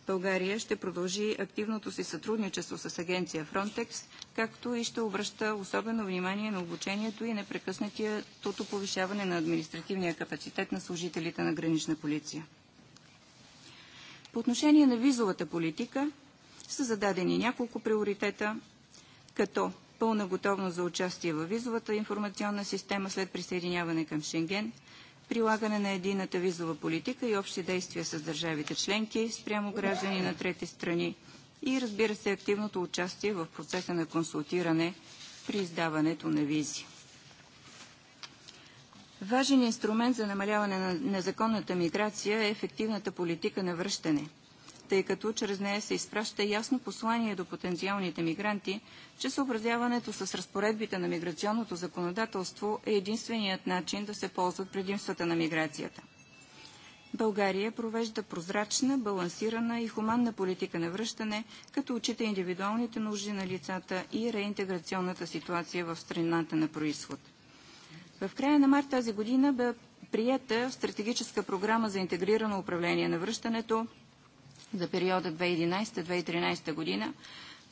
D: България ще продължи активното си сътрудничество с агенция Фронтекс, както и ще обръща особено внимание на обучението и непрекъснатото повишаване на административния капацитет на служителите на гранична полиция. По отношение на визовата политика са зададени няколко приоритета, като пълна готовност за участие във визовата информационна система след присъединяване към Шенген, прилагане на едината визова политика и общи действия с държавите членки спрямо граждани на трети страни и разбира се активното участие в процеса на консултиране при издаването на визи. Важен инструмент за намаляване на незаконната миграция е ефективната политика на връщане – тъй като чрез нея се изпраща ясно послание до потенциалните мигранти, че съобразяването с разпоредбите на миграционното законодателство е единственият начин да се ползват предимствата на миграцията. България провежда прозрачна, балансирана и хуманна политика на връщане, като отчита индивидуалните нужди на лицата и реинтеграционната ситуация в страната на происход. В края на март тази година бе прията стратегическа програма за интегрирано управление на връщането, за периода 2011-2013 година,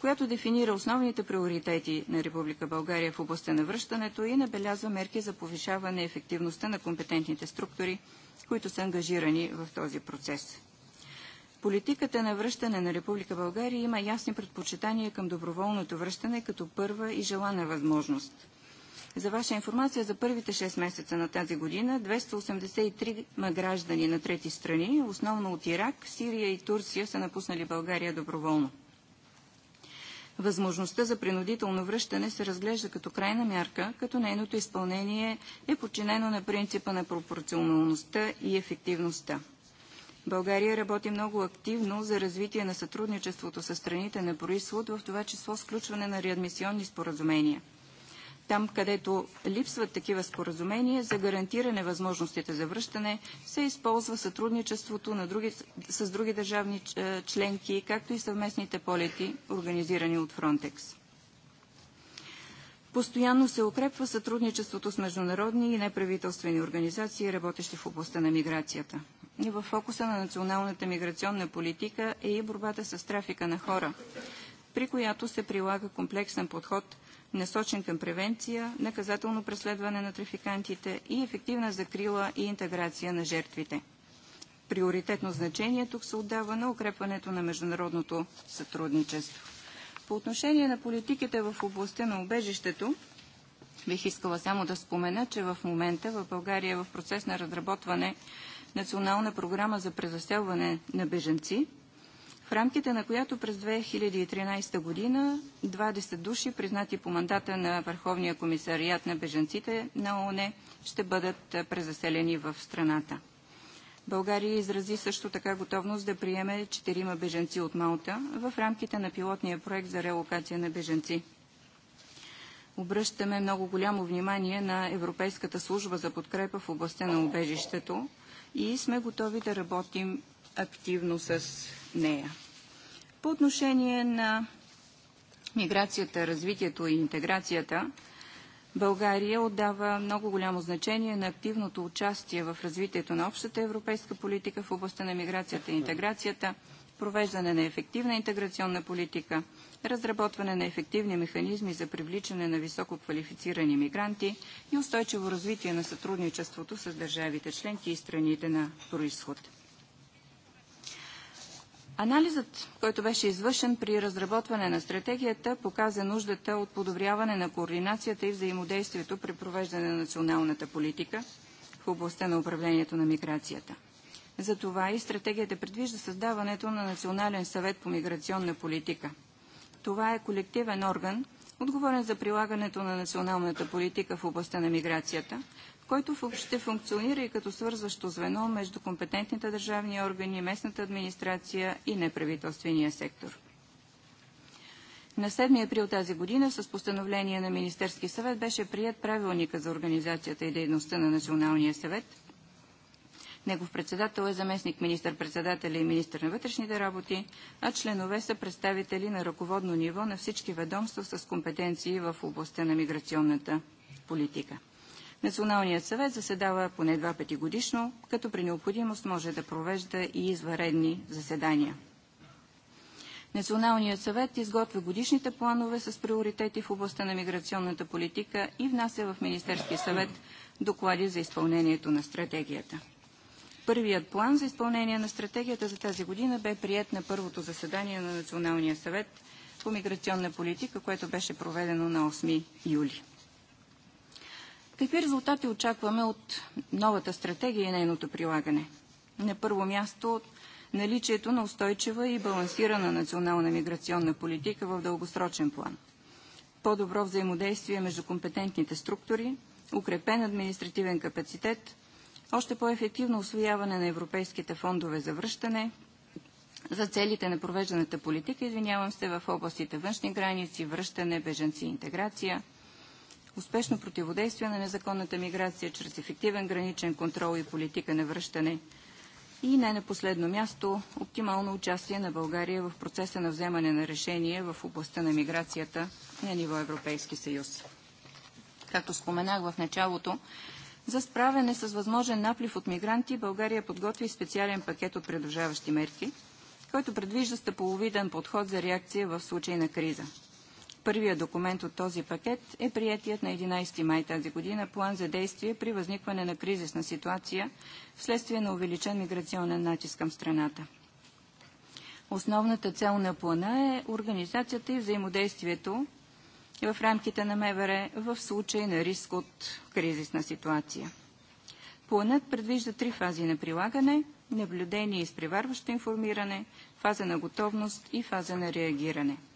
D: която дефинира основните приоритети на Република България в областта на връщането и набелязва мерки за повишаване ефективността на компетентните структури, които са ангажирани в този процес. Политиката на връщане на Република България има ясни предпочитания към доброволното връщане като първа и желана възможност – За ваша информация, за първите 6 месеца на тази година 283 граждани на трети страни, основно от Ирак, Сирия и Турция, са напуснали България доброволно. Възможността за принудително връщане се разглежда като крайна мярка, като нейното изпълнение е подчинено на принципа на пропорционалността и ефективността. България работи много активно за развитие на сътрудничеството с страните на происход, в това число сключване на реадмисионни споразумения – там, където липсват такива споразумения, за гарантиране възможностите за връщане се използва сътрудничеството на други, с други държавни членки, както и съвместните полети, организирани от Фронтекс. Постоянно се укрепва сътрудничеството с международни и неправителствени организации, работещи в областта на миграцията. И в фокуса на националната миграционна политика е и борбата с трафика на хора, при която се прилага комплексен подход – насочен към превенция, наказателно преследване на трафикантите и ефективна закрила и интеграция на жертвите. Приоритетно значение тук се отдава на укрепването на международното сътрудничество. По отношение на политиките в областта на убежището, бих искала само да спомена, че в момента в България е в процес на разработване национална програма за презаселване на беженци – в рамките на която през 2013 година 20 души, признати по мандата на Върховния комисариат на беженците на ООН, ще бъдат презаселени в страната. България изрази също така готовност да приеме четирима беженци от Малта в рамките на пилотния проект за релокация на беженци. Обръщаме много голямо внимание на Европейската служба за подкрепа в областта на убежището и сме готови да работим активно с нея. По отношение на миграцията, развитието и интеграцията, България отдава много голямо значение на активното участие в развитието на общата европейска политика в областта на миграцията и интеграцията, провеждане на ефективна интеграционна политика, разработване на ефективни механизми за привличане на високо квалифицирани мигранти и устойчиво развитие на сътрудничеството с държавите членки и страните на происход. Анализът, който беше извършен при разработване на стратегията, показа нуждата от подобряване на координацията и взаимодействието при провеждане на националната политика в областта на управлението на миграцията. Затова и стратегията предвижда създаването на Национален съвет по миграционна политика. Това е колективен орган, отговорен за прилагането на националната политика в областта на миграцията, който ще функционира и като свързващо звено между компетентните държавни органи, местната администрация и неправителствения сектор. На 7 април тази година с постановление на Министерски съвет беше прият правилника за организацията и дейността на Националния съвет. Негов председател е заместник министър-председателя и министър на вътрешните работи, а членове са представители на ръководно ниво на всички ведомства с компетенции в областта на миграционната политика. Националният съвет заседава поне два пъти годишно, като при необходимост може да провежда и извънредни заседания. Националният съвет изготвя годишните планове с приоритети в областта на миграционната политика и внася в Министерския съвет доклади за изпълнението на стратегията. Първият план за изпълнение на стратегията за тази година бе прият на първото заседание на Националния съвет по миграционна политика, което беше проведено на 8 юли. Какви резултати очакваме от новата стратегия и нейното прилагане? На първо място наличието на устойчива и балансирана национална миграционна политика в дългосрочен план. По-добро взаимодействие между компетентните структури, укрепен административен капацитет, още по-ефективно освояване на европейските фондове за връщане, за целите на провежданата политика, извинявам се, в областите външни граници, връщане, беженци, интеграция – успешно противодействие на незаконната миграция чрез ефективен граничен контрол и политика на връщане. И не на последно място, оптимално участие на България в процеса на вземане на решение в областта на миграцията на ниво Европейски съюз. Както споменах в началото, за справяне с възможен наплив от мигранти България подготви специален пакет от придружаващи мерки, който предвижда стъполовиден подход за реакция в случай на криза. Първият документ от този пакет е приятият на 11 май тази година план за действие при възникване на кризисна ситуация вследствие на увеличен миграционен натиск към страната. Основната цел на плана е организацията и взаимодействието в рамките на МВР в случай на риск от кризисна ситуация. Планът предвижда три фази на прилагане – наблюдение и изпреварващо информиране, фаза на готовност и фаза на реагиране –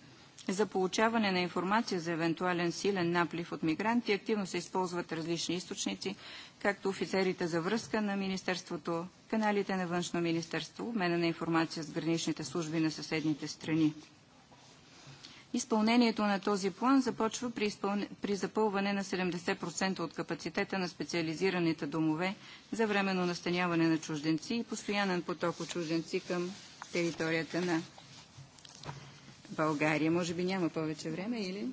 D: За получаване на информация за евентуален силен наплив от мигранти активно се използват различни източници, както офицерите за връзка на Министерството, каналите на Външно Министерство, обмена на информация с граничните служби на съседните страни. Изпълнението на този план започва при, изпълн... при запълване на 70% от капацитета на специализираните домове за временно настаняване на чужденци и постоянен поток от чужденци към територията на България. Може би няма повече време или?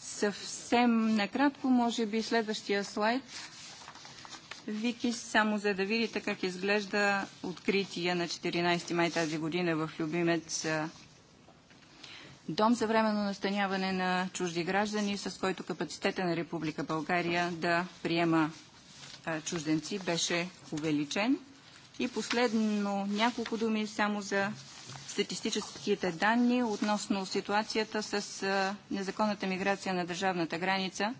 D: Съвсем накратко, може би следващия слайд. Вики, само за да видите как изглежда открития на 14 май тази година в Любимец дом за временно настаняване на чужди граждани, с който капацитета на Република България да приема чужденци беше увеличен. И последно няколко думи само за статистическите данни относно ситуацията с незаконната миграция на държавната граница.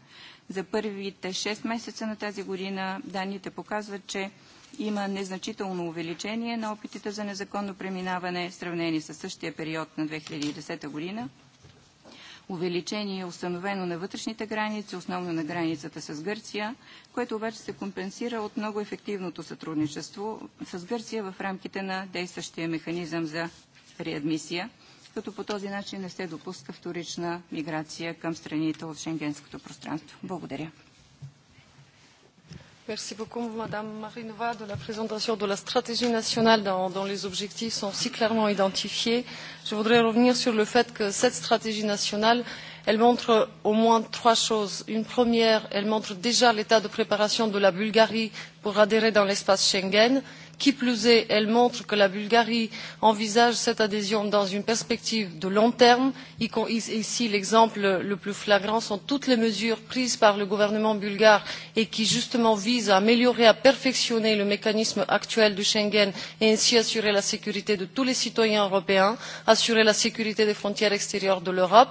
D: За първите 6 месеца на тази година данните показват, че има незначително увеличение на опитите за незаконно преминаване в сравнение с същия период на 2010 година. Увеличение е установено на вътрешните граници, основно на границата с Гърция, което обаче се компенсира от много ефективното сътрудничество с Гърция в рамките на действащия механизъм за реадмисия, като по този начин не се допуска вторична миграция към страните от шенгенското пространство. Благодаря.
C: Merci beaucoup, Madame Marinova, de la présentation de la stratégie nationale dont, dont les objectifs sont si clairement identifiés. Je voudrais revenir sur le fait que cette stratégie nationale, elle montre au moins trois choses. Une première, elle montre déjà l'état de préparation de la Bulgarie pour adhérer dans l'espace Schengen. Euh, Qui plus est, elle montre que la Bulgarie envisage cette adhésion dans une perspective de long terme. Ici, l'exemple le plus flagrant sont toutes les mesures prises par le gouvernement bulgare et qui justement visent à améliorer, à perfectionner le mécanisme actuel de Schengen et ainsi assurer la sécurité de tous les citoyens européens, assurer la sécurité des frontières extérieures de l'Europe.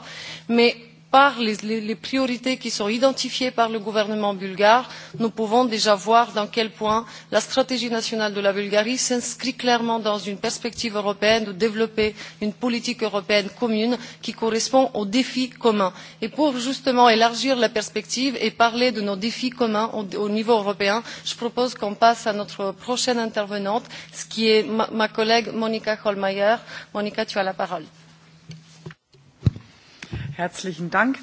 C: Mais par les, les, les priorités qui sont identifiées par le gouvernement bulgare nous pouvons déjà voir dans quel point la stratégie nationale de la bulgarie s'inscrit clairement dans une perspective européenne de développer une politique européenne commune qui correspond aux défis communs. et pour justement élargir la perspective et parler de nos défis communs au, au niveau européen je propose qu'on passe à notre prochaine intervenante qui est ma, ma collègue monika hohlmeier. monika tu as la parole.
L: Herzlichen Dank.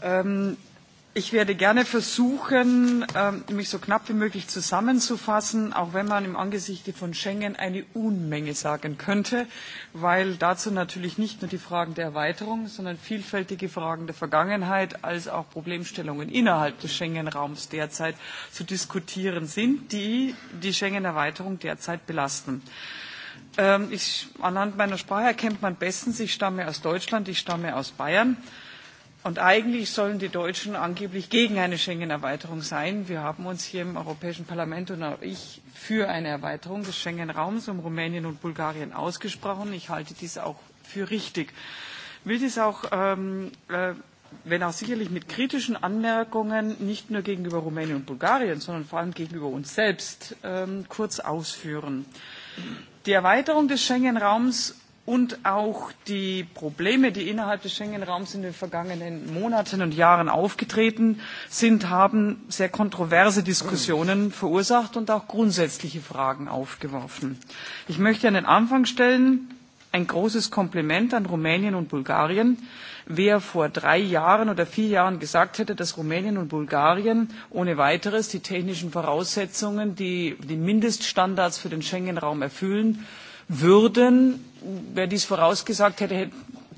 L: Ähm, ich werde gerne versuchen, ähm, mich so knapp wie möglich zusammenzufassen, auch wenn man im Angesichte von Schengen eine Unmenge sagen könnte, weil dazu natürlich nicht nur die Fragen der Erweiterung, sondern vielfältige Fragen der Vergangenheit als auch Problemstellungen innerhalb des Schengen-Raums derzeit zu diskutieren sind, die die Schengen-Erweiterung derzeit belasten. Äh, Ähm, ich, anhand meiner Sprache erkennt man bestens, ich stamme aus Deutschland, ich stamme aus Bayern. Und eigentlich sollen die Deutschen angeblich gegen eine Schengen-Erweiterung sein. Wir haben uns hier im Europäischen Parlament und auch ich für eine Erweiterung des Schengen-Raums um Rumänien und Bulgarien ausgesprochen. Ich halte dies auch für richtig. Ich will dies auch, ähm, äh, wenn auch sicherlich mit kritischen Anmerkungen, nicht nur gegenüber Rumänien und Bulgarien, sondern vor allem gegenüber uns selbst ähm, kurz ausführen die Erweiterung des Schengen-Raums und auch die Probleme, die innerhalb des Schengen-Raums in den vergangenen Monaten und Jahren aufgetreten sind, haben sehr kontroverse Diskussionen verursacht und auch grundsätzliche Fragen aufgeworfen. Ich möchte an den Anfang stellen, ein großes Kompliment an Rumänien und Bulgarien. Wer vor drei Jahren oder vier Jahren gesagt hätte, dass Rumänien und Bulgarien ohne weiteres die technischen Voraussetzungen, die die Mindeststandards für den Schengen-Raum erfüllen würden, wer dies vorausgesagt hätte,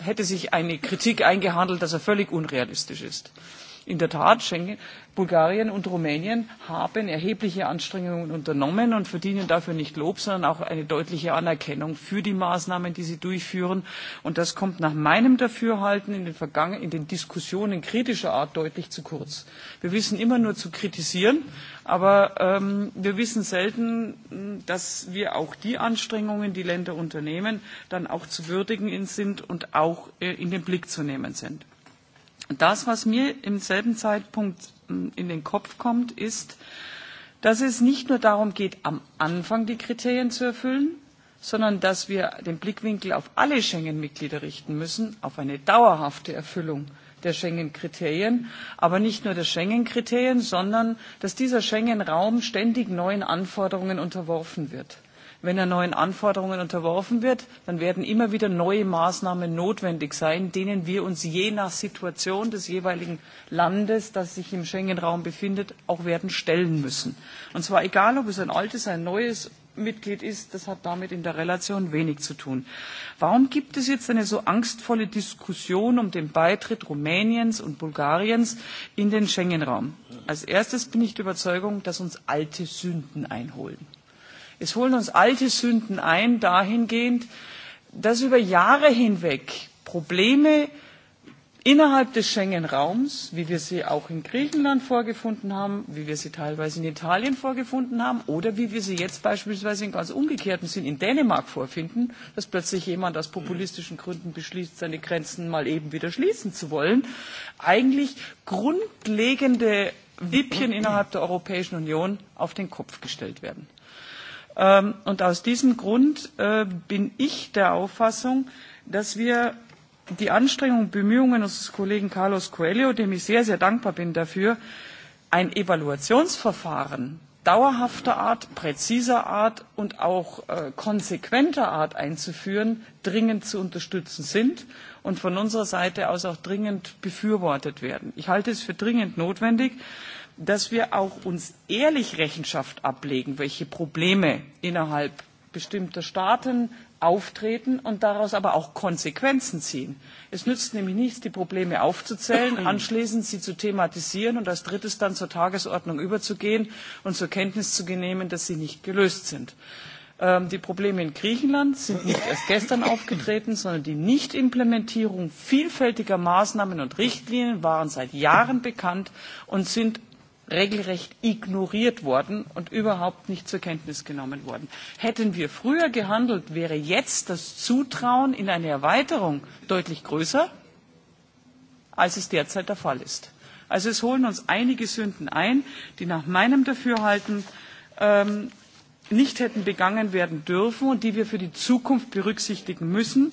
L: hätte sich eine Kritik eingehandelt, dass er völlig unrealistisch ist in der Tat, Schengen, Bulgarien und Rumänien haben erhebliche Anstrengungen unternommen und verdienen dafür nicht Lob, sondern auch eine deutliche Anerkennung für die Maßnahmen, die sie durchführen. Und das kommt nach meinem Dafürhalten in den, Vergangen in den Diskussionen kritischer Art deutlich zu kurz. Wir wissen immer nur zu kritisieren, aber ähm, wir wissen selten, dass wir auch die Anstrengungen, die Länder unternehmen, dann auch zu würdigen sind und auch äh, in den Blick zu nehmen sind. Das, was mir im selben Zeitpunkt hm, in den Kopf kommt, ist, dass es nicht nur darum geht, am Anfang die Kriterien zu erfüllen, sondern dass wir den Blickwinkel auf alle Schengen-Mitglieder richten müssen, auf eine dauerhafte Erfüllung der Schengen-Kriterien, aber nicht nur der Schengen-Kriterien, sondern dass dieser Schengen-Raum ständig neuen Anforderungen unterworfen wird wenn er neuen Anforderungen unterworfen wird, dann werden immer wieder neue Maßnahmen notwendig sein, denen wir uns je nach Situation des jeweiligen Landes, das sich im Schengen-Raum befindet, auch werden stellen müssen. Und zwar egal, ob es ein altes, ein neues Mitglied ist, das hat damit in der Relation wenig zu tun. Warum gibt es jetzt eine so angstvolle Diskussion um den Beitritt Rumäniens und Bulgariens in den Schengen-Raum? Als erstes bin ich der Überzeugung, dass uns alte Sünden einholen. Es holen uns alte Sünden ein, dahingehend, dass über Jahre hinweg Probleme innerhalb des Schengen-Raums, wie wir sie auch in Griechenland vorgefunden haben, wie wir sie teilweise in Italien vorgefunden haben oder wie wir sie jetzt beispielsweise in ganz umgekehrtem Sinn in Dänemark vorfinden, dass plötzlich jemand aus populistischen Gründen beschließt, seine Grenzen mal eben wieder schließen zu wollen, eigentlich grundlegende Wippchen innerhalb der Europäischen Union auf den Kopf gestellt werden. Ähm, und aus diesem Grund äh, bin ich der Auffassung, dass wir die Anstrengungen und Bemühungen unseres Kollegen Carlos Coelho, dem ich sehr, sehr dankbar bin dafür, ein Evaluationsverfahren dauerhafter Art, präziser Art und auch äh, konsequenter Art einzuführen, dringend zu unterstützen sind und von unserer Seite aus auch dringend befürwortet werden. Ich halte es für dringend notwendig, äh, dass wir auch uns ehrlich Rechenschaft ablegen, welche Probleme innerhalb bestimmter Staaten auftreten und daraus aber auch Konsequenzen ziehen. Es nützt nämlich nichts, die Probleme aufzuzählen, anschließend sie zu thematisieren und als drittes dann zur Tagesordnung überzugehen und zur Kenntnis zu nehmen, dass sie nicht gelöst sind. Ähm, die Probleme in Griechenland sind nicht erst gestern aufgetreten, sondern die Nichtimplementierung vielfältiger Maßnahmen und Richtlinien waren seit Jahren bekannt und sind regelrecht ignoriert worden und überhaupt nicht zur Kenntnis genommen worden. Hätten wir früher gehandelt, wäre jetzt das Zutrauen in eine Erweiterung deutlich größer, als es derzeit der Fall ist. Also es holen uns einige Sünden ein, die nach meinem Dafürhalten ähm, nicht hätten begangen werden dürfen und die wir für die Zukunft berücksichtigen müssen.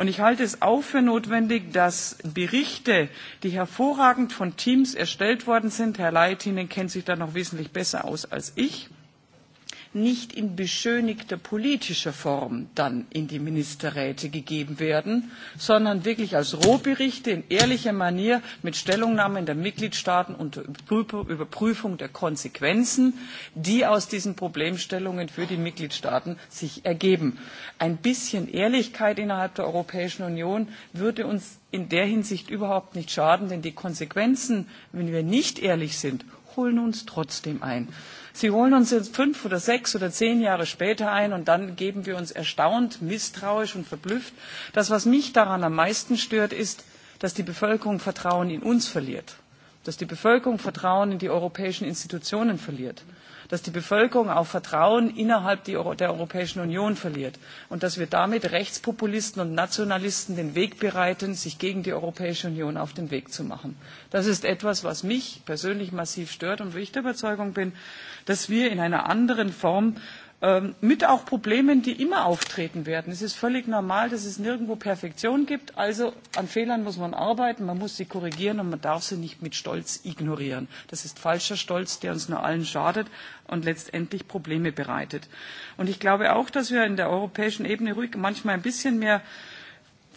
L: Und ich halte es auch für notwendig, dass Berichte, die hervorragend von Teams erstellt worden sind, Herr Leitinen kennt sich da noch wesentlich besser aus als ich, nicht in beschönigter politischer Form dann in die Ministerräte gegeben werden, sondern wirklich als Rohberichte in ehrlicher Manier mit Stellungnahmen der Mitgliedstaaten unter Überprüfung der Konsequenzen, die aus diesen Problemstellungen für die Mitgliedstaaten sich ergeben. Ein bisschen Ehrlichkeit innerhalb der Europäischen Union würde uns in der Hinsicht überhaupt nicht schaden, denn die Konsequenzen, wenn wir nicht ehrlich sind, holen uns trotzdem ein. Sie holen uns jetzt fünf oder sechs oder zehn Jahre später ein und dann geben wir uns erstaunt, misstrauisch und verblüfft. Das, was mich daran am meisten stört, ist, dass die Bevölkerung Vertrauen in uns verliert, dass die Bevölkerung Vertrauen in die europäischen Institutionen verliert. Mhm dass die Bevölkerung auch Vertrauen innerhalb der Europäischen Union verliert und dass wir damit Rechtspopulisten und Nationalisten den Weg bereiten, sich gegen die Europäische Union auf den Weg zu machen. Das ist etwas, was mich persönlich massiv stört und wo ich der Überzeugung bin, dass wir in einer anderen Form Ähm, mit auch Problemen, die immer auftreten werden. Es ist völlig normal, dass es nirgendwo Perfektion gibt. Also an Fehlern muss man arbeiten, man muss sie korrigieren und man darf sie nicht mit Stolz ignorieren. Das ist falscher Stolz, der uns nur allen schadet und letztendlich Probleme bereitet. Und ich glaube auch, dass wir in der europäischen Ebene ruhig manchmal ein bisschen mehr äh,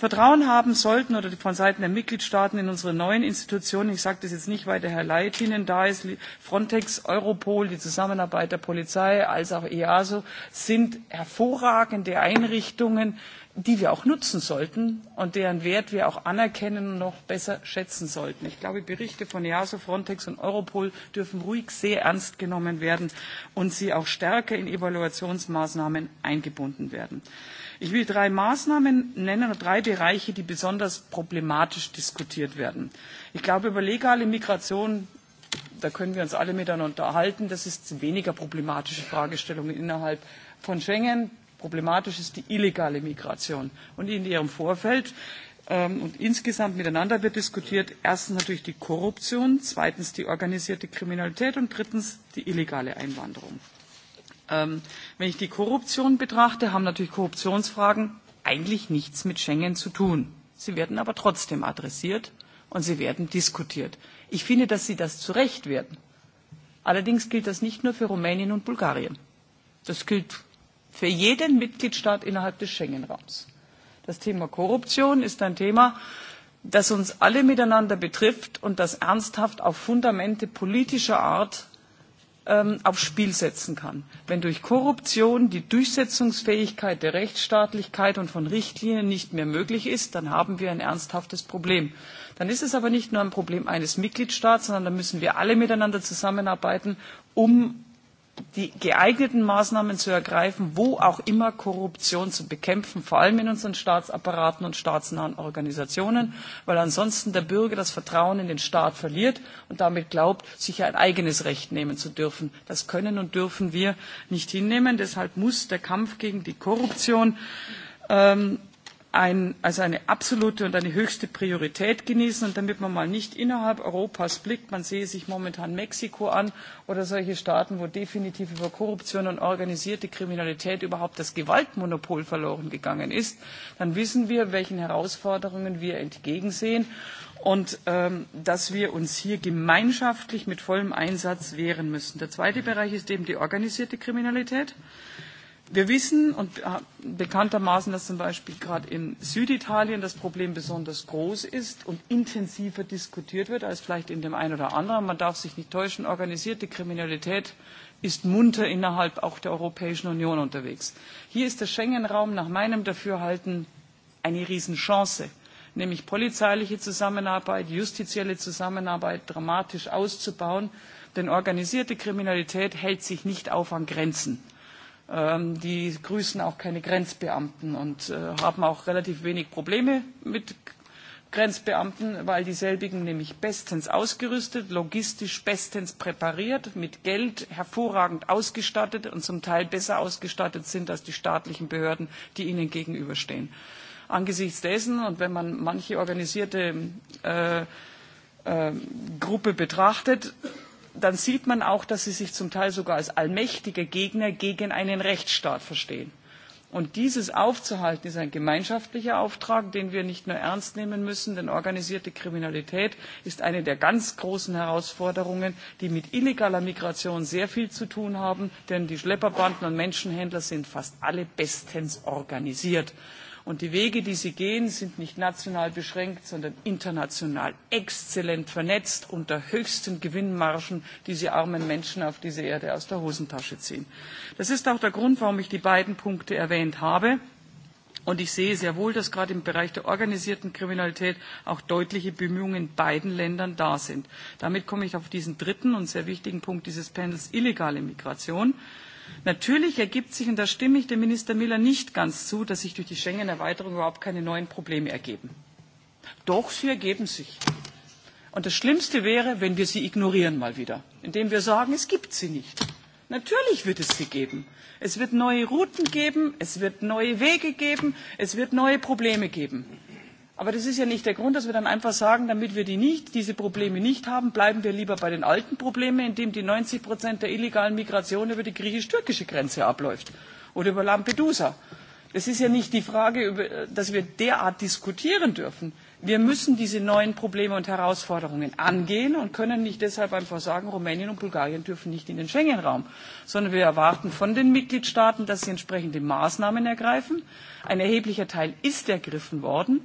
L: Vertrauen haben sollten oder von Seiten der Mitgliedstaaten in unsere neuen Institutionen, ich sage das jetzt nicht, weil der Herr Leitinen da ist, Frontex, Europol, die Zusammenarbeit der Polizei als auch EASO sind hervorragende Einrichtungen, die wir auch nutzen sollten und deren Wert wir auch anerkennen und noch besser schätzen sollten. Ich glaube, Berichte von EASO, Frontex und Europol dürfen ruhig sehr ernst genommen werden und sie auch stärker in Evaluationsmaßnahmen eingebunden werden. Werden. Ich will drei Maßnahmen nennen und drei Bereiche, die besonders problematisch diskutiert werden. Ich glaube, über legale Migration, da können wir uns alle miteinander unterhalten. Das ist weniger problematische Fragestellungen innerhalb von Schengen. Problematisch ist die illegale Migration. Und in ihrem Vorfeld ähm, und insgesamt miteinander wird diskutiert, erstens natürlich die Korruption, zweitens die organisierte Kriminalität und drittens die illegale Einwanderung. Ähm, wenn ich die Korruption betrachte, haben natürlich Korruptionsfragen eigentlich nichts mit Schengen zu tun. Sie werden aber trotzdem adressiert und sie werden diskutiert. Ich finde, dass sie das zu Recht werden. Allerdings gilt das nicht nur für Rumänien und Bulgarien. Das gilt für jeden Mitgliedstaat innerhalb des Schengen-Raums. Das Thema Korruption ist ein Thema, das uns alle miteinander betrifft und das ernsthaft auf Fundamente politischer Art ähm, aufs Spiel setzen kann. Wenn durch Korruption die Durchsetzungsfähigkeit der Rechtsstaatlichkeit und von Richtlinien nicht mehr möglich ist, dann haben wir ein ernsthaftes Problem. Dann ist es aber nicht nur ein Problem eines Mitgliedstaats, sondern da müssen wir alle miteinander zusammenarbeiten, um die geeigneten Maßnahmen zu ergreifen, wo auch immer Korruption zu bekämpfen, vor allem in unseren Staatsapparaten und staatsnahen Organisationen, weil ansonsten der Bürger das Vertrauen in den Staat verliert und damit glaubt, sich ein eigenes Recht nehmen zu dürfen. Das können und dürfen wir nicht hinnehmen. Deshalb muss der Kampf gegen die Korruption ähm, ein, als eine absolute und eine höchste Priorität genießen. Und damit man mal nicht innerhalb Europas blickt, man sehe sich momentan Mexiko an oder solche Staaten, wo definitiv über Korruption und organisierte Kriminalität überhaupt das Gewaltmonopol verloren gegangen ist, dann wissen wir, welchen Herausforderungen wir entgegensehen und ähm, dass wir uns hier gemeinschaftlich mit vollem Einsatz wehren müssen. Der zweite Bereich ist eben die organisierte Kriminalität. Äh, Wir wissen und äh, bekanntermaßen, dass zum Beispiel gerade in Süditalien das Problem besonders groß ist und intensiver diskutiert wird als vielleicht in dem einen oder anderen. Man darf sich nicht täuschen, organisierte Kriminalität ist munter innerhalb auch der Europäischen Union unterwegs. Hier ist der Schengen-Raum nach meinem Dafürhalten eine Riesenchance, nämlich polizeiliche Zusammenarbeit, justizielle Zusammenarbeit dramatisch auszubauen, denn organisierte Kriminalität hält sich nicht auf an Grenzen Ähm, die grüßen auch keine Grenzbeamten und äh, haben auch relativ wenig Probleme mit Grenzbeamten, weil dieselbigen nämlich bestens ausgerüstet, logistisch bestens präpariert, mit Geld hervorragend ausgestattet und zum Teil besser ausgestattet sind als die staatlichen Behörden, die ihnen gegenüberstehen. Angesichts dessen und wenn man manche organisierte äh, äh, Gruppe betrachtet, dann sieht man auch, dass sie sich zum Teil sogar als allmächtige Gegner gegen einen Rechtsstaat verstehen. Und dieses aufzuhalten, ist ein gemeinschaftlicher Auftrag, den wir nicht nur ernst nehmen müssen, denn organisierte Kriminalität ist eine der ganz großen Herausforderungen, die mit illegaler Migration sehr viel zu tun haben, denn die Schlepperbanden und Menschenhändler sind fast alle bestens organisiert. Und die Wege, die sie gehen, sind nicht national beschränkt, sondern international exzellent vernetzt unter höchsten Gewinnmargen, die sie armen Menschen auf dieser Erde aus der Hosentasche ziehen. Das ist auch der Grund, warum ich die beiden Punkte erwähnt habe. Und ich sehe sehr wohl, dass gerade im Bereich der organisierten Kriminalität auch deutliche Bemühungen in beiden Ländern da sind. Damit komme ich auf diesen dritten und sehr wichtigen Punkt dieses Panels illegale Migration. Natürlich ergibt sich, und da stimme ich dem Minister Miller nicht ganz zu, dass sich durch die Schengen-Erweiterung überhaupt keine neuen Probleme ergeben. Doch, sie ergeben sich. Und das Schlimmste wäre, wenn wir sie ignorieren mal wieder, indem wir sagen, es gibt sie nicht. Natürlich wird es sie geben. Es wird neue Routen geben, es wird neue Wege geben, es wird neue Probleme geben aber das ist ja nicht der grund dass wir dann einfach sagen damit wir die nicht, diese probleme nicht haben bleiben wir lieber bei den alten problemen indem die neunzig der illegalen migration über die griechisch türkische grenze abläuft oder über lampedusa. es ist ja nicht die frage dass wir derart diskutieren dürfen. wir müssen diese neuen probleme und herausforderungen angehen und können nicht deshalb einfach sagen rumänien und bulgarien dürfen nicht in den schengen raum sondern wir erwarten von den mitgliedstaaten dass sie entsprechende maßnahmen ergreifen. ein erheblicher teil ist ergriffen worden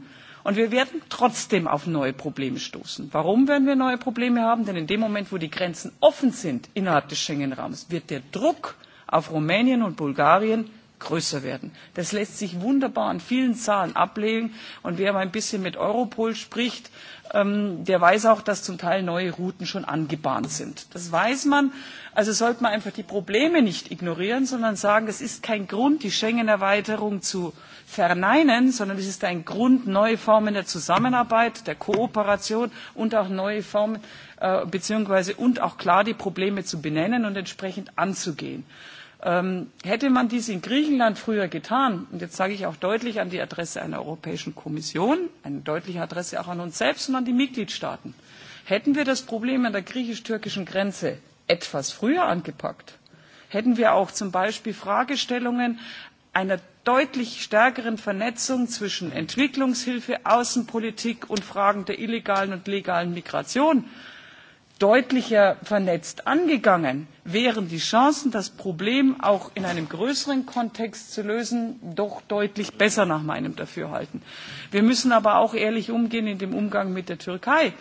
L: Und wir werden trotzdem auf neue Probleme stoßen. Warum werden wir neue Probleme haben? Denn in dem Moment, wo die Grenzen offen sind innerhalb des Schengen-Raums, wird der Druck auf Rumänien und Bulgarien größer werden. Das lässt sich wunderbar an vielen Zahlen ablegen. Und wer mal ein bisschen mit Europol spricht, ähm, der weiß auch, dass zum Teil neue Routen schon angebahnt sind. Das weiß man. Also sollte man einfach die Probleme nicht ignorieren, sondern sagen, es ist kein Grund, die Schengen-Erweiterung zu verneinen, sondern es ist ein Grund, neue Formen der Zusammenarbeit, der Kooperation und auch neue Formen, äh, beziehungsweise und auch klar die Probleme zu benennen und entsprechend anzugehen. Äh, Ähm, hätte man dies in Griechenland früher getan, und jetzt sage ich auch deutlich an die Adresse einer Europäischen Kommission, eine deutliche Adresse auch an uns selbst und an die Mitgliedstaaten, hätten wir das Problem an der griechisch-türkischen Grenze etwas früher angepackt, hätten wir auch zum Beispiel Fragestellungen einer deutlich stärkeren Vernetzung zwischen Entwicklungshilfe, Außenpolitik und Fragen der illegalen und legalen Migration deutlicher vernetzt angegangen wären die chancen das problem auch in einem größeren kontext zu lösen doch deutlich besser nach meinem dafürhalten. wir müssen aber auch ehrlich umgehen in dem umgang mit der türkei.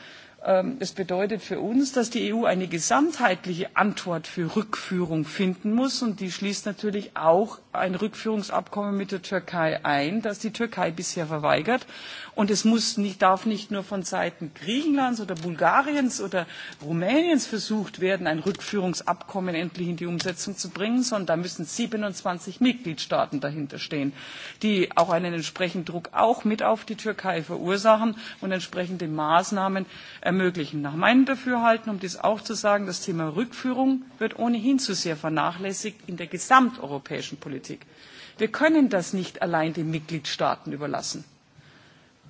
L: Ähm, es bedeutet für uns dass die eu eine gesamtheitliche antwort für rückführung finden muss und die schließt natürlich auch ein rückführungsabkommen mit der türkei ein das die türkei bisher verweigert. Und es muss nicht, darf nicht nur von Seiten Griechenlands oder Bulgariens oder Rumäniens versucht werden, ein Rückführungsabkommen endlich in die Umsetzung zu bringen, sondern da müssen 27 Mitgliedstaaten dahinter stehen, die auch einen entsprechenden Druck auch mit auf die Türkei verursachen und entsprechende Maßnahmen ermöglichen. Nach meinem Dafürhalten, um dies auch zu sagen, das Thema Rückführung wird ohnehin zu sehr vernachlässigt in der gesamteuropäischen Politik. Wir können das nicht allein den Mitgliedstaaten überlassen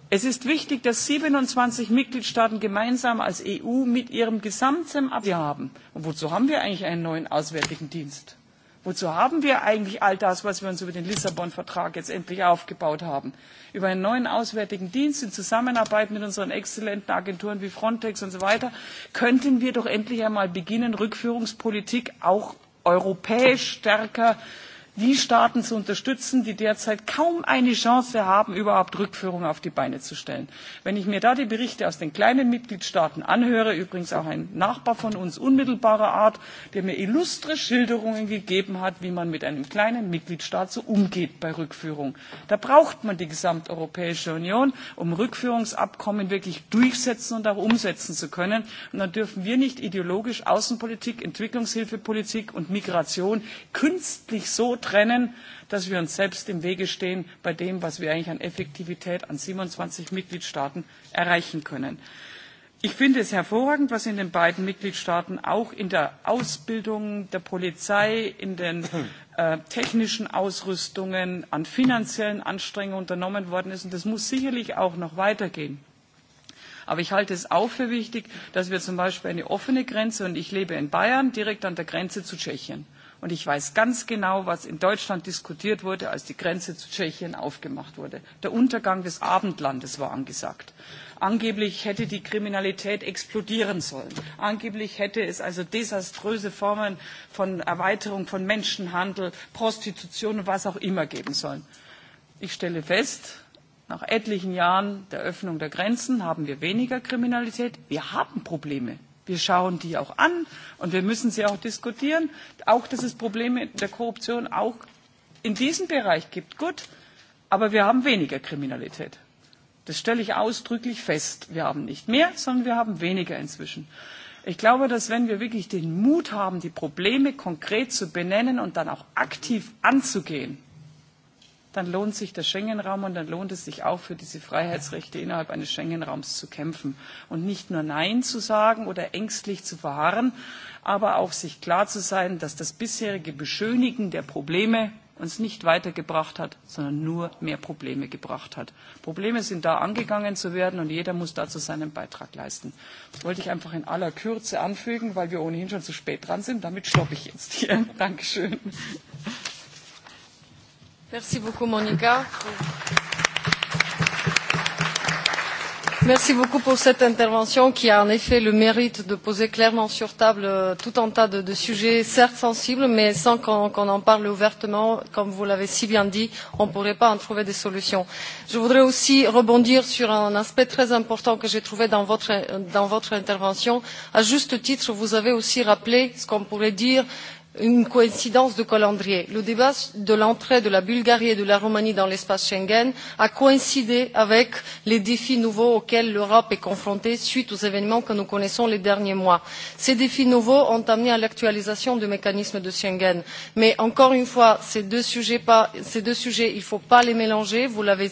L: es ist wichtig dass siebenundzwanzig mitgliedstaaten gemeinsam als eu mit ihrem gesamten haben. und wozu haben wir eigentlich einen neuen auswärtigen dienst? wozu haben wir eigentlich all das was wir uns über den lissabon vertrag jetzt endlich aufgebaut haben? über einen neuen auswärtigen dienst in zusammenarbeit mit unseren exzellenten agenturen wie frontex und so weiter könnten wir doch endlich einmal beginnen rückführungspolitik auch europäisch stärker die Staaten zu unterstützen, die derzeit kaum eine Chance haben, überhaupt Rückführung auf die Beine zu stellen. Wenn ich mir da die Berichte aus den kleinen Mitgliedstaaten anhöre, übrigens auch ein Nachbar von uns unmittelbarer Art, der mir illustre Schilderungen gegeben hat, wie man mit einem kleinen Mitgliedstaat so umgeht bei Rückführung. Da braucht man die gesamteuropäische Union, um Rückführungsabkommen wirklich durchsetzen und auch umsetzen zu können. Und dann dürfen wir nicht ideologisch Außenpolitik, Entwicklungshilfepolitik und Migration künstlich so trennen, dass wir uns selbst im Wege stehen bei dem, was wir eigentlich an Effektivität an 27 Mitgliedstaaten erreichen können. Ich finde es hervorragend, was in den beiden Mitgliedstaaten auch in der Ausbildung der Polizei, in den äh, technischen Ausrüstungen, an finanziellen Anstrengungen unternommen worden ist. Und das muss sicherlich auch noch weitergehen. Aber ich halte es auch für wichtig, dass wir zum Beispiel eine offene Grenze, und ich lebe in Bayern, direkt an der Grenze zu Tschechien. Und ich weiß ganz genau, was in Deutschland diskutiert wurde, als die Grenze zu Tschechien aufgemacht wurde. Der Untergang des Abendlandes war angesagt. Angeblich hätte die Kriminalität explodieren sollen. Angeblich hätte es also desaströse Formen von Erweiterung von Menschenhandel, Prostitution und was auch immer geben sollen. Ich stelle fest, nach etlichen Jahren der Öffnung der Grenzen haben wir weniger Kriminalität. Wir haben Probleme. Wir schauen die auch an und wir müssen sie auch diskutieren. Auch, dass es Probleme der Korruption auch in diesem Bereich gibt, gut. Aber wir haben weniger Kriminalität. Das stelle ich ausdrücklich fest. Wir haben nicht mehr, sondern wir haben weniger inzwischen. Ich glaube, dass wenn wir wirklich den Mut haben, die Probleme konkret zu benennen und dann auch aktiv anzugehen, dann lohnt sich der Schengen-Raum und dann lohnt es sich auch für diese Freiheitsrechte innerhalb eines Schengen-Raums zu kämpfen und nicht nur Nein zu sagen oder ängstlich zu verharren, aber auch sich klar zu sein, dass das bisherige Beschönigen der Probleme uns nicht weitergebracht hat, sondern nur mehr Probleme gebracht hat. Probleme sind da angegangen zu werden und jeder muss dazu seinen Beitrag leisten. Das wollte ich einfach in aller Kürze anfügen, weil wir ohnehin schon zu spät dran sind. Damit stoppe ich jetzt hier. Dankeschön.
C: Merci beaucoup, Monica. Merci beaucoup pour cette intervention qui a en effet le mérite de poser clairement sur table euh, tout un tas de, de sujets, certes sensibles, mais sans qu'on qu en parle ouvertement, comme vous l'avez si bien dit, on ne pourrait pas en trouver des solutions. Je voudrais aussi rebondir sur un aspect très important que j'ai trouvé dans votre, dans votre intervention. À juste titre, vous avez aussi rappelé ce qu'on pourrait dire une coïncidence de calendrier. le débat de l'entrée de la bulgarie et de la roumanie dans l'espace schengen a coïncidé avec les défis nouveaux auxquels l'europe est confrontée suite aux événements que nous connaissons ces derniers mois. ces défis nouveaux ont amené à l'actualisation du mécanisme de schengen mais encore une fois ces deux sujets il ne faut pas les mélanger vous l'avez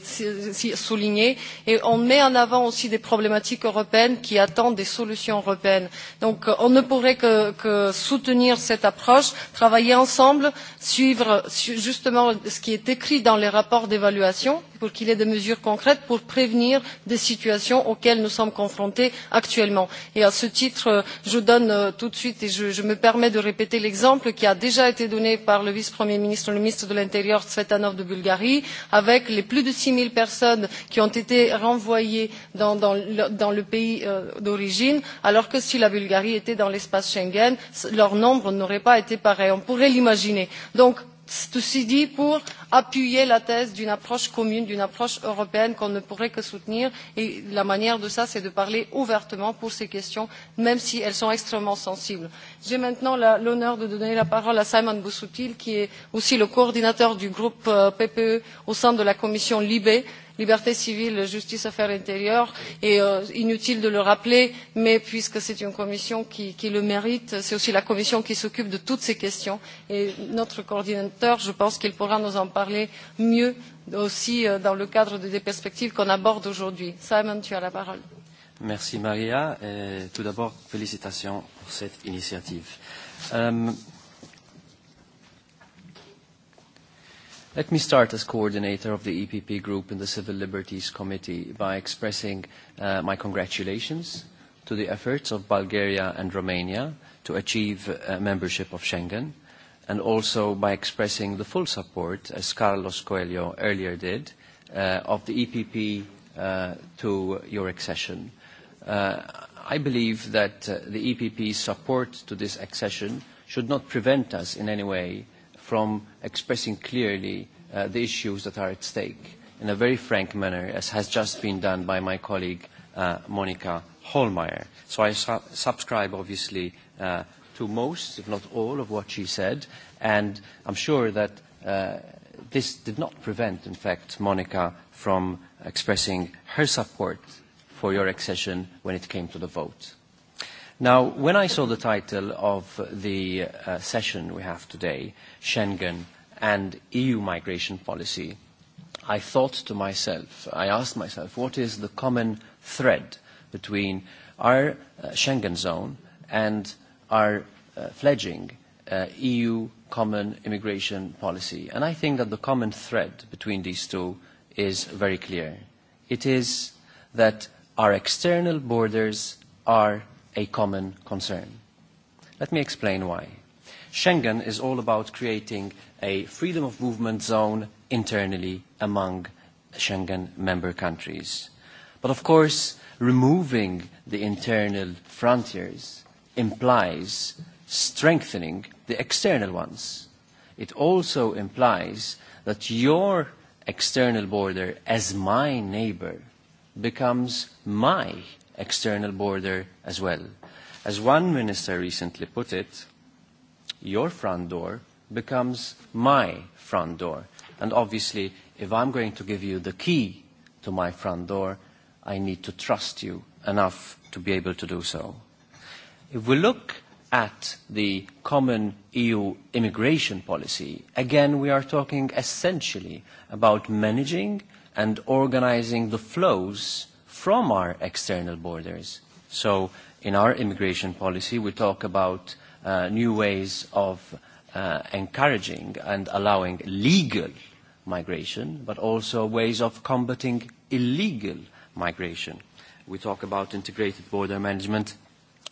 C: souligné et on met en avant aussi des problématiques européennes qui attendent des solutions européennes. donc on ne pourrait que soutenir cette approche travailler ensemble suivre justement ce qui est écrit dans les rapports d'évaluation et pour qu'il ait des mesures concrètes pour prévenir des situations auxquelles nous sommes confrontés actuellement. Et à ce titre euh, je donne euh, tout de suite et je, je me permets de répéter l'exemple qui a déjà été donné par le vice premier ministre le ministre de l'intérieur tsvetanov de bulgarie avec les plus de six zéro personnes qui ont été renvoyées dans, dans, dans le pays euh, d'origine alors que si la bulgarie était dans l'espace schengen leur nombre n'aurait pas été pareil on pourrait l'imaginer. donc ceci dit pour appuyer la thèse d'une approche commune d'une approche européenne qu'on ne pourrait que soutenir et la manière de cela c'est de parler ouvertement pour ces questions même si elles sont extrêmement sensibles. j'ai maintenant l'honneur de donner la parole à simon busuttil qui est aussi le coordinateur du groupe euh, ppe au sein de la commission libe liberté civile, justice, affaires intérieures. Et euh, inutile de le rappeler, mais puisque c'est une commission qui, qui le mérite, c'est aussi la commission qui s'occupe de toutes ces questions. Et notre coordinateur, je pense qu'il pourra nous en parler mieux aussi euh, dans le cadre des perspectives qu'on aborde aujourd'hui. Simon, tu as la parole.
M: Merci Maria. Et tout d'abord, félicitations pour cette initiative. Euh, um, Let me start as coordinator of the EPP group in the Civil Liberties Committee by expressing uh, my congratulations to the efforts of Bulgaria and Romania to achieve uh, membership of Schengen, and also by expressing the full support, as Carlos Coelho earlier did, uh, of the EPP uh, to your accession. Uh, I believe that uh, the EPP's support to this accession should not prevent us in any way from expressing clearly uh, the issues that are at stake in a very frank manner, as has just been done by my colleague uh, Monica Holmeyer. So I su subscribe, obviously, uh, to most, if not all, of what she said, and I'm sure that uh, this did not prevent, in fact, Monica from expressing her support for your accession when it came to the vote. Now, when I saw the title of the uh, session we have today, Schengen and EU migration policy, I thought to myself, I asked myself, what is the common thread between our uh, Schengen zone and our uh, fledging uh, EU common immigration policy? And I think that the common thread between these two is very clear. It is that our external borders are a common concern. Let me explain why. Schengen is all about creating a freedom of movement zone internally among Schengen member countries. But of course, removing the internal frontiers implies strengthening the external ones. It also implies that your external border as my neighbor becomes my external border as well. As one minister recently put it, your front door becomes my front door. And obviously, if I'm going to give you the key to my front door, I need to trust you enough to be able to do so. If we look at the common EU immigration policy, again, we are talking essentially about managing and organizing the flows from our external borders. So in our immigration policy, we talk about uh, new ways of uh, encouraging and allowing legal migration, but also ways of combating illegal migration. We talk about integrated border management.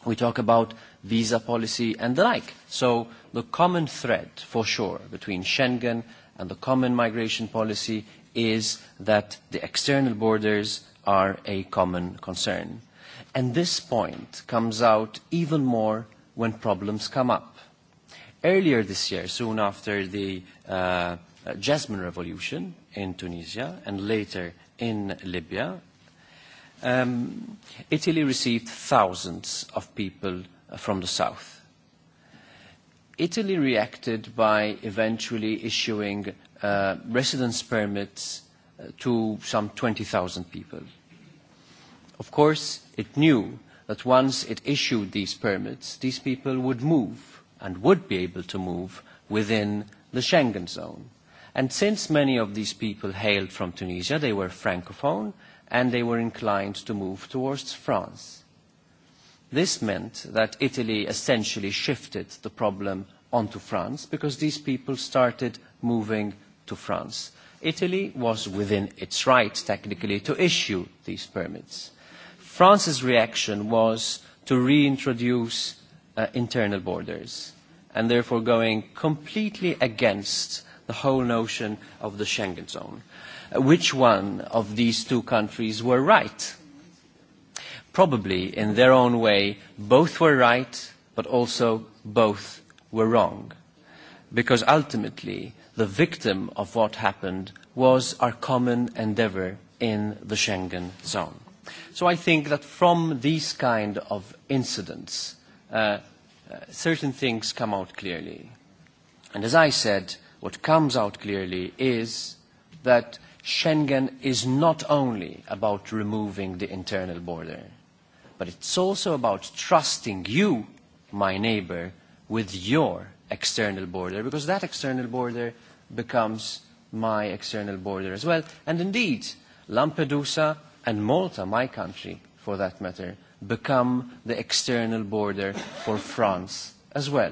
M: We talk about visa policy and the like. So the common thread, for sure, between Schengen and the common migration policy is that the external borders are a common concern. And this point comes out even more when problems come up. Earlier this year, soon after the uh, Jasmine Revolution in Tunisia and later in Libya, um, Italy received thousands of people from the south. Italy reacted by eventually issuing uh, residence permits to some 20,000 people. Of course, it knew that once it issued these permits, these people would move and would be able to move within the Schengen zone. And since many of these people hailed from Tunisia, they were francophone and they were inclined to move towards France. This meant that Italy essentially shifted the problem onto France because these people started moving to France. Italy was within its rights, technically, to issue these permits. France's reaction was to reintroduce uh, internal borders and therefore going completely against the whole notion of the Schengen zone. Uh, which one of these two countries were right? Probably, in their own way, both were right, but also both were wrong. Because ultimately, the victim of what happened was our common endeavour in the Schengen zone. So I think that from these kind of incidents, uh, uh, certain things come out clearly. And as I said, what comes out clearly is that Schengen is not only about removing the internal border, but it's also about trusting you, my neighbour, with your external border, because that external border becomes my external border as well. And indeed, Lampedusa and Malta, my country for that matter, become the external border for France as well.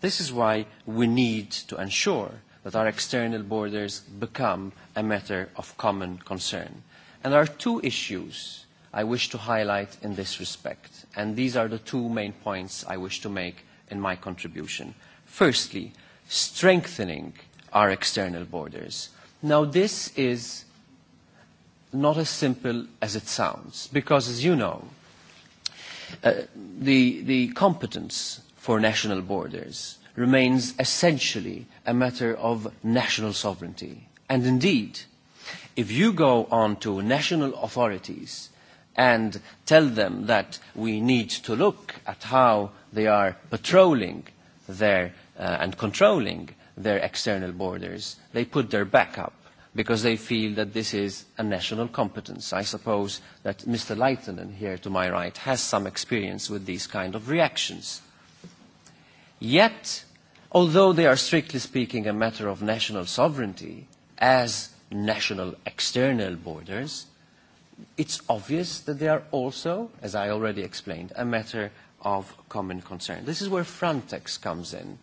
M: This is why we need to ensure that our external borders become a matter of common concern. And there are two issues I wish to highlight in this respect, and these are the two main points I wish to make in my contribution. Firstly, strengthening our external borders. Now, this is not as simple as it sounds, because as you know, uh, the, the competence for national borders remains essentially a matter of national sovereignty. And indeed, if you go on to national authorities and tell them that we need to look at how they are patrolling their uh, and controlling their external borders, they put their back up because they feel that this is a national competence. I suppose that Mr. Leitinen here to my right has some experience with these kind of reactions. Yet, although they are strictly speaking a matter of national sovereignty as national external borders, it's obvious that they are also, as I already explained, a matter of common concern. This is where Frontex comes in.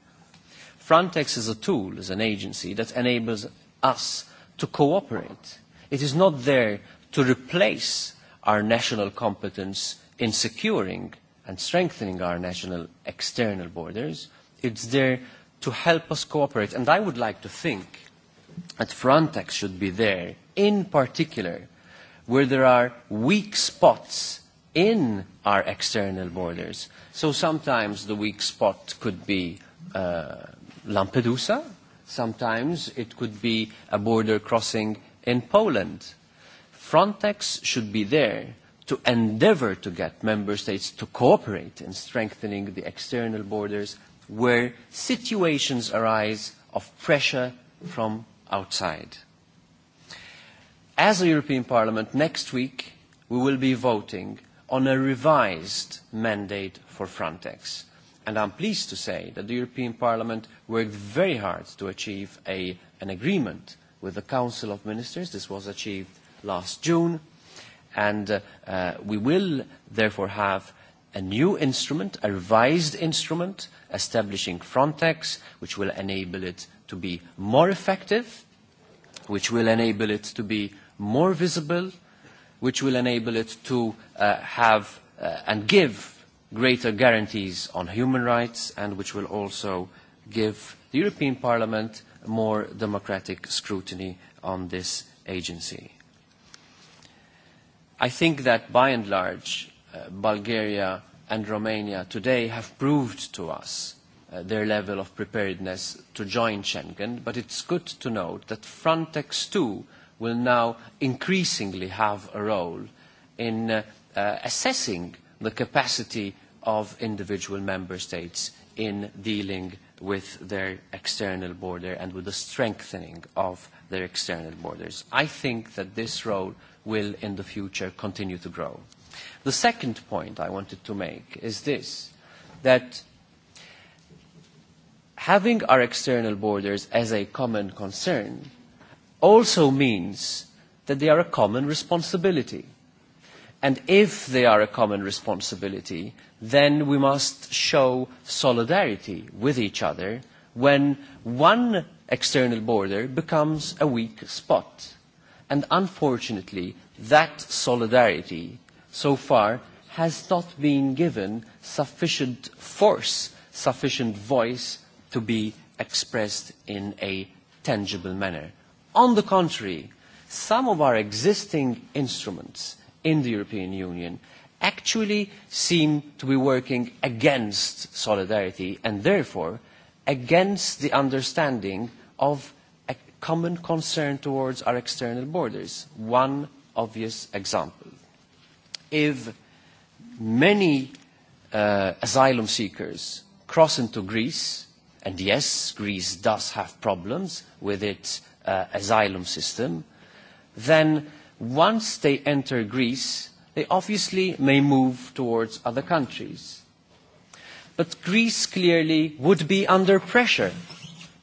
M: Frontex is a tool, is an agency that enables us to cooperate. It is not there to replace our national competence in securing and strengthening our national external borders. It's there to help us cooperate. And I would like to think that Frontex should be there, in particular, where there are weak spots in our external borders. So sometimes the weak spot could be uh, Lampedusa, sometimes it could be a border crossing in Poland. Frontex should be there to endeavor to get member states to cooperate in strengthening the external borders where situations arise of pressure from outside. As a European Parliament, next week we will be voting on a revised mandate for Frontex. And I'm pleased to say that the European Parliament worked very hard to achieve a, an agreement with the Council of Ministers. This was achieved last June. And uh, uh, we will therefore have a new instrument, a revised instrument, establishing Frontex, which will enable it to be more effective, which will enable it to be more visible, which will enable it to uh, have uh, and give greater guarantees on human rights and which will also give the European Parliament more democratic scrutiny on this agency. I think that by and large, uh, Bulgaria and Romania today have proved to us uh, their level of preparedness to join Schengen, but it's good to note that Frontex too uh, will now increasingly have a role in uh, uh, assessing the capacity of individual member states in dealing with their external border and with the strengthening of their external borders. I think that this role will in the future continue to grow. The second point I wanted to make is this, that having our external borders as a common concern also means that they are a common responsibility. And if they are a common responsibility, then we must show solidarity with each other when one external border becomes a weak spot. And unfortunately, that solidarity so far has not been given sufficient force, sufficient voice to be expressed in a tangible manner. On the contrary, some of our existing instruments in the European Union actually seem to be working against solidarity and therefore against the understanding of a common concern towards our external borders. One obvious example. If many uh, asylum seekers cross into Greece, and yes, Greece does have problems with its uh, asylum system, then once they enter Greece, they obviously may move towards other countries. But Greece clearly would be under pressure.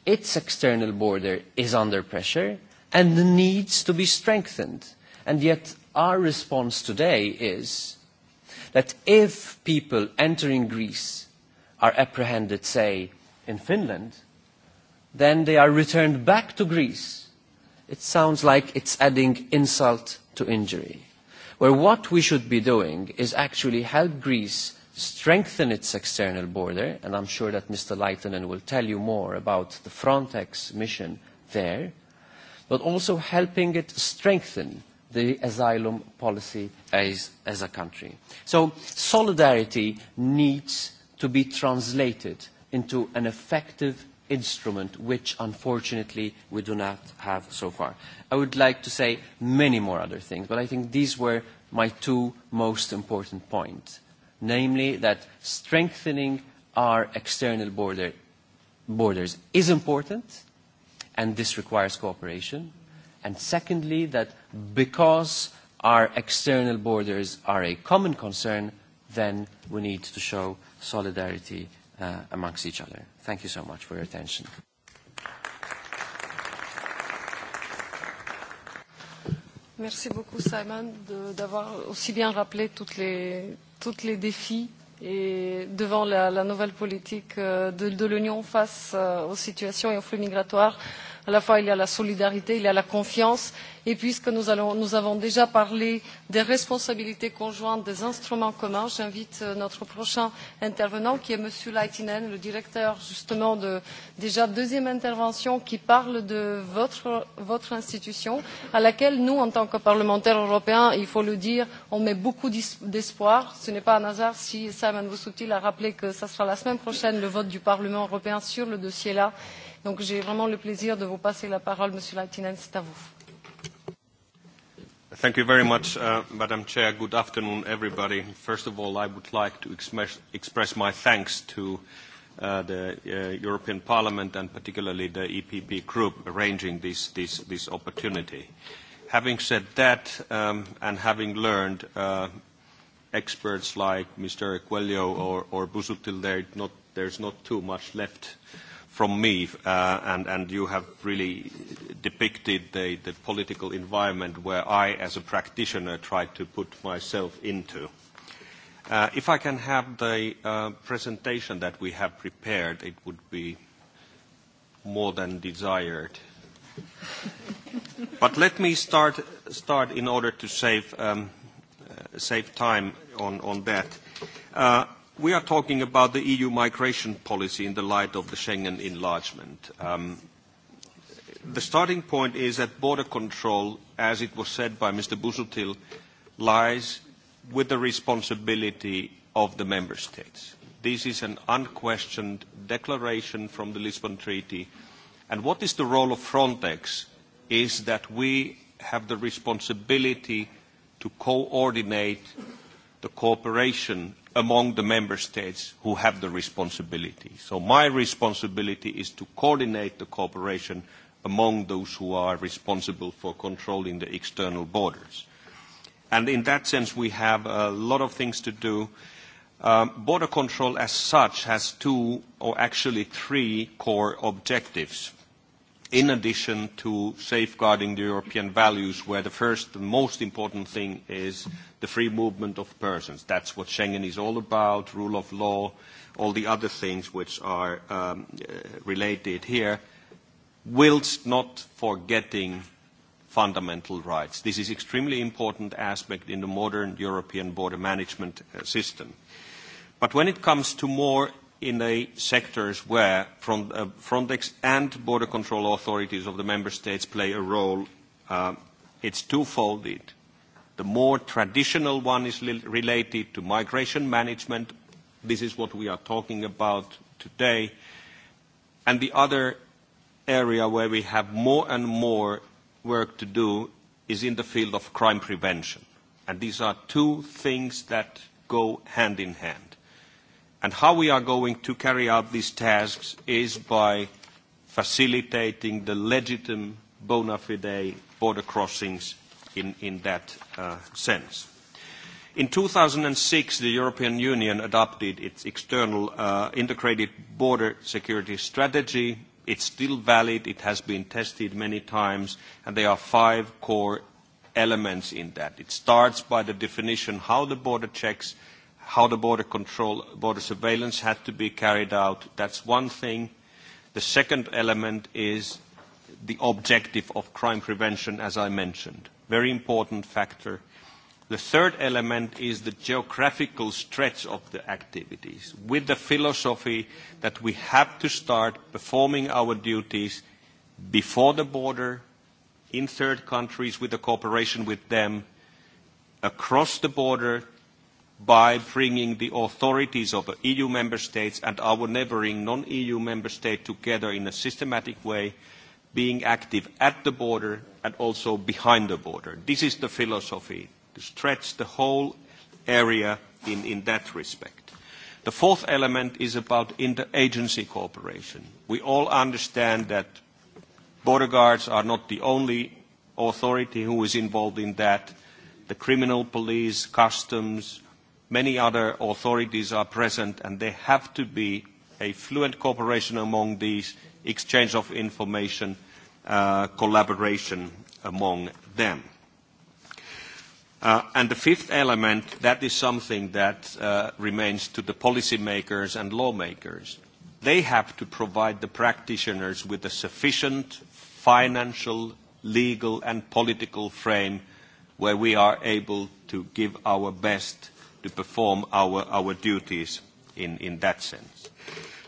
M: Its external border is under pressure and needs to be strengthened. And yet our response today is that if people entering Greece are apprehended, say, in Finland, then they are returned back to Greece, it sounds like it's adding insult to injury. Where what we should be doing is actually help Greece strengthen its external border, and I'm sure that Mr. Leitonen will tell you more about the Frontex mission there, but also helping it strengthen the asylum policy as, as a country. So solidarity needs to be translated into an effective instrument, which unfortunately we do not have so far. I would like to say many more other things, but I think these were my two most important points, namely that strengthening our external border, borders is important, and this requires cooperation. And secondly, that because our external borders are a common concern, then we need to show solidarity uh, amongst each other. Thank you so much for your attention.
C: Merci beaucoup, Simon, d'avoir aussi bien rappelé toutes les, toutes les défis et devant la, la nouvelle politique euh, de, de l'Union face euh, aux situations et aux flux migratoires. Euh, à la fois il y a la solidarité il y a la confiance et puisque nous, allons, nous avons déjà parlé des responsabilités conjointes des instruments communs j'invite euh, notre prochain intervenant qui est m. leitinen le directeur justement de déjà deuxième intervention qui parle de votre, votre institution à laquelle nous en tant que parlementaires européens il faut le dire on met beaucoup d'espoir. ce n'est pas un hasard si simon busuttil a rappelé que ce sera la semaine prochaine le vote du parlement européen sur le dossier là Donc j'ai vraiment le plaisir de vous passer la parole, Monsieur Laitinen, c'est à vous.
N: Thank you very much, uh, Madam Chair. Good afternoon, everybody. First of all, I would like to express, express my thanks to uh, the uh, European Parliament and particularly the EPP group arranging this, this, this opportunity. Having said that, um, and having learned uh, experts like Mr. Coelho or, or Busuttil, there not, there's not too much left uh, from me, uh, and, and you have really depicted the, the political environment where I, as a practitioner, try to put myself into. Uh, if I can have the uh, presentation that we have prepared, it would be more than desired. but let me start, start in order to save, um, uh, save time on, on that. Uh, we are talking about the EU migration policy in the light of the Schengen enlargement. Um, the starting point is that border control, as it was said by Mr. Busuttil, lies with the responsibility of the member states. This is an unquestioned declaration from the Lisbon Treaty. And what is the role of Frontex is that we have the responsibility to coordinate the cooperation among the member states who have the responsibility. So my responsibility is to coordinate the cooperation among those who are responsible for controlling the external borders. And in that sense, we have a lot of things to do. Um, border control as such has two, or actually three, core objectives in addition to safeguarding the European values, where the first and most important thing is the free movement of persons. That's what Schengen is all about, rule of law, all the other things which are um, uh, related here, whilst not forgetting fundamental rights. This is extremely important aspect in the modern European border management uh, system. But when it comes to more in the sectors where uh, Frontex and border control authorities of the member states play a role, uh, it's twofold. The more traditional one is related to migration management. This is what we are talking about today. And the other area where we have more and more work to do is in the field of crime prevention. And these are two things that go hand in hand. And how we are going to carry out these tasks is by facilitating the legitimate bona fide border crossings in, in that uh, sense. In 2006, the European Union adopted its external uh, integrated border security strategy. It's still valid. It has been tested many times, and there are five core elements in that. It starts by the definition how the border checks uh, how the border control, border surveillance had to be carried out. That's one thing. The second element is the objective of crime prevention, as I mentioned. Very important factor. The third element is the geographical stretch of the activities, with the philosophy that we have to start performing our duties before the border, in third countries, with the cooperation with them, across the border by bringing the authorities of the EU member states and our neighboring non-EU member state together in a systematic way, being active at the border and also behind the border. This is the philosophy, to stretch the whole area in, in that respect. The fourth element is about interagency cooperation. We all understand that border guards are not the only authority who is involved in that. The criminal police, customs, Many other authorities are present, and there have to be a fluent cooperation among these, exchange of information, uh, collaboration among them. Uh, and the fifth element, that is something that uh, remains to the policymakers and lawmakers. They have to provide the practitioners with a sufficient financial, legal, and political frame where we are able to give our best to perform our, our duties in, in that sense.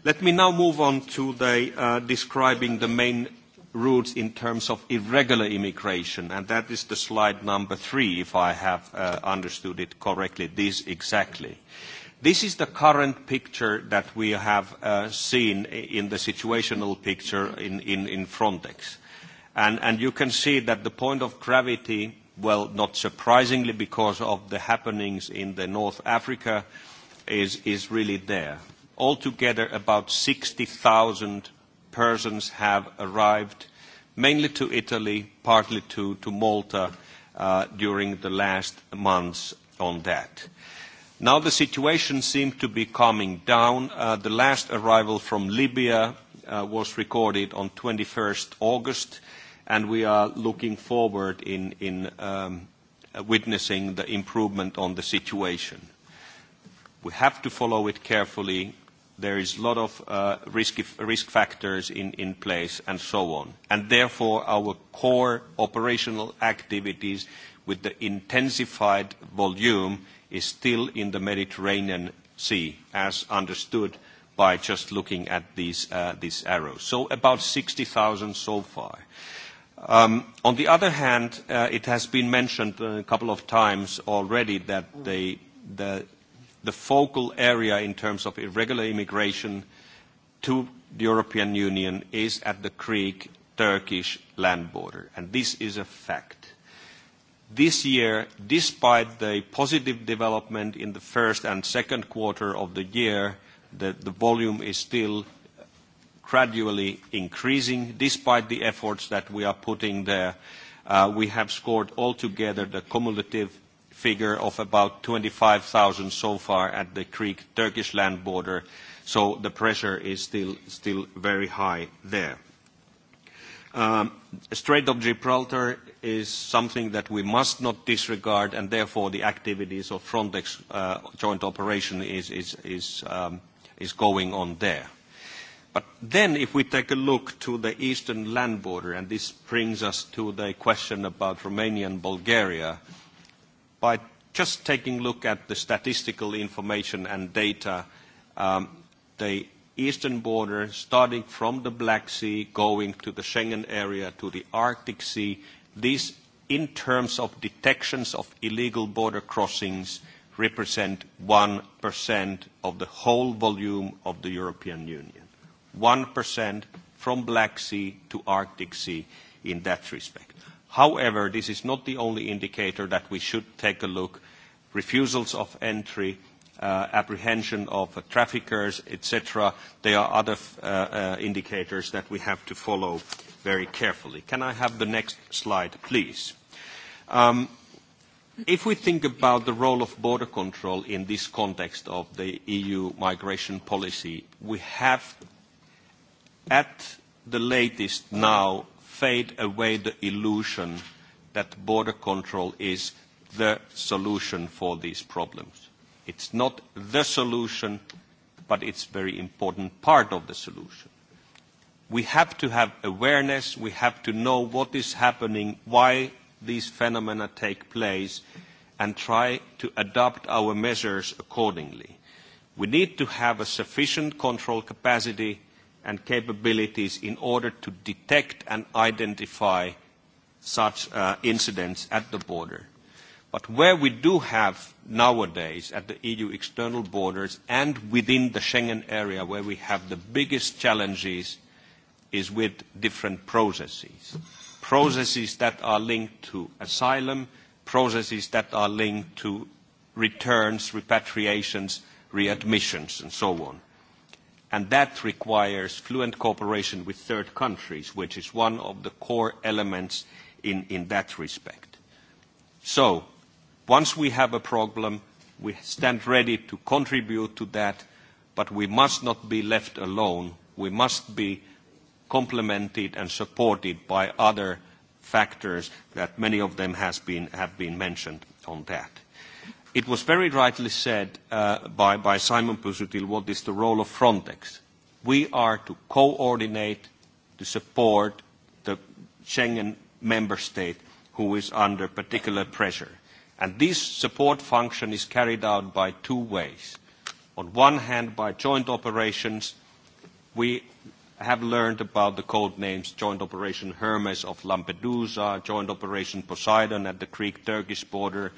N: Let me now move on to the, uh, describing the main routes in terms of irregular immigration, and that is the slide number three, if I have uh, understood it correctly, this exactly. This is the current picture that we have uh, seen in the situational picture in, in, in Frontex. And, and you can see that the point of gravity well, not surprisingly because of the happenings in the North Africa, is, is really there. Altogether, about 60,000 persons have arrived, mainly to Italy, partly to, to Malta, uh, during the last months on that. Now the situation seemed to be calming down. Uh, the last arrival from Libya uh, was recorded on 21st August, uh, and we are looking forward in, in um, witnessing the improvement on the situation. We have to follow it carefully. There is a lot of uh, risk, risk factors in, in place and so on. And therefore, our core operational activities with the intensified volume is still in the Mediterranean Sea, as understood by just looking at these, uh, these arrows. So about 60,000 so far. Uh, Um, on the other hand, uh, it has been mentioned a couple of times already that the, the, the focal area in terms of irregular immigration to the European Union is at the Greek-Turkish land border, and this is a fact. This year, despite the positive development in the first and second quarter of the year, the, the volume is still gradually increasing despite the efforts that we are putting there. Uh, we have scored altogether the cumulative figure of about 25,000 so far at the Greek-Turkish land border, so the pressure is still, still very high there. Um, Strait of Gibraltar is something that we must not disregard, and therefore the activities of Frontex uh, joint operation is, is, is, um, is going on there. But then if we take a look to the eastern land border, and this brings us to the question about Romania and Bulgaria, by just taking a look at the statistical information and data, um, the eastern border, starting from the Black Sea, going to the Schengen area, to the Arctic Sea, these, in terms of detections of illegal border crossings, represent 1% of the whole volume of the European Union. 1% from Black Sea to Arctic Sea in that respect. However, this is not the only indicator that we should take a look. Refusals of entry, uh, apprehension of uh, traffickers, etc., they are other uh, uh, indicators that we have to follow very carefully. Can I have the next slide, please? Um, If we think about the role of border control in this context of the EU migration policy, we have at the latest now fade away the illusion that border control is the solution for these problems. It's not the solution, but it's a very important part of the solution. We have to have awareness, we have to know what is happening, why these phenomena take place, and try to adapt our measures accordingly. We need to have a sufficient control capacity and capabilities in order to detect and identify such uh, incidents at the border. But where we do have nowadays at the EU external borders and within the Schengen area where we have the biggest challenges is with different processes. Processes that are linked to asylum, processes that are linked to returns, repatriations, readmissions, and so on and that requires fluent cooperation with third countries, which is one of the core elements in, in that respect. So once we have a problem, we stand ready to contribute to that, but we must not be left alone. We must be complemented and supported by other factors that many of them has been, have been mentioned on that. It was very rightly said uh, by, by Simon Pusutil what is the role of Frontex. We are to coordinate, to support the Schengen member state who is under particular pressure. And this support function is carried out by two ways. On one hand, by joint operations, we have learned about the code names Joint Operation Hermes of Lampedusa, Joint Operation Poseidon at the Greek-Turkish border,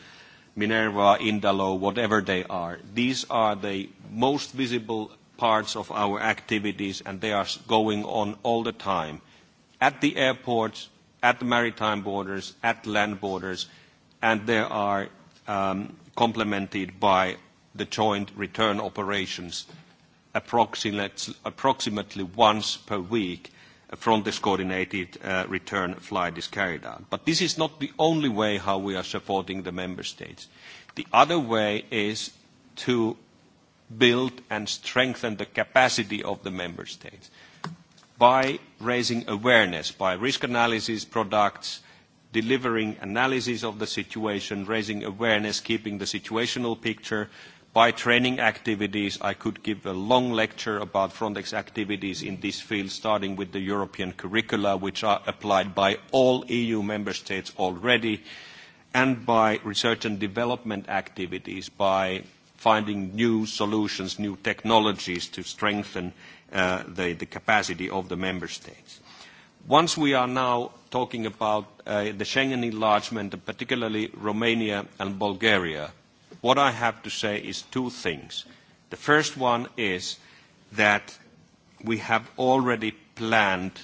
N: Minerva, Indalo, whatever they are. These are the most visible parts of our activities, and they are going on all the time at the airports, at the maritime borders, at land borders, and they are um, complemented by the joint return operations approximately, approximately once per week from this coordinated uh, return flight is carried out. But this is not the only way how we are supporting the member states. The other way is to build and strengthen the capacity of the member states by raising awareness, by risk analysis products, delivering analysis of the situation, raising awareness, keeping the situational picture, uh, By training activities, I could give a long lecture about Frontex activities in this field, starting with the European curricula, which are applied by all EU member states already, and by research and development activities, by finding new solutions, new technologies to strengthen uh, the, the capacity of the member states. Once we are now talking about uh, the Schengen enlargement, particularly Romania and Bulgaria, what I have to say is two things. The first one is that we have already planned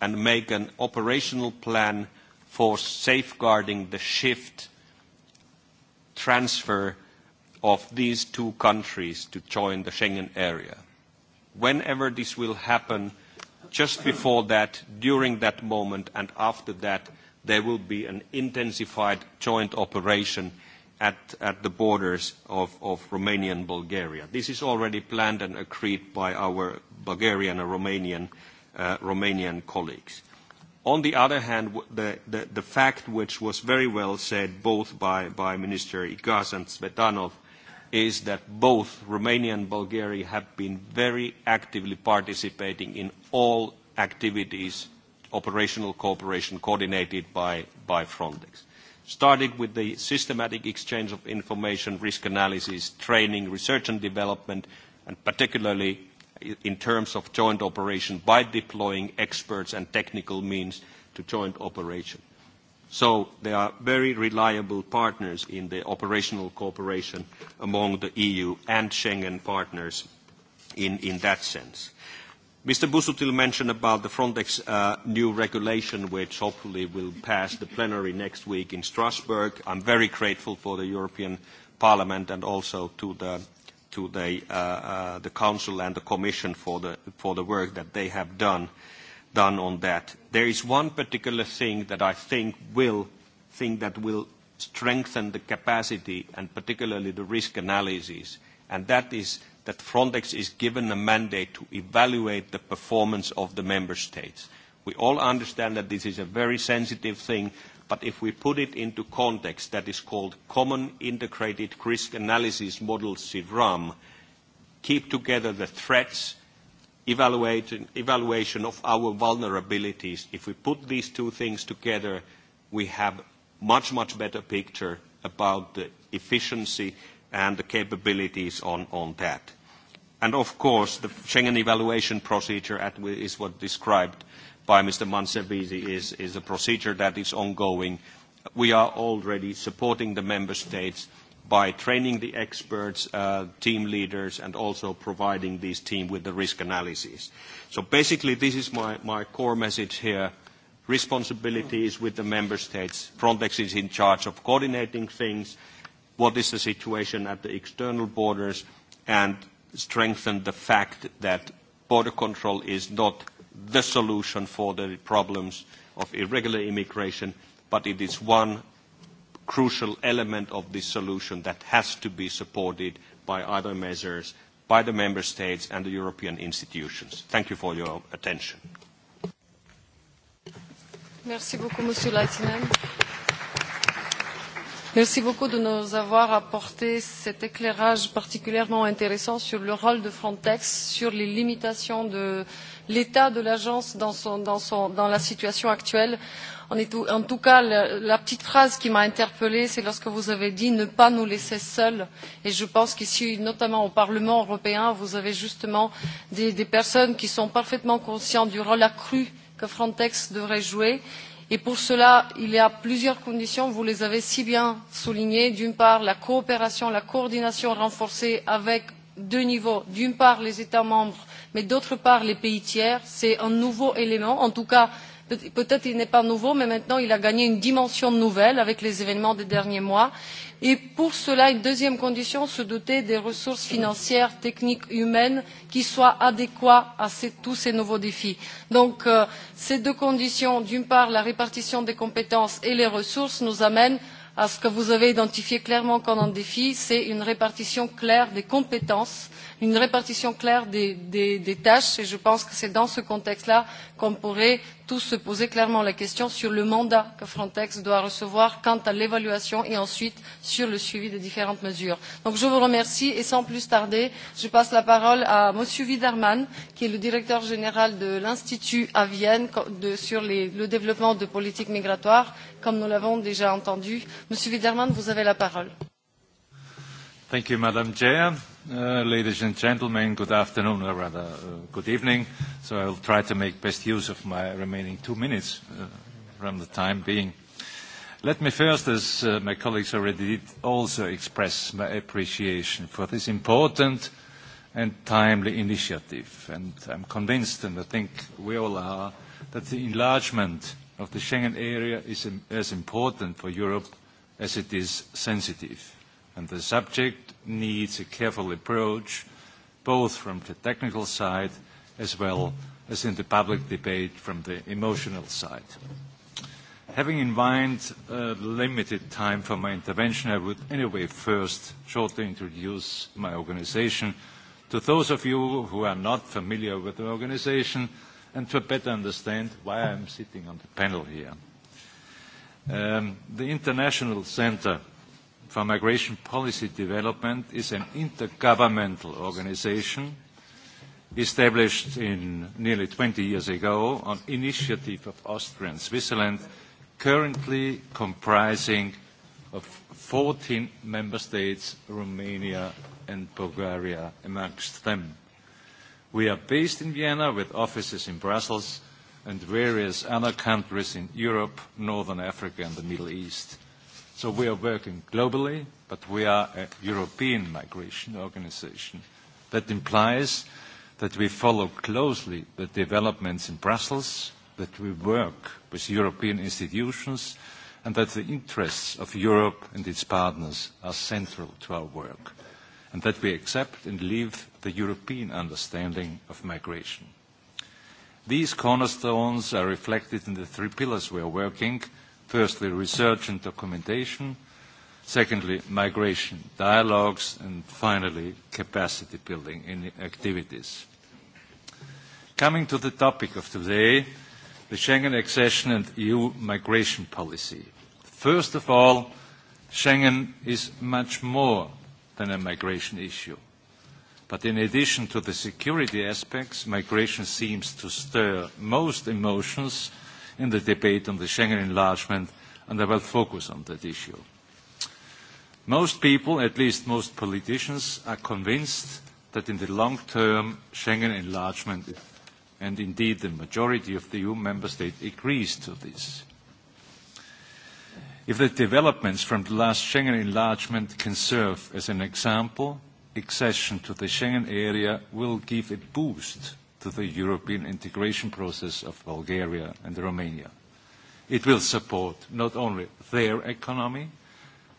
N: and make an operational plan for safeguarding the shift transfer of these two countries to join the Schengen area. Whenever this will happen, just before that, during that moment, and after that, there will be an intensified joint operation at, at the borders of, of Romania and Bulgaria. This is already planned and agreed by our Bulgarian and Romanian, uh, Romanian colleagues. On the other hand, the, the, the fact which was very well said both by, by Minister Igas and Svetanov is that both Romania and Bulgaria have been very actively participating in all activities, operational cooperation coordinated by, by Frontex started with the systematic exchange of information, risk analysis, training, research and development, and particularly in terms of joint operation by deploying experts and technical means to joint operation. So they are very reliable partners in the operational cooperation among the EU and Schengen partners in, in that sense. Mr. Busuttil mentioned about the Frontex uh, new regulation, which hopefully will pass the plenary next week in Strasbourg. I'm very grateful for the European Parliament and also to the, to the, uh, uh, the Council and the Commission for the, for the work that they have done, done on that. There is one particular thing that I think will, think that will strengthen the capacity and particularly the risk analysis, and that is that Frontex is given a mandate to evaluate the performance of the member states. We all understand that this is a very sensitive thing, but if we put it into context, that is called Common Integrated Risk Analysis Model, CIRAM, keep together the threats, evaluation of our vulnerabilities. If we put these two things together, we have much, much better picture about the efficiency and the capabilities on, on that. And of course, the Schengen evaluation procedure at, is what described by Mr. Manservisi is, is a procedure that is ongoing. We are already supporting the member states by training the experts, uh, team leaders, and also providing this team with the risk analysis. So basically, this is my, my core message here. Responsibility is with the member states. Frontex is in charge of coordinating things. What is the situation at the external borders? And strengthen the fact that border control is not the solution for the problems of irregular immigration, but it is one crucial element of this solution that has to be supported by other measures, by the member states and the European institutions. Thank you for your attention.
C: Merci beaucoup, Monsieur Leitinen. Merci beaucoup de nous avoir apporté cet éclairage particulièrement intéressant sur le rôle de Frontex, sur les limitations de l'état de l'agence dans, son, dans, son, dans la situation actuelle. En, est, en tout cas, la, la petite phrase qui m'a interpellée, c'est lorsque vous avez dit ne pas nous laisser seuls. Et je pense qu'ici, notamment au Parlement européen, vous avez justement des, des personnes qui sont parfaitement conscientes du rôle accru que Frontex devrait jouer Et pour cela, il y a plusieurs conditions, vous les avez si bien soulignées. D'une part, la coopération, la coordination renforcée avec deux niveaux. D'une part, les États membres, mais d'autre part, les pays tiers. C'est un nouveau élément, en tout cas peut être il n'est pas nouveau mais maintenant il a gagné une dimension nouvelle avec les événements des derniers mois et pour cela une deuxième condition se doter des ressources financières techniques humaines qui soient adéquates à ces, tous ces nouveaux défis. donc euh, ces deux conditions d'une part la répartition des compétences et les ressources nous amènent à ce que vous avez identifié clairement comme un défi c'est une répartition claire des compétences une répartition claire des, des, des tâches et je pense que c'est dans ce contexte là qu'on pourrait tous se poser clairement la question sur le mandat que Frontex doit recevoir quant à l'évaluation et ensuite sur le suivi des différentes mesures. Donc je vous remercie et sans plus tarder, je passe la parole à Monsieur Widerman, qui est le directeur général de l'Institut à Vienne de, sur les, le développement de politiques migratoires, comme nous l'avons déjà entendu. Monsieur Widerman, vous avez la parole.
O: Thank you, Madame Chair. Uh, ladies and gentlemen, good afternoon, or rather, uh, good evening. So I'll try to make best use of my remaining two minutes uh, from the time being. Let me first, as uh, my colleagues already did, also express my appreciation for this important and timely initiative. And I'm convinced, and I think we all are, that the enlargement of the Schengen area is as important for Europe as it is sensitive and the subject needs a careful approach, both from the technical side as well as in the public debate from the emotional side. Having in mind a limited time for my intervention, I would anyway first shortly introduce my organization to those of you who are not familiar with the organization and to better understand why I'm sitting on the panel here. Um, the International Center for Migration Policy Development is an intergovernmental organization established in nearly 20 years ago on initiative of Austria and Switzerland, currently comprising of 14 member states, Romania and Bulgaria amongst them. We are based in Vienna with offices in Brussels and various other countries in Europe, Northern Africa and the Middle East. So we are working globally, but we are a European migration organization. That implies that we follow closely the developments in Brussels, that we work with European institutions, and that the interests of Europe and its partners are central to our work, and that we accept and live the European understanding of migration. These cornerstones are reflected in the three pillars we are working – Firstly, research and documentation. Secondly, migration dialogues. And finally, capacity building in activities. Coming to the topic of today, the Schengen accession and EU migration policy. First of all, Schengen is much more than a migration issue. But in addition to the security aspects, migration seems to stir most emotions – in the debate on the Schengen enlargement, and I will focus on that issue. Most people, at least most politicians, are convinced that in the long term, Schengen enlargement, and indeed the majority of the EU member states agrees to this. If the developments from the last Schengen enlargement can serve as an example, accession to the Schengen area will give a boost to the European integration process of Bulgaria and Romania. It will support not only their economy,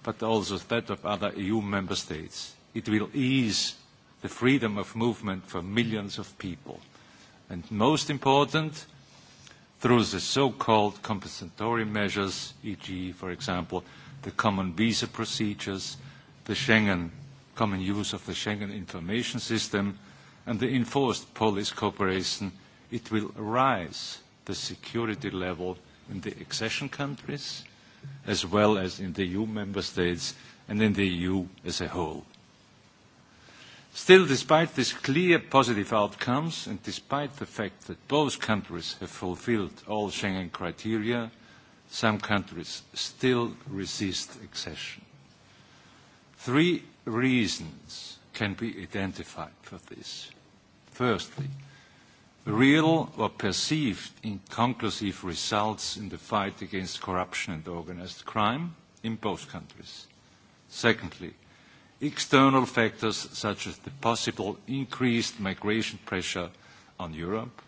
O: but also that of other EU member states. It will ease the freedom of movement for millions of people. And most important, through the so-called compensatory measures, e.g., for example, the common visa procedures, the Schengen, common use of the Schengen information system, and the enforced police cooperation, it will rise the security level in the accession countries as well as in the EU member states and in the EU as a whole. Still, despite these clear positive outcomes and despite the fact that both countries have fulfilled all Schengen criteria, some countries still resist accession. Three reasons can be identified for this. Firstly, real or perceived inconclusive results in the fight against corruption and organized crime in both countries. Secondly, external factors such as the possible increased migration pressure on Europe.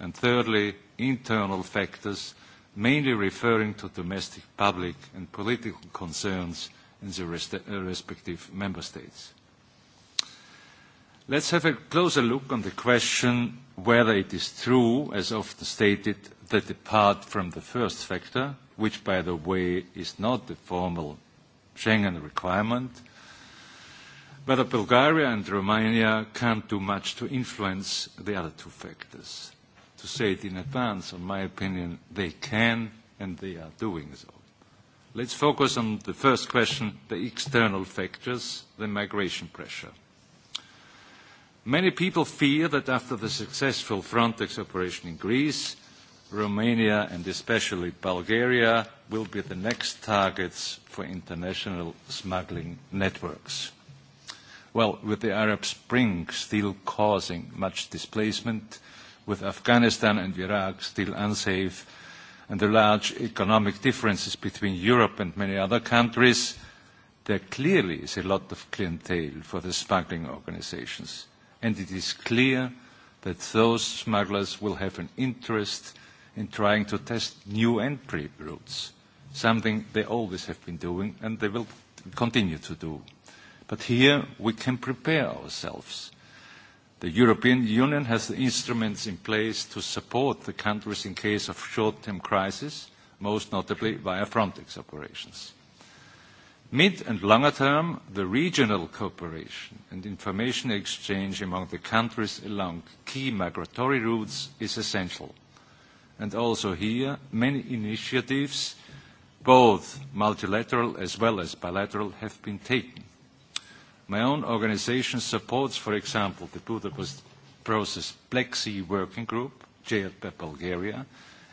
O: And thirdly, internal factors mainly referring to domestic public and political concerns in the rest uh, respective member states. Let's have a closer look on the question whether it is true, as often stated, that apart from the first factor, which by the way is not a formal Schengen requirement, whether Bulgaria and Romania can't do much to influence the other two factors. To say it in advance, in my opinion, they can and they are doing so. Let's focus on the first question, the external factors, the migration pressure. Many people fear that after the successful Frontex operation in Greece, Romania and especially Bulgaria will be the next targets for international smuggling networks. Well, with the Arab Spring still causing much displacement, with Afghanistan and Iraq still unsafe, and the large economic differences between Europe and many other countries, there clearly is a lot of clientele for the smuggling organizations and it is clear that those smugglers will have an interest in trying to test new entry routes, something they always have been doing and they will continue to do. But here we can prepare ourselves. The European Union has the instruments in place to support the countries in case of short-term crisis, most notably via Frontex operations. Mid and longer term, the regional cooperation and information exchange among the countries along key migratory routes is essential. And also here, many initiatives, both multilateral as well as bilateral, have been taken. My own organization supports, for example, the Budapest Process Black Sea Working Group, chaired by Bulgaria,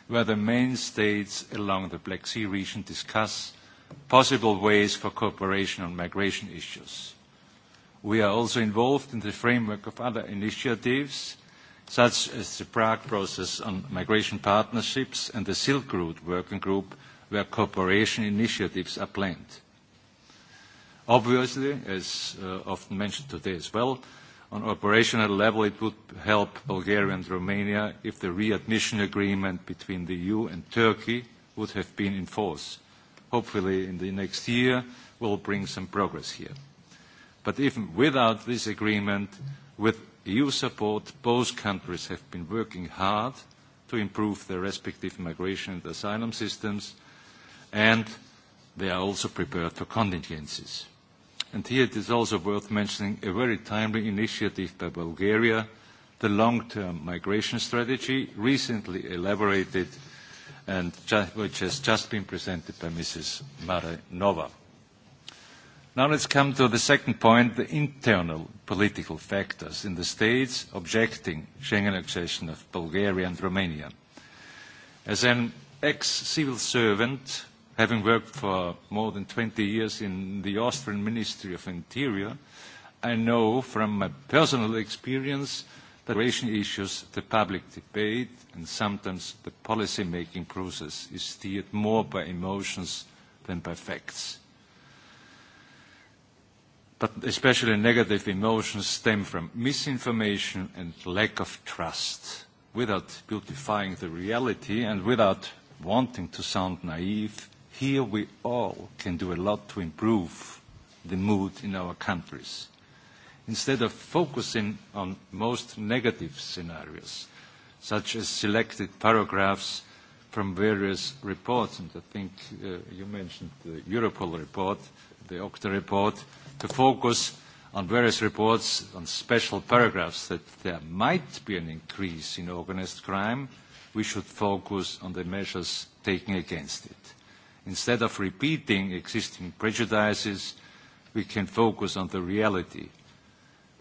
O: where the main states along the Black Sea region discuss possible ways for cooperation on migration issues. We are also involved in the framework of other initiatives, such as the Prague process on migration partnerships and the Silk Route Working Group, where cooperation initiatives are planned. Obviously, as uh, often mentioned today as well, on operational level, it would help Bulgaria and Romania if the readmission agreement between the EU and Turkey would have been in force hopefully in the next year, will bring some progress here. But even without this agreement, with EU support, both countries have been working hard to improve their respective migration and asylum systems, and they are also prepared for contingencies. And here it is also worth mentioning a very timely initiative by Bulgaria, the long-term migration strategy recently elaborated and which has just been presented by Mrs. Marinova. Now let's come to the second point, the internal political factors in the states objecting Schengen accession of Bulgaria and Romania. As an ex-civil servant, having worked for more than 20 years in the Austrian Ministry of Interior, I know from my personal experience uh, that migration issues, the public debate, and sometimes the policy-making process is steered more by emotions than by facts. But especially negative emotions stem from misinformation and lack of trust. Without beautifying the reality and without wanting to sound naive, here we all can do a lot to improve the mood in our countries instead of focusing on most negative scenarios, such as selected paragraphs from various reports, and I think uh, you mentioned the Europol report, the OCTA report, to focus on various reports on special paragraphs that there might be an increase in organized crime, we should focus on the measures taken against it. Instead of repeating existing prejudices, we can focus on the reality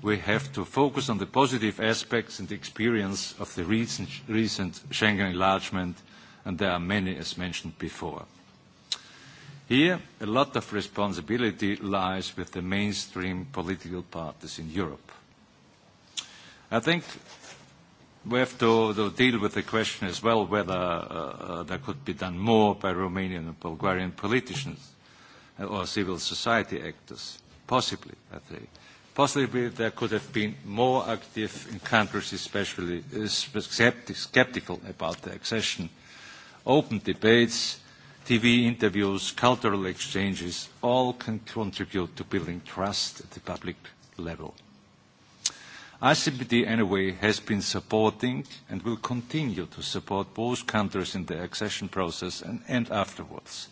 O: we have to focus on the positive aspects and experience of the recent, recent Schengen enlargement, and there are many, as mentioned before. Here, a lot of responsibility lies with the mainstream political parties in Europe. I think we have to, to deal with the question as well whether uh, uh there could be done more by Romanian and Bulgarian politicians uh, or civil society actors. Possibly, I think. Possibly there could have been more active in countries especially uh, skeptical about the accession, open debates, TV interviews, cultural exchanges, all can contribute to building trust at the public level. ICPD, anyway, has been supporting and will continue to support both countries in the accession process and, and afterwards.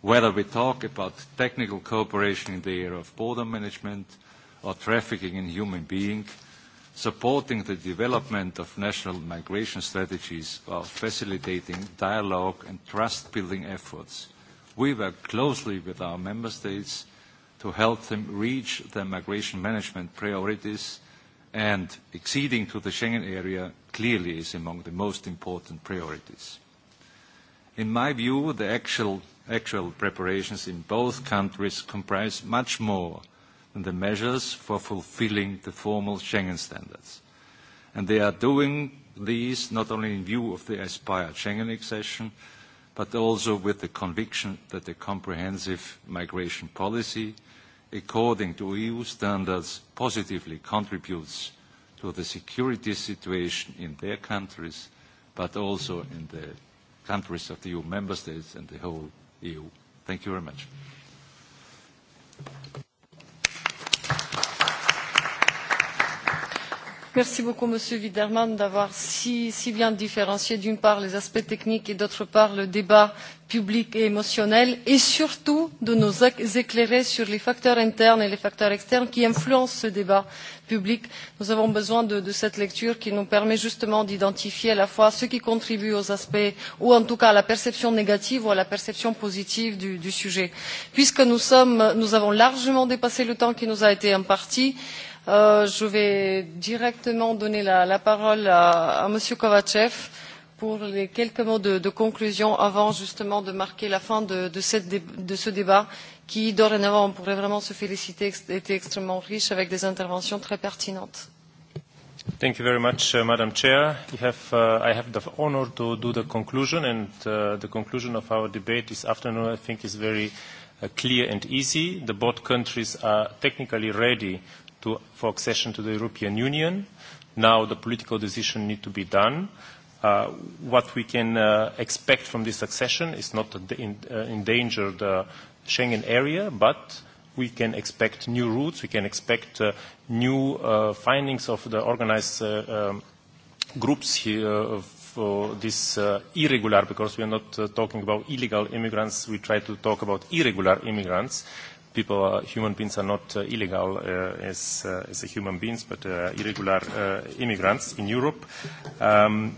O: Whether we talk about technical cooperation in the area of border management, or trafficking in human beings, supporting the development of national migration strategies while facilitating dialogue and trust-building efforts. We work closely with our member states to help them reach their migration management priorities, and acceding to the Schengen area clearly is among the most important priorities. In my view, the actual, actual preparations in both countries comprise much more the measures for fulfilling the formal Schengen standards. And they are doing these not only in view of the aspired Schengen accession, but also with the conviction that a comprehensive migration policy, according to EU standards, positively contributes to the security situation in their countries, but also in the countries of the EU member states and the whole EU. Thank you very much.
C: Merci beaucoup, Monsieur Widerman, d'avoir si, si bien différencié d'une part les aspects techniques et d'autre part le débat public et émotionnel et surtout de nous éclairer sur les facteurs internes et les facteurs externes qui influencent ce débat public. Nous avons besoin de, de cette lecture qui nous permet justement d'identifier à la fois ce qui contribue aux aspects ou en tout cas à la perception négative ou à la perception positive du, du sujet. Puisque nous, sommes, nous avons largement dépassé le temps qui nous a été imparti, euh, Euh, je vais directement donner la, la parole à, à Monsieur Kovachev pour les quelques mots de, de conclusion avant justement de marquer la fin de, de, cette dé, de ce débat qui, dorénavant, on pourrait vraiment se féliciter, était extrêmement riche avec des interventions très pertinentes.
P: Thank you very much, uh, Madam Chair. You have, uh, I have the honor to do the conclusion, and uh, the conclusion of our debate this afternoon, I think, is very uh, clear and easy. The both countries are technically ready to, for accession to the European Union. Now the political decision need to be done. Uh, what we can uh, expect from this accession is not to in, uh, endanger the uh, Schengen area, but we can expect new routes, we can expect uh, new uh, findings of the organized uh, um, groups here of uh, for this uh, irregular, because we are not uh, talking about illegal immigrants, we try to talk about irregular immigrants, people, are, uh, human beings are not uh, illegal uh, as, uh, as human beings, but uh, irregular uh, immigrants in Europe. Um,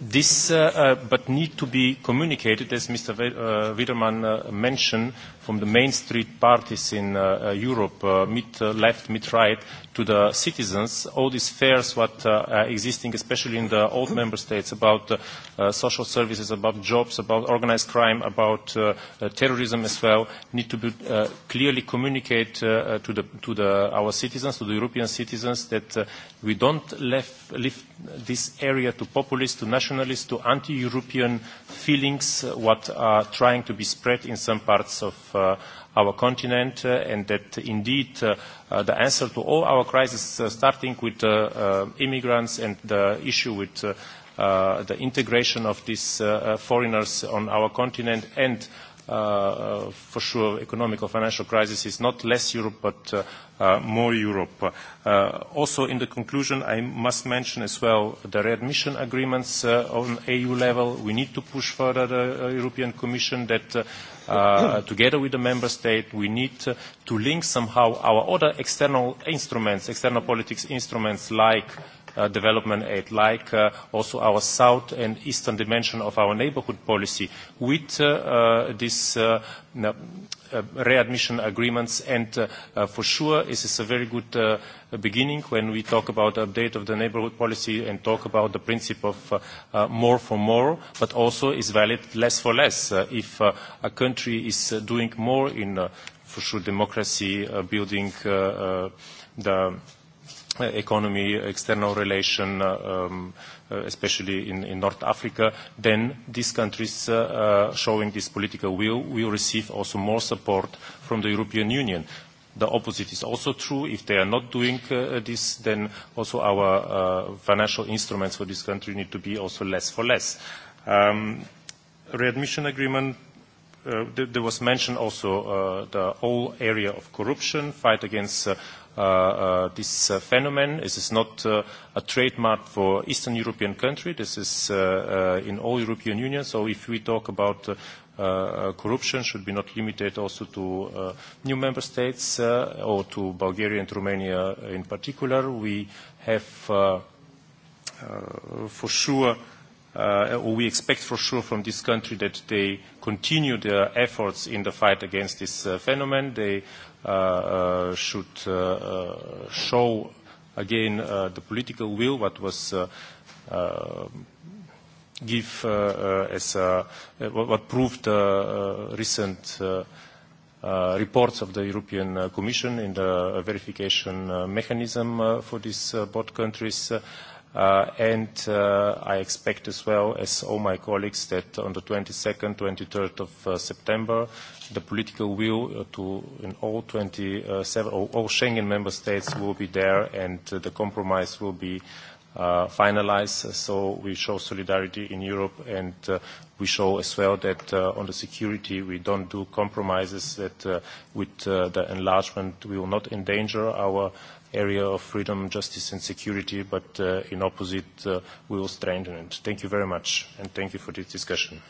P: this uh, uh, but need to be communicated, as Mr. Uh, Wiedermann uh, mentioned, from the main street parties in uh, uh Europe, uh, mid-left, uh, mid-right, to the citizens, all these fears what uh, are uh, existing, especially in the old member states, about uh, uh, social services, about jobs, about organized crime, about uh, uh, terrorism as well, need to be, uh, clearly communicate uh, to, the, to the, our citizens, to the European citizens, that uh, we don't left, leave this area to populists, to nationalists, to anti-European feelings, uh, what are trying to be spread in some parts of uh, uh, our continent, uh, and that indeed uh, uh, the answer to all our crises, uh, starting with uh, uh, immigrants and the issue with uh, uh, the integration of these uh, uh foreigners on our continent and uh, Uh, uh, for sure, economic or financial crisis is not less Europe, but uh, uh, more Europe. Uh, also, in the conclusion, I must mention as well the readmission agreements uh, on EU level. We need to push further the uh, European Commission that uh, uh, together with the member state, we need uh, to link somehow our other external instruments, external politics instruments like uh, uh, development aid, like uh, also our south and eastern dimension of our neighborhood policy with uh, uh, this uh, no, uh, readmission agreements and uh, uh, for sure this is a very good uh, beginning when we talk about the update of the neighborhood policy and talk about the principle of uh, uh, more for more but also is valid less for less uh, if uh, a country is uh, doing more in uh, for sure democracy uh, building uh, uh, the Uh, economy, external relation, uh, um, uh, especially in, in North Africa, then these countries uh, uh, showing this political will will receive also more support from the European Union. The opposite is also true. If they are not doing uh, this, then also our uh, financial instruments for this country need to be also less for less. Um, readmission agreement Uh, there was mentioned also uh, the whole area of corruption, fight against uh, uh, uh, this uh, phenomenon. This is not uh, a trademark for Eastern European country. This is uh, uh, in all European Union. So if we talk about uh, uh, corruption should be not limited also to uh, new member states uh, or to Bulgaria and Romania in particular. We have uh, uh, for sure uh, or we expect for sure from this country that they continue their efforts in the fight against this uh, phenomenon. They uh, uh, should uh, uh, show again uh, the political will what was uh, uh, give uh, uh, as uh, uh what proved uh, uh, recent uh, uh, reports of the European uh, Commission in the verification uh, mechanism uh, for these uh, both countries. Uh, Uh, and uh, I expect as well as all my colleagues that on the 22nd, 23rd of uh, September, the political will uh, to in all 27, uh, all, all Schengen member states will be there, and uh, the compromise will be finalized. So we show solidarity in Europe, and we show as well that on the security, we don't do compromises, that with the enlargement, we will not endanger our area of freedom, justice and security, but uh, in opposite, uh, we will strengthen it. Thank you very much, and thank you for this discussion.